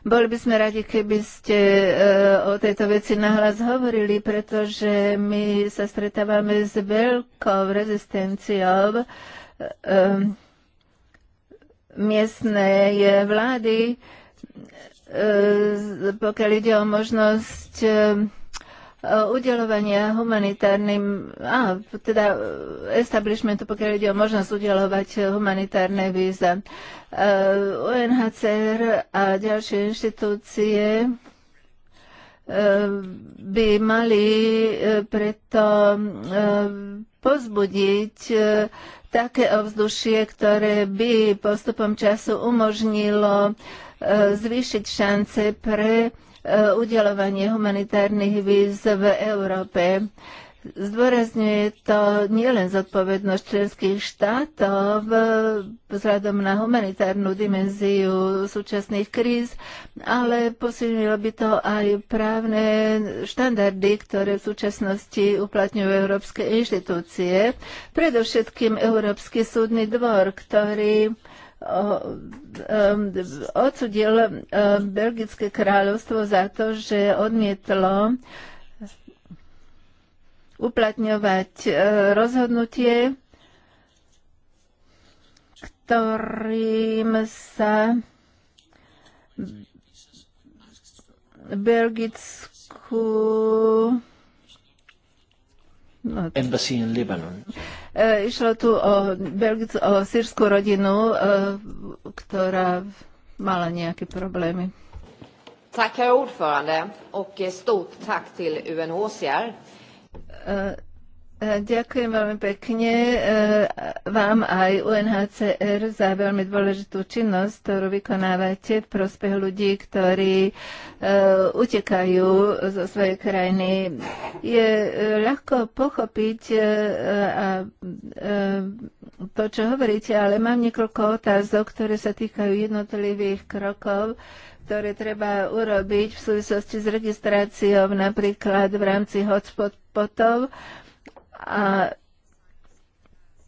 Boli by sme radi, keby ste e, o tejto veci nahlas hovorili, pretože my sa stretávame s veľkou rezistenciou miestnej vlády, pokiaľ ide o možnosť Eh, udelovania humanitárnym, a teda eh, establishmentu, pokiaľ ide o možnosť udelovať eh, humanitárne víza. UNHCR a ďalšie inštitúcie by mali preto pozbudiť také ovzdušie, ktoré by postupom času umožnilo zvýšiť šance pre Eh, udelovanie humanitárnych víz v Európe. Zdôrazňuje to nielen zodpovednosť členských štátov eh, vzhľadom na humanitárnu dimenziu súčasných kríz, ale posilnilo by to aj právne štandardy, ktoré v súčasnosti uplatňujú európske inštitúcie, predovšetkým Európsky súdny dvor, ktorý Eh, eh, odsudil eh, Belgické kráľovstvo za to, že odmietlo uplatňovať rozhodnutie, ktorým sa Belgickú embassy in Lebanon E, išlo tu o, o sírskú rodinu, e, ktorá mala nejaké problémy. Tak, herr ordförande och stort tack till UNHCR. E, E, ďakujem veľmi pekne e, vám aj UNHCR za veľmi dôležitú činnosť, ktorú vykonávate v prospech ľudí, ktorí e, utekajú zo svojej krajiny. Je ľahko pochopiť to, čo hovoríte, ale mám niekoľko otázok, ktoré sa týkajú jednotlivých krokov, ktoré treba urobiť v súvislosti s registráciou napríklad v rámci hotspotov. Hotspot a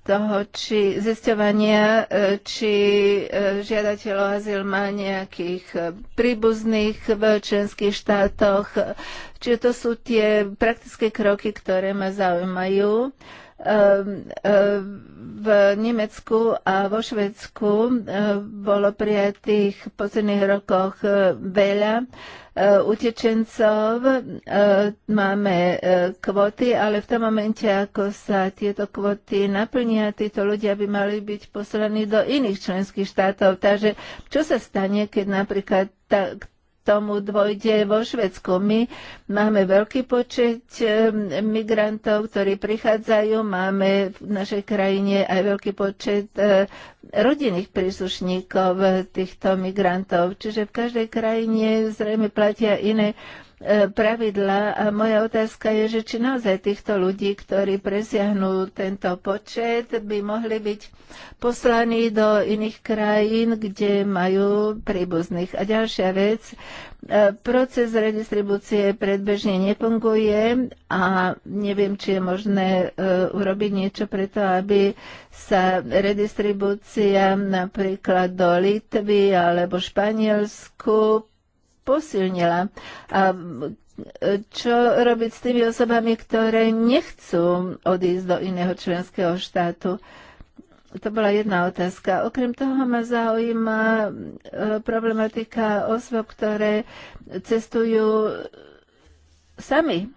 toho, či zisťovania, e, či e, žiadateľ o azyl má nejakých e, príbuzných v členských štátoch. Čiže to sú tie praktické kroky, ktoré ma zaujímajú. Ehm, ehm, v Nemecku a vo Švedsku ehm, bolo prijatých v posledných rokoch veľa utečencov. Máme kvoty, ale v tom momente, ako sa tieto kvoty naplnia, títo ľudia by mali byť poslaní do iných členských štátov. Takže čo sa stane, keď napríklad tak tomu dvojde vo Švedsku. My máme veľký počet migrantov, ktorí prichádzajú, máme v našej krajine aj veľký počet e, rodinných príslušníkov e, týchto migrantov. Čiže v každej krajine zrejme platia iné E, pravidla. A moja otázka je, že či naozaj týchto ľudí, ktorí presiahnú tento počet, by mohli byť poslaní do iných krajín, kde majú príbuzných. A ďalšia vec, e, proces redistribúcie predbežne nefunguje a neviem, či je možné e, urobiť niečo preto, aby sa redistribúcia napríklad do Litvy alebo Španielsku posilnila. A čo robiť s tými osobami, ktoré nechcú odísť do iného členského štátu? To bola jedna otázka. Okrem toho ma zaujíma e, problematika osôb, ktoré cestujú sami.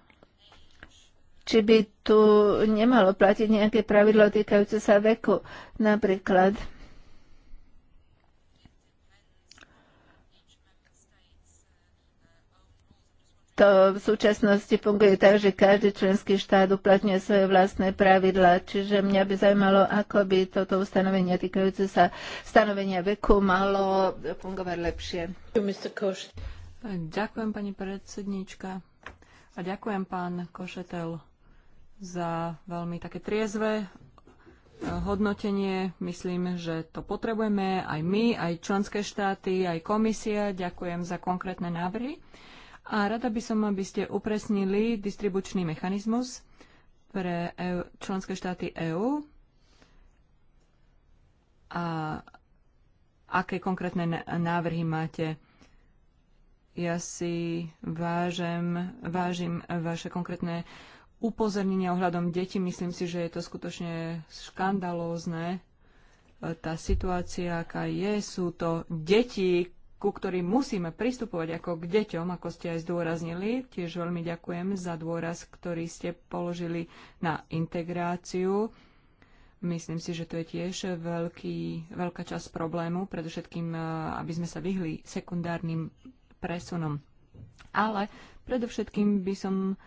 Či by tu nemalo platiť nejaké pravidlo týkajúce sa veku napríklad. to v súčasnosti funguje tak, že každý členský štát uplatňuje svoje vlastné pravidla. Čiže mňa by zaujímalo, ako by toto ustanovenie týkajúce sa stanovenia veku malo fungovať lepšie. Ďakujem, pani predsedníčka. A ďakujem, pán Košetel, za veľmi také triezve eh, hodnotenie. Myslím, že to potrebujeme aj my, aj členské štáty, aj komisia. Ďakujem za konkrétne návrhy. A rada by som, aby ste upresnili distribučný mechanizmus pre EU, členské štáty EÚ a aké konkrétne návrhy máte. Ja si vážem, vážim vaše konkrétne upozornenia ohľadom detí. Myslím si, že je to skutočne škandalózne. E, tá situácia, aká je, sú to deti, ku ktorým musíme pristupovať ako k deťom, ako ste aj zdôraznili. Tiež veľmi ďakujem za dôraz, ktorý ste položili na integráciu. Myslím si, že to je tiež veľký, veľká časť problému, predovšetkým, eh, aby sme sa vyhli sekundárnym presunom. Ale predovšetkým by som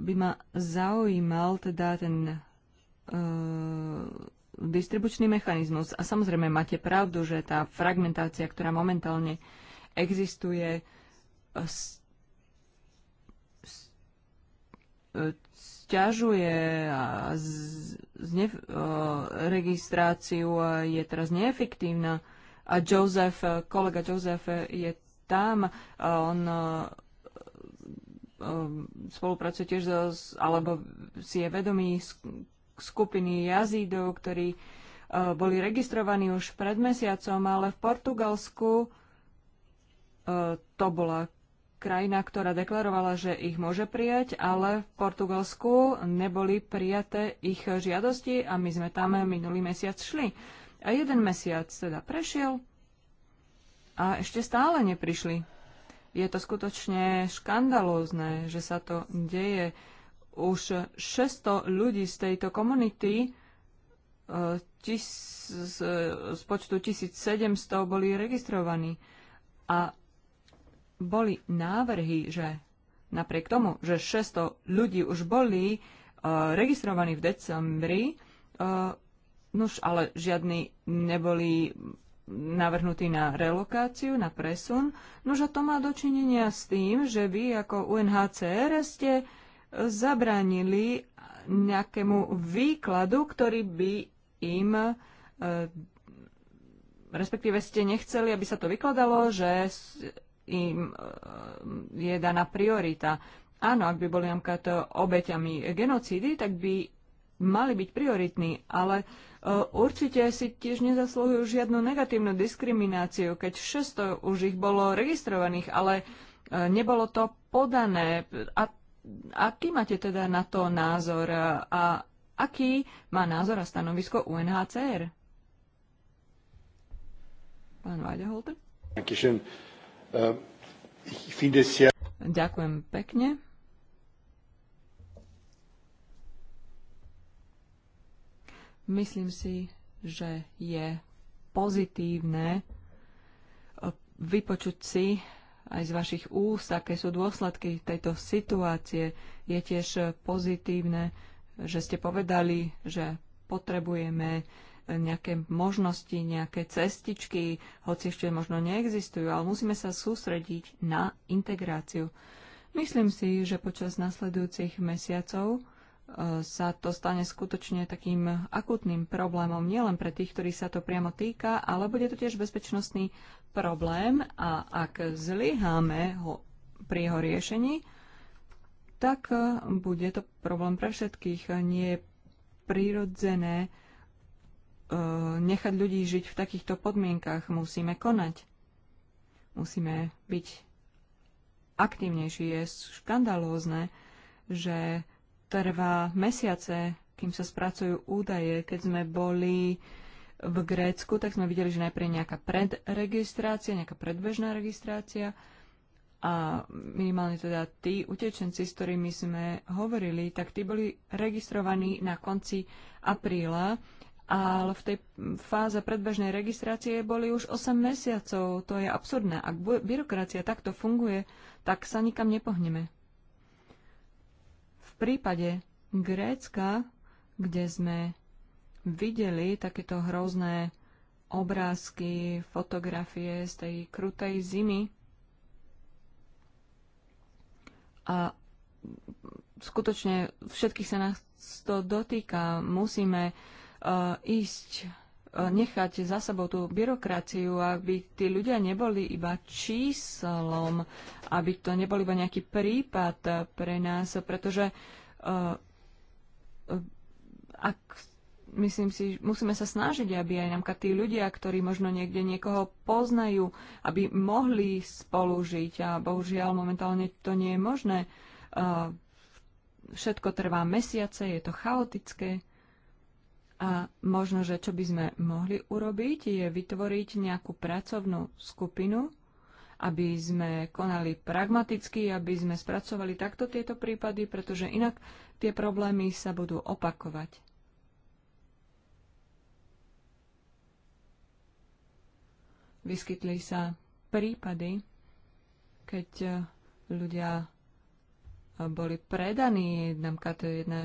by ma zaujímal teda ten uh, distribučný mechanizmus. A samozrejme máte pravdu, že tá fragmentácia, ktorá momentálne existuje, sťažuje a zne, registráciu a je teraz neefektívna. A Joseph, kolega Joseph je tam, on spolupracuje tiež, alebo si je vedomý skupiny jazídov, ktorí e, boli registrovaní už pred mesiacom, ale v Portugalsku e, to bola krajina, ktorá deklarovala, že ich môže prijať, ale v Portugalsku neboli prijaté ich žiadosti a my sme tam minulý mesiac šli. A jeden mesiac teda prešiel a ešte stále neprišli. Je to skutočne škandalózne, že sa to deje už 600 ľudí z tejto komunity e, tis, z, počtu 1700 boli registrovaní. A boli návrhy, že napriek tomu, že 600 ľudí už boli uh, registrovaní v decembri, uh, nuž ale žiadni neboli navrhnutí na relokáciu, na presun. Nože to má dočinenia s tým, že vy ako UNHCR ste zabránili nejakému výkladu, ktorý by im e, respektíve ste nechceli, aby sa to vykladalo, že im e, je daná priorita. Áno, ak by boli napríklad obeťami genocídy, tak by mali byť prioritní, ale e, určite si tiež nezaslúhujú žiadnu negatívnu diskrimináciu, keď 600 už ich bolo registrovaných, ale nebolo to podané a Aký máte teda na to názor a aký má názor a stanovisko UNHCR? Pán Weideholter? Äh, Ďakujem pekne. Myslím si, že je pozitívne e, vypočuť si aj z vašich úst, aké sú dôsledky tejto situácie. Je tiež pozitívne, že ste povedali, že potrebujeme nejaké možnosti, nejaké cestičky, hoci ešte možno neexistujú, ale musíme sa sústrediť na integráciu. Myslím si, že počas nasledujúcich mesiacov sa to stane skutočne takým akutným problémom nielen pre tých, ktorí sa to priamo týka, ale bude to tiež bezpečnostný problém a ak zlyháme ho pri jeho riešení, tak e, bude to problém pre všetkých. Nie je prirodzené e, nechať ľudí žiť v takýchto podmienkach. Musíme konať. Musíme byť aktívnejší. Je škandalózne, že trvá mesiace, kým sa spracujú údaje. Keď sme boli v Grécku, tak sme videli, že najprv nejaká predregistrácia, nejaká predbežná registrácia a minimálne teda tí utečenci, s ktorými sme hovorili, tak tí boli registrovaní na konci apríla, ale v tej fáze predbežnej registrácie boli už 8 mesiacov. To je absurdné. Ak byrokracia takto funguje, tak sa nikam nepohneme prípade Grécka, kde sme videli takéto hrozné obrázky, fotografie z tej krutej zimy a skutočne všetkých sa nás to dotýka. Musíme uh, ísť nechať za sebou tú byrokraciu, aby tí ľudia neboli iba číslom, aby to nebol iba nejaký prípad pre nás, pretože uh, ak myslím si, musíme sa snažiť, aby aj nám tí ľudia, ktorí možno niekde niekoho poznajú, aby mohli spolužiť a bohužiaľ momentálne to nie je možné. Uh, všetko trvá mesiace, je to chaotické. A možno, že čo by sme mohli urobiť, je vytvoriť nejakú pracovnú skupinu, aby sme konali pragmaticky, aby sme spracovali takto tieto prípady, pretože inak tie problémy sa budú opakovať. Vyskytli sa prípady, keď ľudia boli predaní, napríklad, jedna,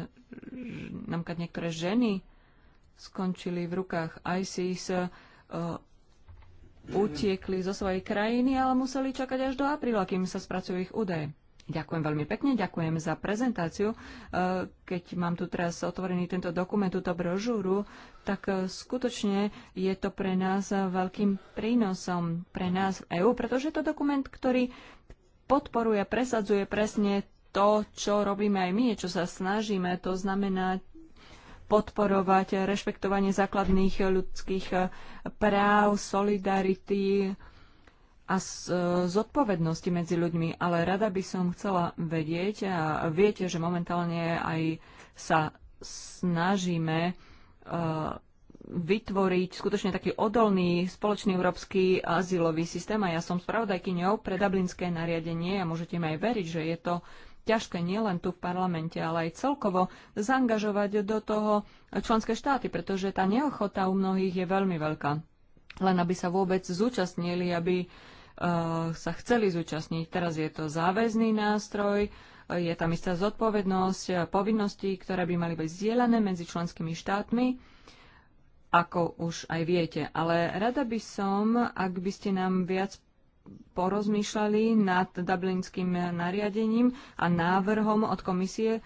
napríklad niektoré ženy skončili v rukách ISIS, eh, utiekli zo svojej krajiny, ale museli čakať až do apríla, kým sa spracujú ich údaje. Ďakujem veľmi pekne, ďakujem za prezentáciu. Eh, keď mám tu teraz otvorený tento dokument, túto brožúru, tak eh, skutočne je to pre nás veľkým prínosom, pre nás v EÚ, pretože je to dokument, ktorý podporuje, presadzuje presne to, čo robíme aj my, čo sa snažíme, to znamená podporovať rešpektovanie základných ľudských eh, práv, solidarity a eh, zodpovednosti medzi ľuďmi. Ale rada by som chcela vedieť, a viete, že momentálne aj sa snažíme eh, vytvoriť skutočne taký odolný spoločný európsky azylový systém a ja som spravodajkyňou pre Dublinské nariadenie a môžete mi aj veriť, že je to ťažké nielen tu v parlamente, ale aj celkovo zaangažovať do toho členské štáty, pretože tá neochota u mnohých je veľmi veľká. Len aby sa vôbec zúčastnili, aby uh, sa chceli zúčastniť. Teraz je to záväzný nástroj, je tam istá zodpovednosť, povinnosti, ktoré by mali byť zdieľané medzi členskými štátmi ako už aj viete. Ale rada by som, ak by ste nám viac porozmýšľali nad dublinským nariadením a návrhom od komisie,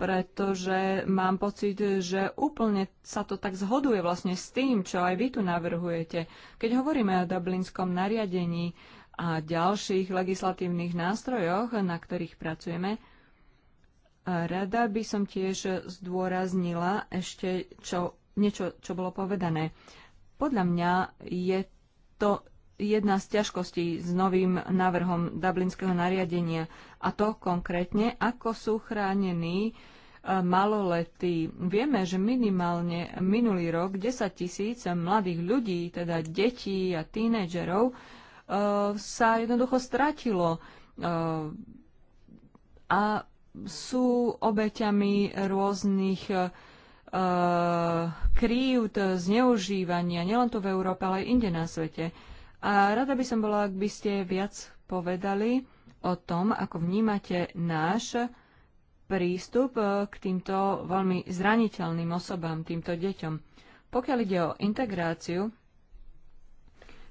pretože mám pocit, že úplne sa to tak zhoduje vlastne s tým, čo aj vy tu navrhujete. Keď hovoríme o dublinskom nariadení a ďalších legislatívnych nástrojoch, na ktorých pracujeme, rada by som tiež zdôraznila ešte čo, niečo, čo bolo povedané. Podľa mňa je to jedna z ťažkostí s novým návrhom Dublinského nariadenia, a to konkrétne, ako sú chránení e, maloletí. Vieme, že minimálne minulý rok 10 tisíc mladých ľudí, teda detí a tínedžerov, e, sa jednoducho stratilo e, a sú obeťami rôznych krív, zneužívania, nielen tu v Európe, ale aj inde na svete. A rada by som bola, ak by ste viac povedali o tom, ako vnímate náš prístup e, k týmto veľmi zraniteľným osobám, týmto deťom. Pokiaľ ide o integráciu,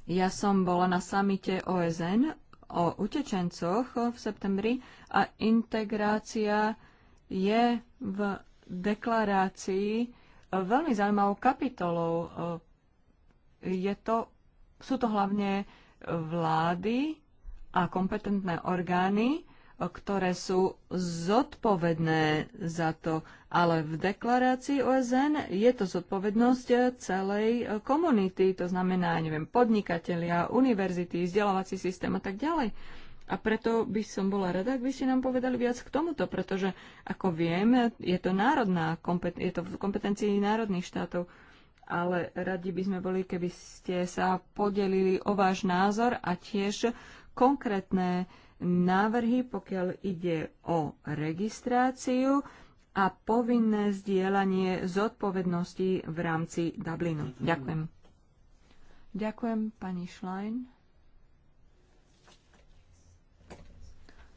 ja som bola na samite OSN o utečencoch v septembri a integrácia je v deklarácii veľmi zaujímavou kapitolou. E, je to sú to hlavne vlády a kompetentné orgány, ktoré sú zodpovedné za to, ale v deklarácii OSN je to zodpovednosť celej komunity, to znamená, neviem, podnikatelia, univerzity, vzdelávací systém a tak ďalej. A preto by som bola rada, ak by ste nám povedali viac k tomuto, pretože, ako viem, je to, národná, je to v kompetencii národných štátov ale radi by sme boli, keby ste sa podelili o váš názor a tiež konkrétne návrhy, pokiaľ ide o registráciu a povinné zdieľanie zodpovednosti v rámci Dublinu. Ďakujem. Ďakujem, pani Schlein.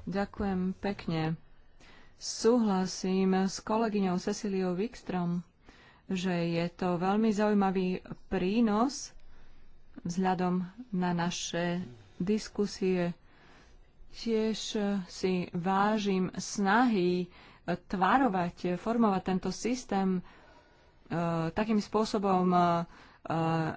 Ďakujem pekne. Súhlasím s kolegyňou Ceciliou Wikstrom že je to veľmi zaujímavý prínos vzhľadom na naše diskusie. Tiež si vážim snahy tvarovať, formovať tento systém e, takým spôsobom, e,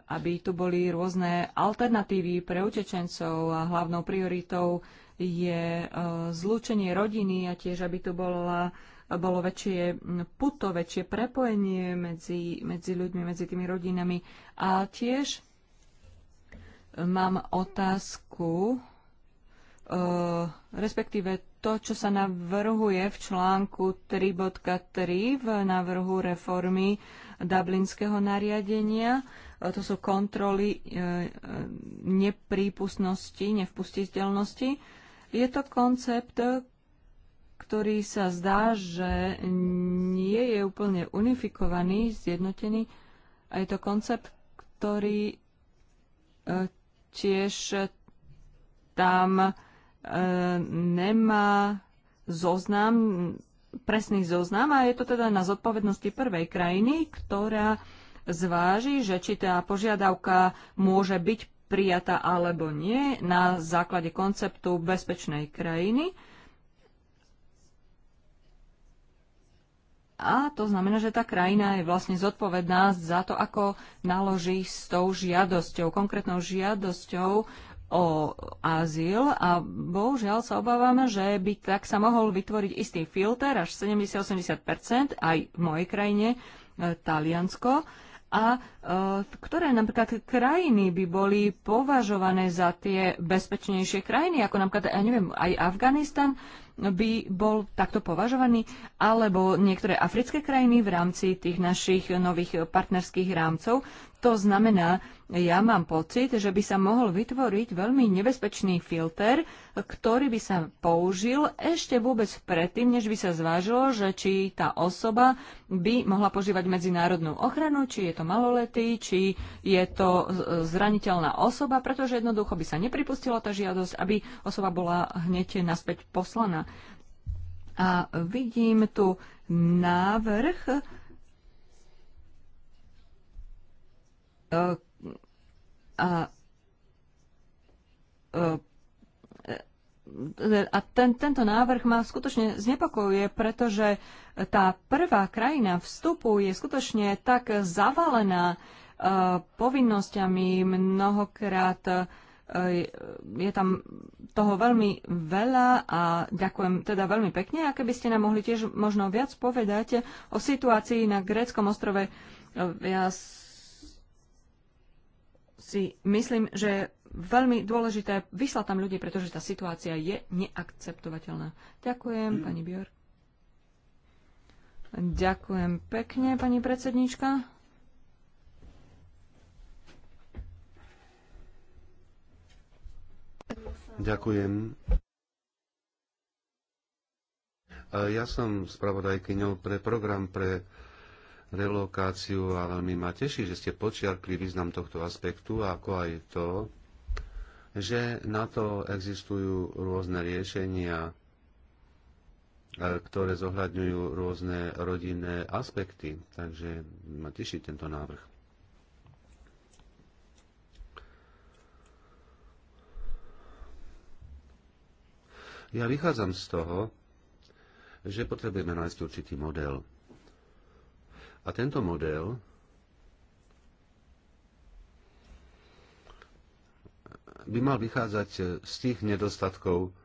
aby tu boli rôzne alternatívy pre utečencov a hlavnou prioritou je e, zlúčenie rodiny a tiež, aby tu bola bolo väčšie puto, väčšie prepojenie medzi, medzi ľuďmi, medzi tými rodinami. A tiež mám otázku, eh, respektíve to, čo sa navrhuje v článku 3.3 v návrhu reformy Dublinského nariadenia. Eh, to sú kontroly eh, neprípustnosti, nevpustiteľnosti. Je to koncept, ktorý sa zdá, že nie je úplne unifikovaný, zjednotený. A je to koncept, ktorý e, tiež tam e, nemá zoznam, presný zoznam a je to teda na zodpovednosti prvej krajiny, ktorá zváži, že či tá požiadavka môže byť prijatá alebo nie na základe konceptu bezpečnej krajiny A to znamená, že tá krajina je vlastne zodpovedná za to, ako naloží s tou žiadosťou, konkrétnou žiadosťou o azyl a bohužiaľ sa obávame, že by tak sa mohol vytvoriť istý filter až 70-80%, aj v mojej krajine, e, Taliansko, a e, ktoré napríklad krajiny by boli považované za tie bezpečnejšie krajiny, ako napríklad, ja neviem, aj Afganistan, by bol takto považovaný, alebo niektoré africké krajiny v rámci tých našich nových partnerských rámcov to znamená, ja mám pocit, že by sa mohol vytvoriť veľmi nebezpečný filter, ktorý by sa použil ešte vôbec predtým, než by sa zvážilo, že či tá osoba by mohla požívať medzinárodnú ochranu, či je to maloletý, či je to zraniteľná osoba, pretože jednoducho by sa nepripustila tá žiadosť, aby osoba bola hneď naspäť poslaná. A vidím tu návrh, a, a ten, tento návrh ma skutočne znepokojuje, pretože tá prvá krajina vstupu je skutočne tak zavalená e, povinnosťami mnohokrát e, je tam toho veľmi veľa a ďakujem teda veľmi pekne. A keby ste nám mohli tiež možno viac povedať o situácii na gréckom ostrove, e, ja si myslím, že je veľmi dôležité vyslať tam ľudí, pretože tá situácia je neakceptovateľná. Ďakujem, mm. pani Björk. Ďakujem pekne, pani predsednička. Ďakujem. Ja som spravodajkyňou pre program pre relokáciu a veľmi ma teší, že ste počiarkli význam tohto aspektu, ako aj to, že na to existujú rôzne riešenia, e, ktoré zohľadňujú rôzne rodinné aspekty. Takže ma teší tento návrh. Ja vychádzam z toho, že potrebujeme nájsť určitý model a tento model by mal vychádzať z tých nedostatkov,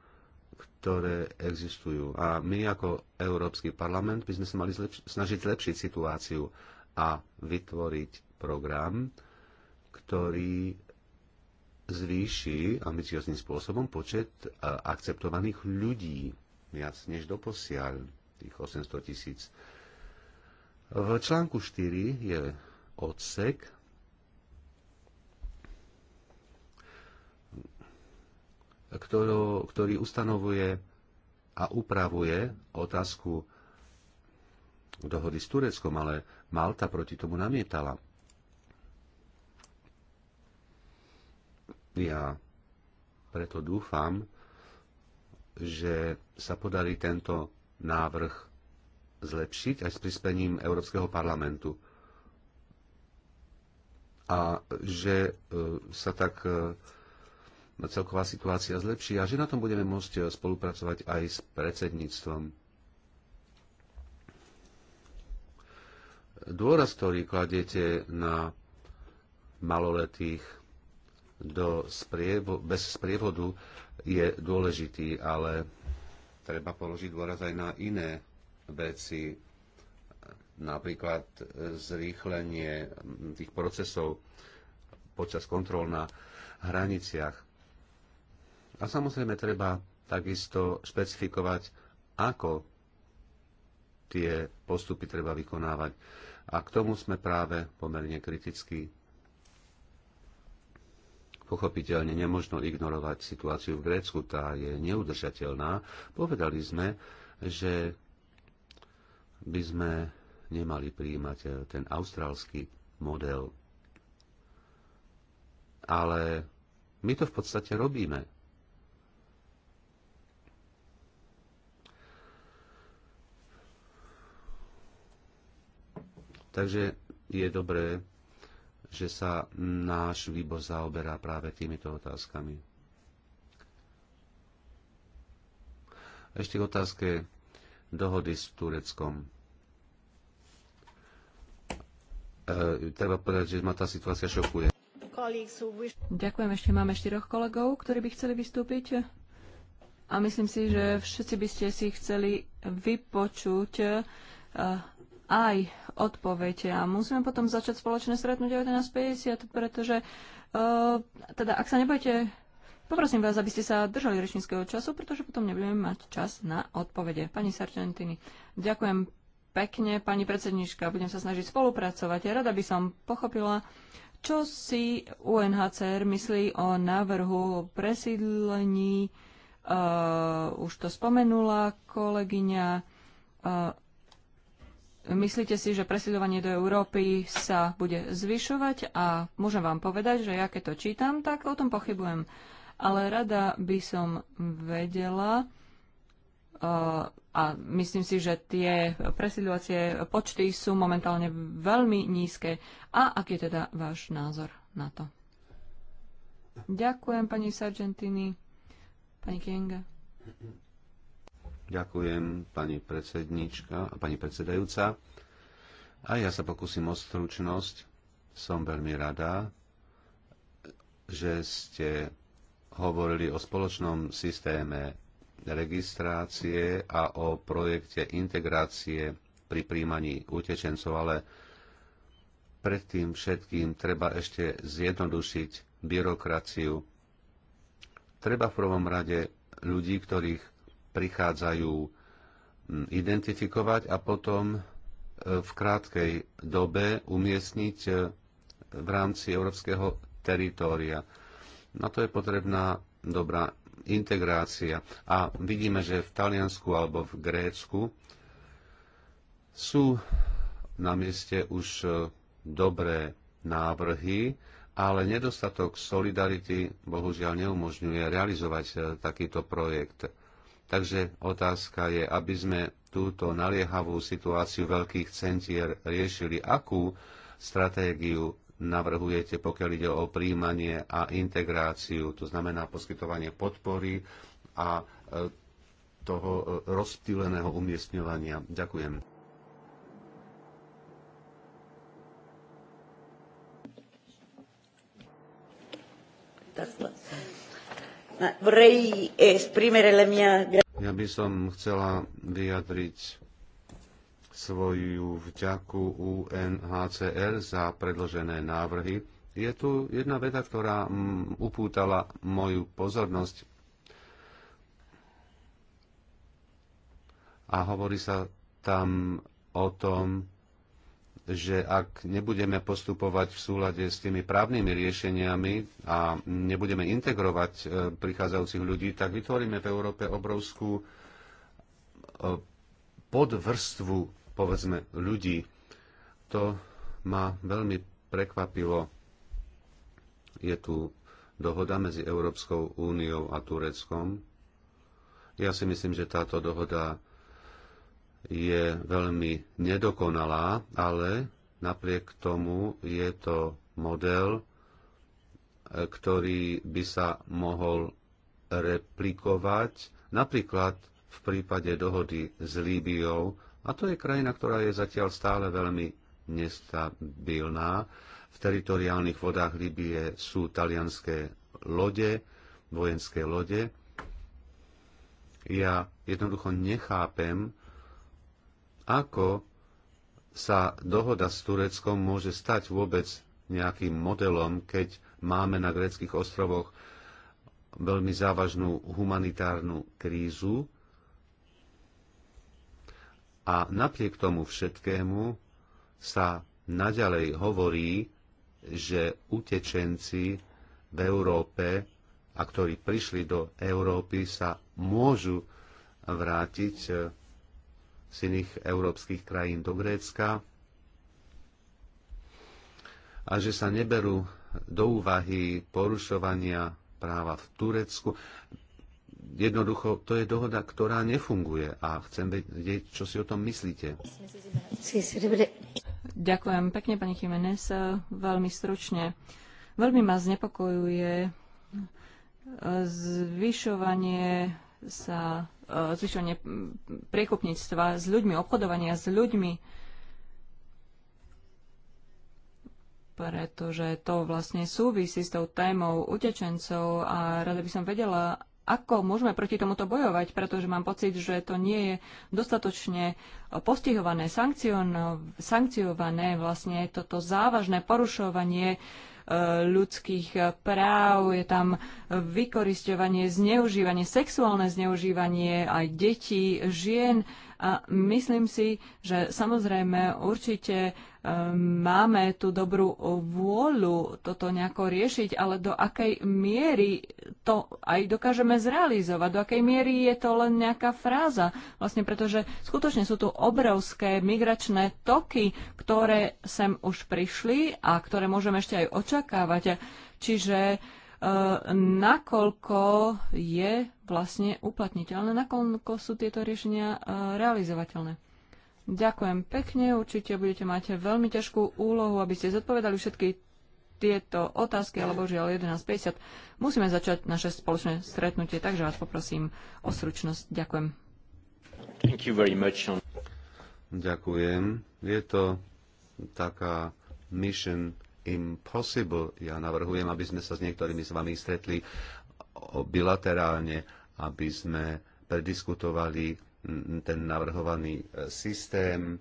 ktoré existujú. A my ako Európsky parlament by sme sa mali zlepš- snažiť zlepšiť situáciu a vytvoriť program, ktorý zvýši ambiciozným spôsobom počet e, akceptovaných ľudí viac než doposiaľ, tých 800 tisíc. V článku 4 je odsek, ktorú, ktorý ustanovuje a upravuje otázku dohody s Tureckom, ale Malta proti tomu namietala. Ja preto dúfam, že sa podarí tento návrh zlepšiť aj s prispením Európskeho parlamentu. A že e, sa tak e, celková situácia zlepší a že na tom budeme môcť e, spolupracovať aj s predsedníctvom. Dôraz, ktorý kladete na maloletých do sprievo, bez sprievodu, je dôležitý, ale treba položiť dôraz aj na iné veci, napríklad e, zrýchlenie tých procesov počas kontrol na hraniciach. A samozrejme treba takisto špecifikovať, ako tie postupy treba vykonávať. A k tomu sme práve pomerne kritickí. Pochopiteľne nemožno ignorovať situáciu v Grécku, tá je neudržateľná. Povedali sme, že by sme nemali príjmať eh, ten austrálsky model. Ale my to v podstate robíme. Takže je dobré, že sa náš výbor zaoberá práve týmito otázkami. Ešte k otázke dohody s Tureckom. E, treba povedať, že ma tá situácia šokuje. Ďakujem, ešte máme štyroch kolegov, ktorí by chceli vystúpiť. A myslím si, že no. všetci by ste si chceli vypočuť e, aj odpoveď A musíme potom začať spoločné stretnutie 19.50, pretože e, teda ak sa nebojte. Poprosím vás, aby ste sa držali rečníckého času, pretože potom nebudeme mať čas na odpovede. Pani Sargentini, ďakujem pekne, pani predsednička. Budem sa snažiť spolupracovať. Ja rada by som pochopila, čo si UNHCR myslí o návrhu presídlení. Uh, už to spomenula kolegyňa. Uh, Myslíte si, že presídľovanie do Európy sa bude zvyšovať a môžem vám povedať, že ja keď to čítam, tak o tom pochybujem. Ale rada by som vedela, a myslím si, že tie presidovacie počty sú momentálne veľmi nízke. A aký je teda váš názor na to? Ďakujem pani Sargentini. Pani Kienga. Ďakujem pani predsednička a pani predsedajúca. A ja sa pokúsim o stručnosť. Som veľmi rada, že ste hovorili o spoločnom systéme registrácie a o projekte integrácie pri príjmaní utečencov, ale predtým všetkým treba ešte zjednodušiť byrokraciu. Treba v prvom rade ľudí, ktorých prichádzajú identifikovať a potom e, v krátkej dobe umiestniť e, v rámci európskeho teritória. Na to je potrebná dobrá integrácia. A vidíme, že v Taliansku alebo v Grécku sú na mieste už e, dobré návrhy, ale nedostatok solidarity bohužiaľ neumožňuje realizovať e, takýto projekt. Takže otázka je, aby sme túto naliehavú situáciu veľkých centier riešili, akú stratégiu navrhujete, pokiaľ ide o príjmanie a integráciu, to znamená poskytovanie podpory a e, toho e, rozptýleného umiestňovania. Ďakujem. Ja by som chcela vyjadriť svoju vďaku UNHCR za predložené návrhy. Je tu jedna veda, ktorá mm, upútala moju pozornosť. A hovorí sa tam o tom, že ak nebudeme postupovať v súlade s tými právnymi riešeniami a nebudeme integrovať e, prichádzajúcich ľudí, tak vytvoríme v Európe obrovskú e, podvrstvu povedzme, ľudí. To ma veľmi prekvapilo. Je tu dohoda medzi Európskou úniou a Tureckom. Ja si myslím, že táto dohoda je veľmi nedokonalá, ale napriek tomu je to model, ktorý by sa mohol replikovať napríklad v prípade dohody s Líbiou a to je krajina, ktorá je zatiaľ stále veľmi nestabilná. V teritoriálnych vodách Libie sú talianské lode, vojenské lode. Ja jednoducho nechápem, ako sa dohoda s Tureckom môže stať vôbec nejakým modelom, keď máme na greckých ostrovoch veľmi závažnú humanitárnu krízu, a napriek tomu všetkému sa naďalej hovorí, že utečenci v Európe a ktorí prišli do Európy, sa môžu vrátiť e, z iných európskych krajín do Grécka a že sa neberú do úvahy porušovania práva v Turecku jednoducho to je dohoda, ktorá nefunguje a chcem vedieť, čo si o tom myslíte. Ďakujem pekne, pani Jiménez. Veľmi stručne. Veľmi ma znepokojuje e, zvyšovanie sa, e, zvyšovanie priekupníctva s ľuďmi, obchodovania s ľuďmi, pretože to vlastne súvisí s tou témou utečencov a rada by som vedela, ako môžeme proti tomuto bojovať, pretože mám pocit, že to nie je dostatočne postihované, sankciované vlastne toto závažné porušovanie e, ľudských práv, je tam vykoristovanie, zneužívanie, sexuálne zneužívanie aj detí, žien a myslím si, že samozrejme určite e, máme tú dobrú vôľu toto nejako riešiť, ale do akej miery to aj dokážeme zrealizovať, do akej miery je to len nejaká fráza. Vlastne pretože skutočne sú tu obrovské migračné toky, ktoré sem už prišli a ktoré môžeme ešte aj očakávať. Čiže uh, E, nakoľko je vlastne uplatniteľné, nakoľko sú tieto riešenia e, realizovateľné. Ďakujem pekne, určite budete mať veľmi ťažkú úlohu, aby ste zodpovedali všetky tieto otázky, alebo žiaľ 11.50. Musíme začať naše spoločné stretnutie, takže vás poprosím o stručnosť. Ďakujem. Thank you very much. Ďakujem. Je to taká mission impossible. Ja navrhujem, aby sme sa s niektorými z vami stretli bilaterálne, aby sme prediskutovali ten navrhovaný e, systém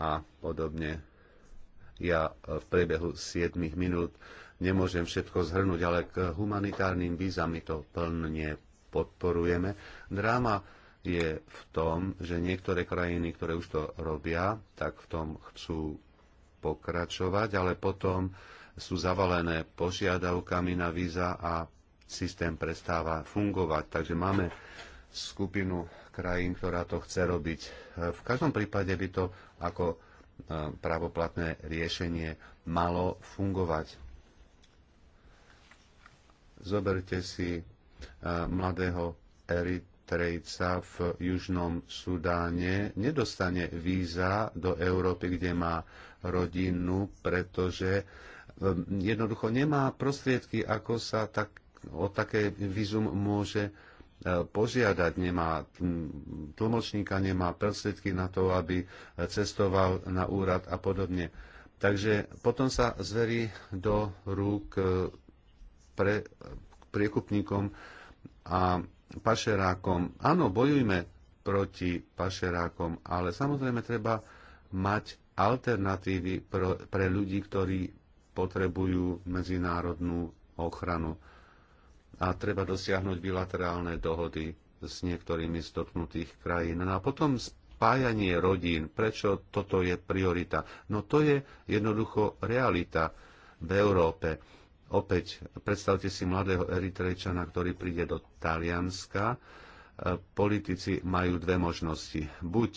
a podobne. Ja e, v priebehu 7 minút nemôžem všetko zhrnúť, ale k humanitárnym vízam my to plne podporujeme. Dráma je v tom, že niektoré krajiny, ktoré už to robia, tak v tom chcú pokračovať, ale potom sú zavalené požiadavkami na víza a systém prestáva fungovať. Takže máme skupinu krajín, ktorá to chce robiť. V každom prípade by to ako e, pravoplatné riešenie malo fungovať. Zoberte si e, mladého Eritrejca v Južnom Sudáne. Nedostane víza do Európy, kde má rodinu, pretože ehm, jednoducho nemá prostriedky, ako sa tak, o také vizum môže e, požiadať, nemá tlmočníka, nemá prostriedky na to, aby cestoval na úrad a podobne. Takže potom sa zverí do rúk e, pre, priekupníkom a pašerákom. Áno, bojujme proti pašerákom, ale samozrejme treba mať alternatívy pre ľudí, ktorí potrebujú medzinárodnú ochranu. A treba dosiahnuť bilaterálne dohody s niektorými z dotknutých krajín. No a potom spájanie rodín. Prečo toto je priorita? No to je jednoducho realita v Európe. Opäť predstavte si mladého Eritrejčana, ktorý príde do Talianska. E, politici majú dve možnosti. Buď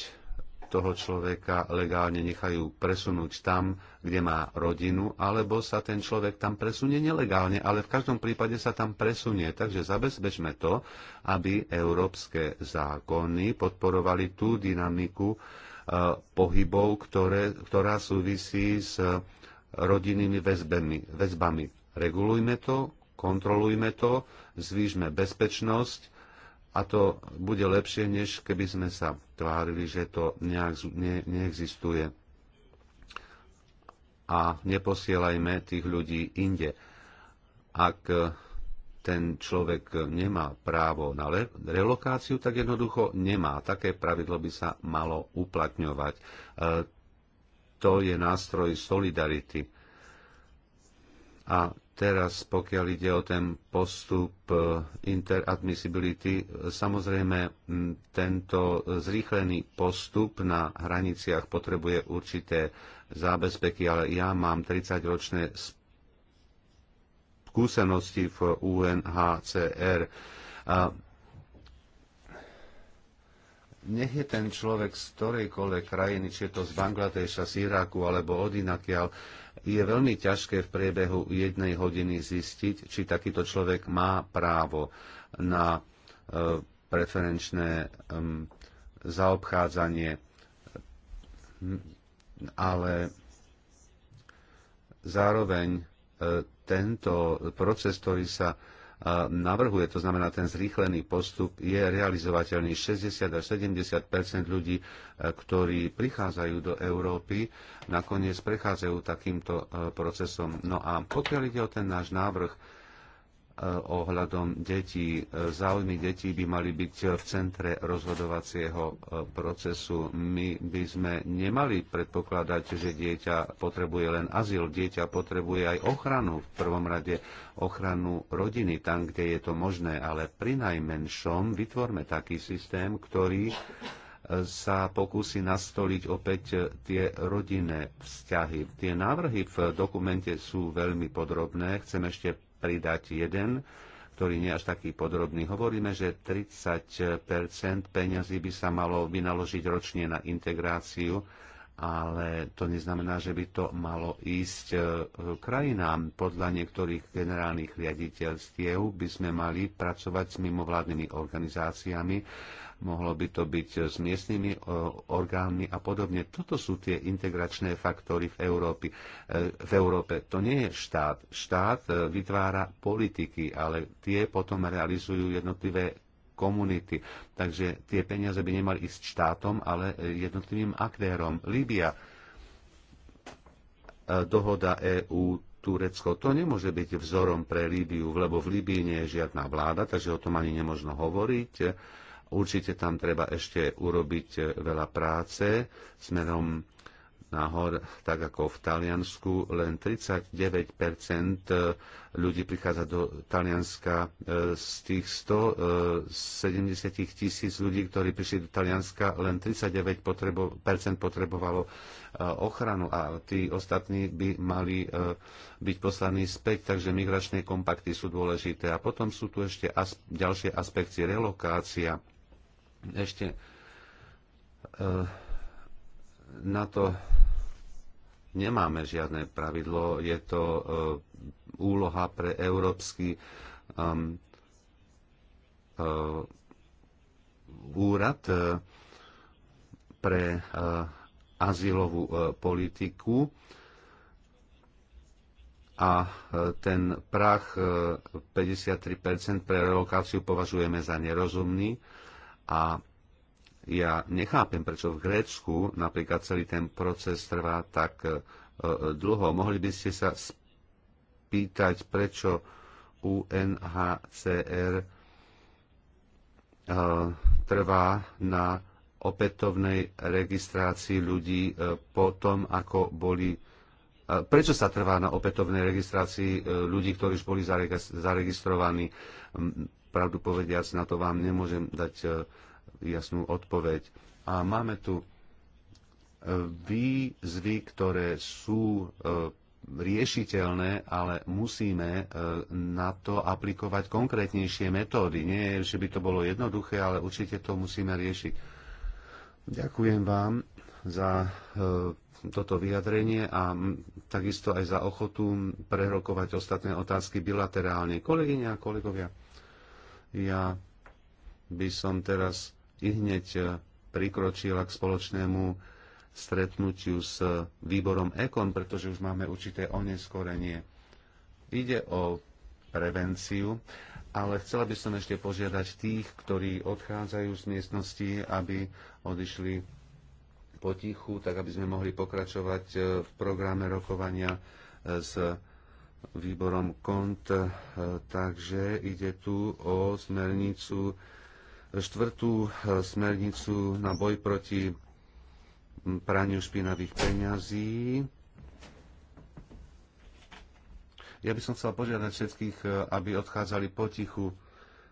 toho človeka legálne nechajú presunúť tam, kde má rodinu, alebo sa ten človek tam presunie nelegálne, ale v každom prípade sa tam presunie. Takže zabezpečme to, aby európske zákony podporovali tú dynamiku e, pohybov, ktoré, ktorá súvisí s e, rodinnými väzbami. väzbami. Regulujme to, kontrolujme to, zvýšme bezpečnosť a to bude lepšie, než keby sme sa tvárili, že to nejak ne, neexistuje. A neposielajme tých ľudí inde. Ak e, ten človek nemá právo na relokáciu, tak jednoducho nemá. Také pravidlo by sa malo uplatňovať. E, to je nástroj solidarity. A Teraz, pokiaľ ide o ten postup e, interadmissibility, e, samozrejme tento zrýchlený postup na hraniciach potrebuje určité zábezpeky, ale ja mám 30-ročné skúsenosti v UNHCR nech je ten človek z ktorejkoľvek krajiny, či je to z Bangladeša, z Iraku alebo od inakiaľ, je veľmi ťažké v priebehu jednej hodiny zistiť, či takýto človek má právo na e, preferenčné zaobchádzanie. Ale zároveň e, tento proces, ktorý sa navrhuje, to znamená ten zrýchlený postup, je realizovateľný. 60 až 70 ľudí, e, ktorí prichádzajú do Európy, nakoniec prechádzajú takýmto e, procesom. No a pokiaľ ide o ten náš návrh, E, ohľadom detí. E, záujmy detí by mali byť v centre rozhodovacieho e, procesu. My by sme nemali predpokladať, že dieťa potrebuje len azyl. Dieťa potrebuje aj ochranu, v prvom rade ochranu rodiny, tam, kde je to možné. Ale pri najmenšom vytvorme taký systém, ktorý sa pokúsi nastoliť opäť tie rodinné vzťahy. Tie návrhy v dokumente sú veľmi podrobné. Chcem ešte pridať jeden, ktorý nie je až taký podrobný. Hovoríme, že 30 peňazí by sa malo vynaložiť ročne na integráciu, ale to neznamená, že by to malo ísť e, krajinám. Podľa niektorých generálnych riaditeľstiev by sme mali pracovať s mimovládnymi organizáciami, mohlo by to byť s miestnymi e, orgánmi a podobne. Toto sú tie integračné faktory v, Európy. E, v Európe. To nie je štát. Štát e, vytvára politiky, ale tie potom realizujú jednotlivé komunity. Takže tie peniaze by nemali ísť štátom, ale jednotlivým aktérom. Líbia, dohoda EÚ Turecko. To nemôže byť vzorom pre Líbiu, lebo v Líbii nie je žiadna vláda, takže o tom ani nemožno hovoriť Určite tam treba ešte urobiť e, veľa práce smerom nahor, tak ako v Taliansku, len 39 e, ľudí prichádza do Talianska e, z tých 170 tisíc ľudí, ktorí prišli do Talianska, len 39 potrebo, potrebovalo ochranu a tí ostatní by mali byť poslaní späť, takže migračné kompakty sú dôležité. A potom sú tu ešte as, ďalšie aspekty relokácia ešte e, na to nemáme žiadne pravidlo. Je to e, úloha pre Európsky um, e, úrad pre azylovú politiku a ten prach 53% pre relokáciu považujeme za nerozumný a ja nechápem, prečo v Grécku napríklad celý ten proces trvá tak e, e, dlho. Mohli by ste sa spýtať, prečo UNHCR e, trvá na opätovnej registrácii ľudí po tom, ako boli Prečo sa trvá na opätovnej registrácii ľudí, ktorí už boli zaregistrovaní? pravdu povediac, na to vám nemôžem dať e, jasnú odpoveď. A máme tu e, výzvy, ktoré sú e, riešiteľné, ale musíme na to aplikovať konkrétnejšie metódy. Nie, že by to bolo jednoduché, ale určite to musíme riešiť. Ďakujem vám za toto vyjadrenie a takisto aj za ochotu prerokovať ostatné otázky bilaterálne. Kolegyne a kolegovia, ja by som teraz i hneď prikročila k spoločnému stretnutiu s výborom EKON, pretože už máme určité oneskorenie. Ide o prevenciu, ale chcela by som ešte požiadať tých, ktorí odchádzajú z miestnosti, aby odišli potichu, tak aby sme mohli pokračovať eh, v programe rokovania eh, s výborom KONT. E, takže ide tu o smernicu, štvrtú e, smernicu na boj proti praniu špinavých peňazí. Ja by som chcel požiadať všetkých, e, aby odchádzali potichu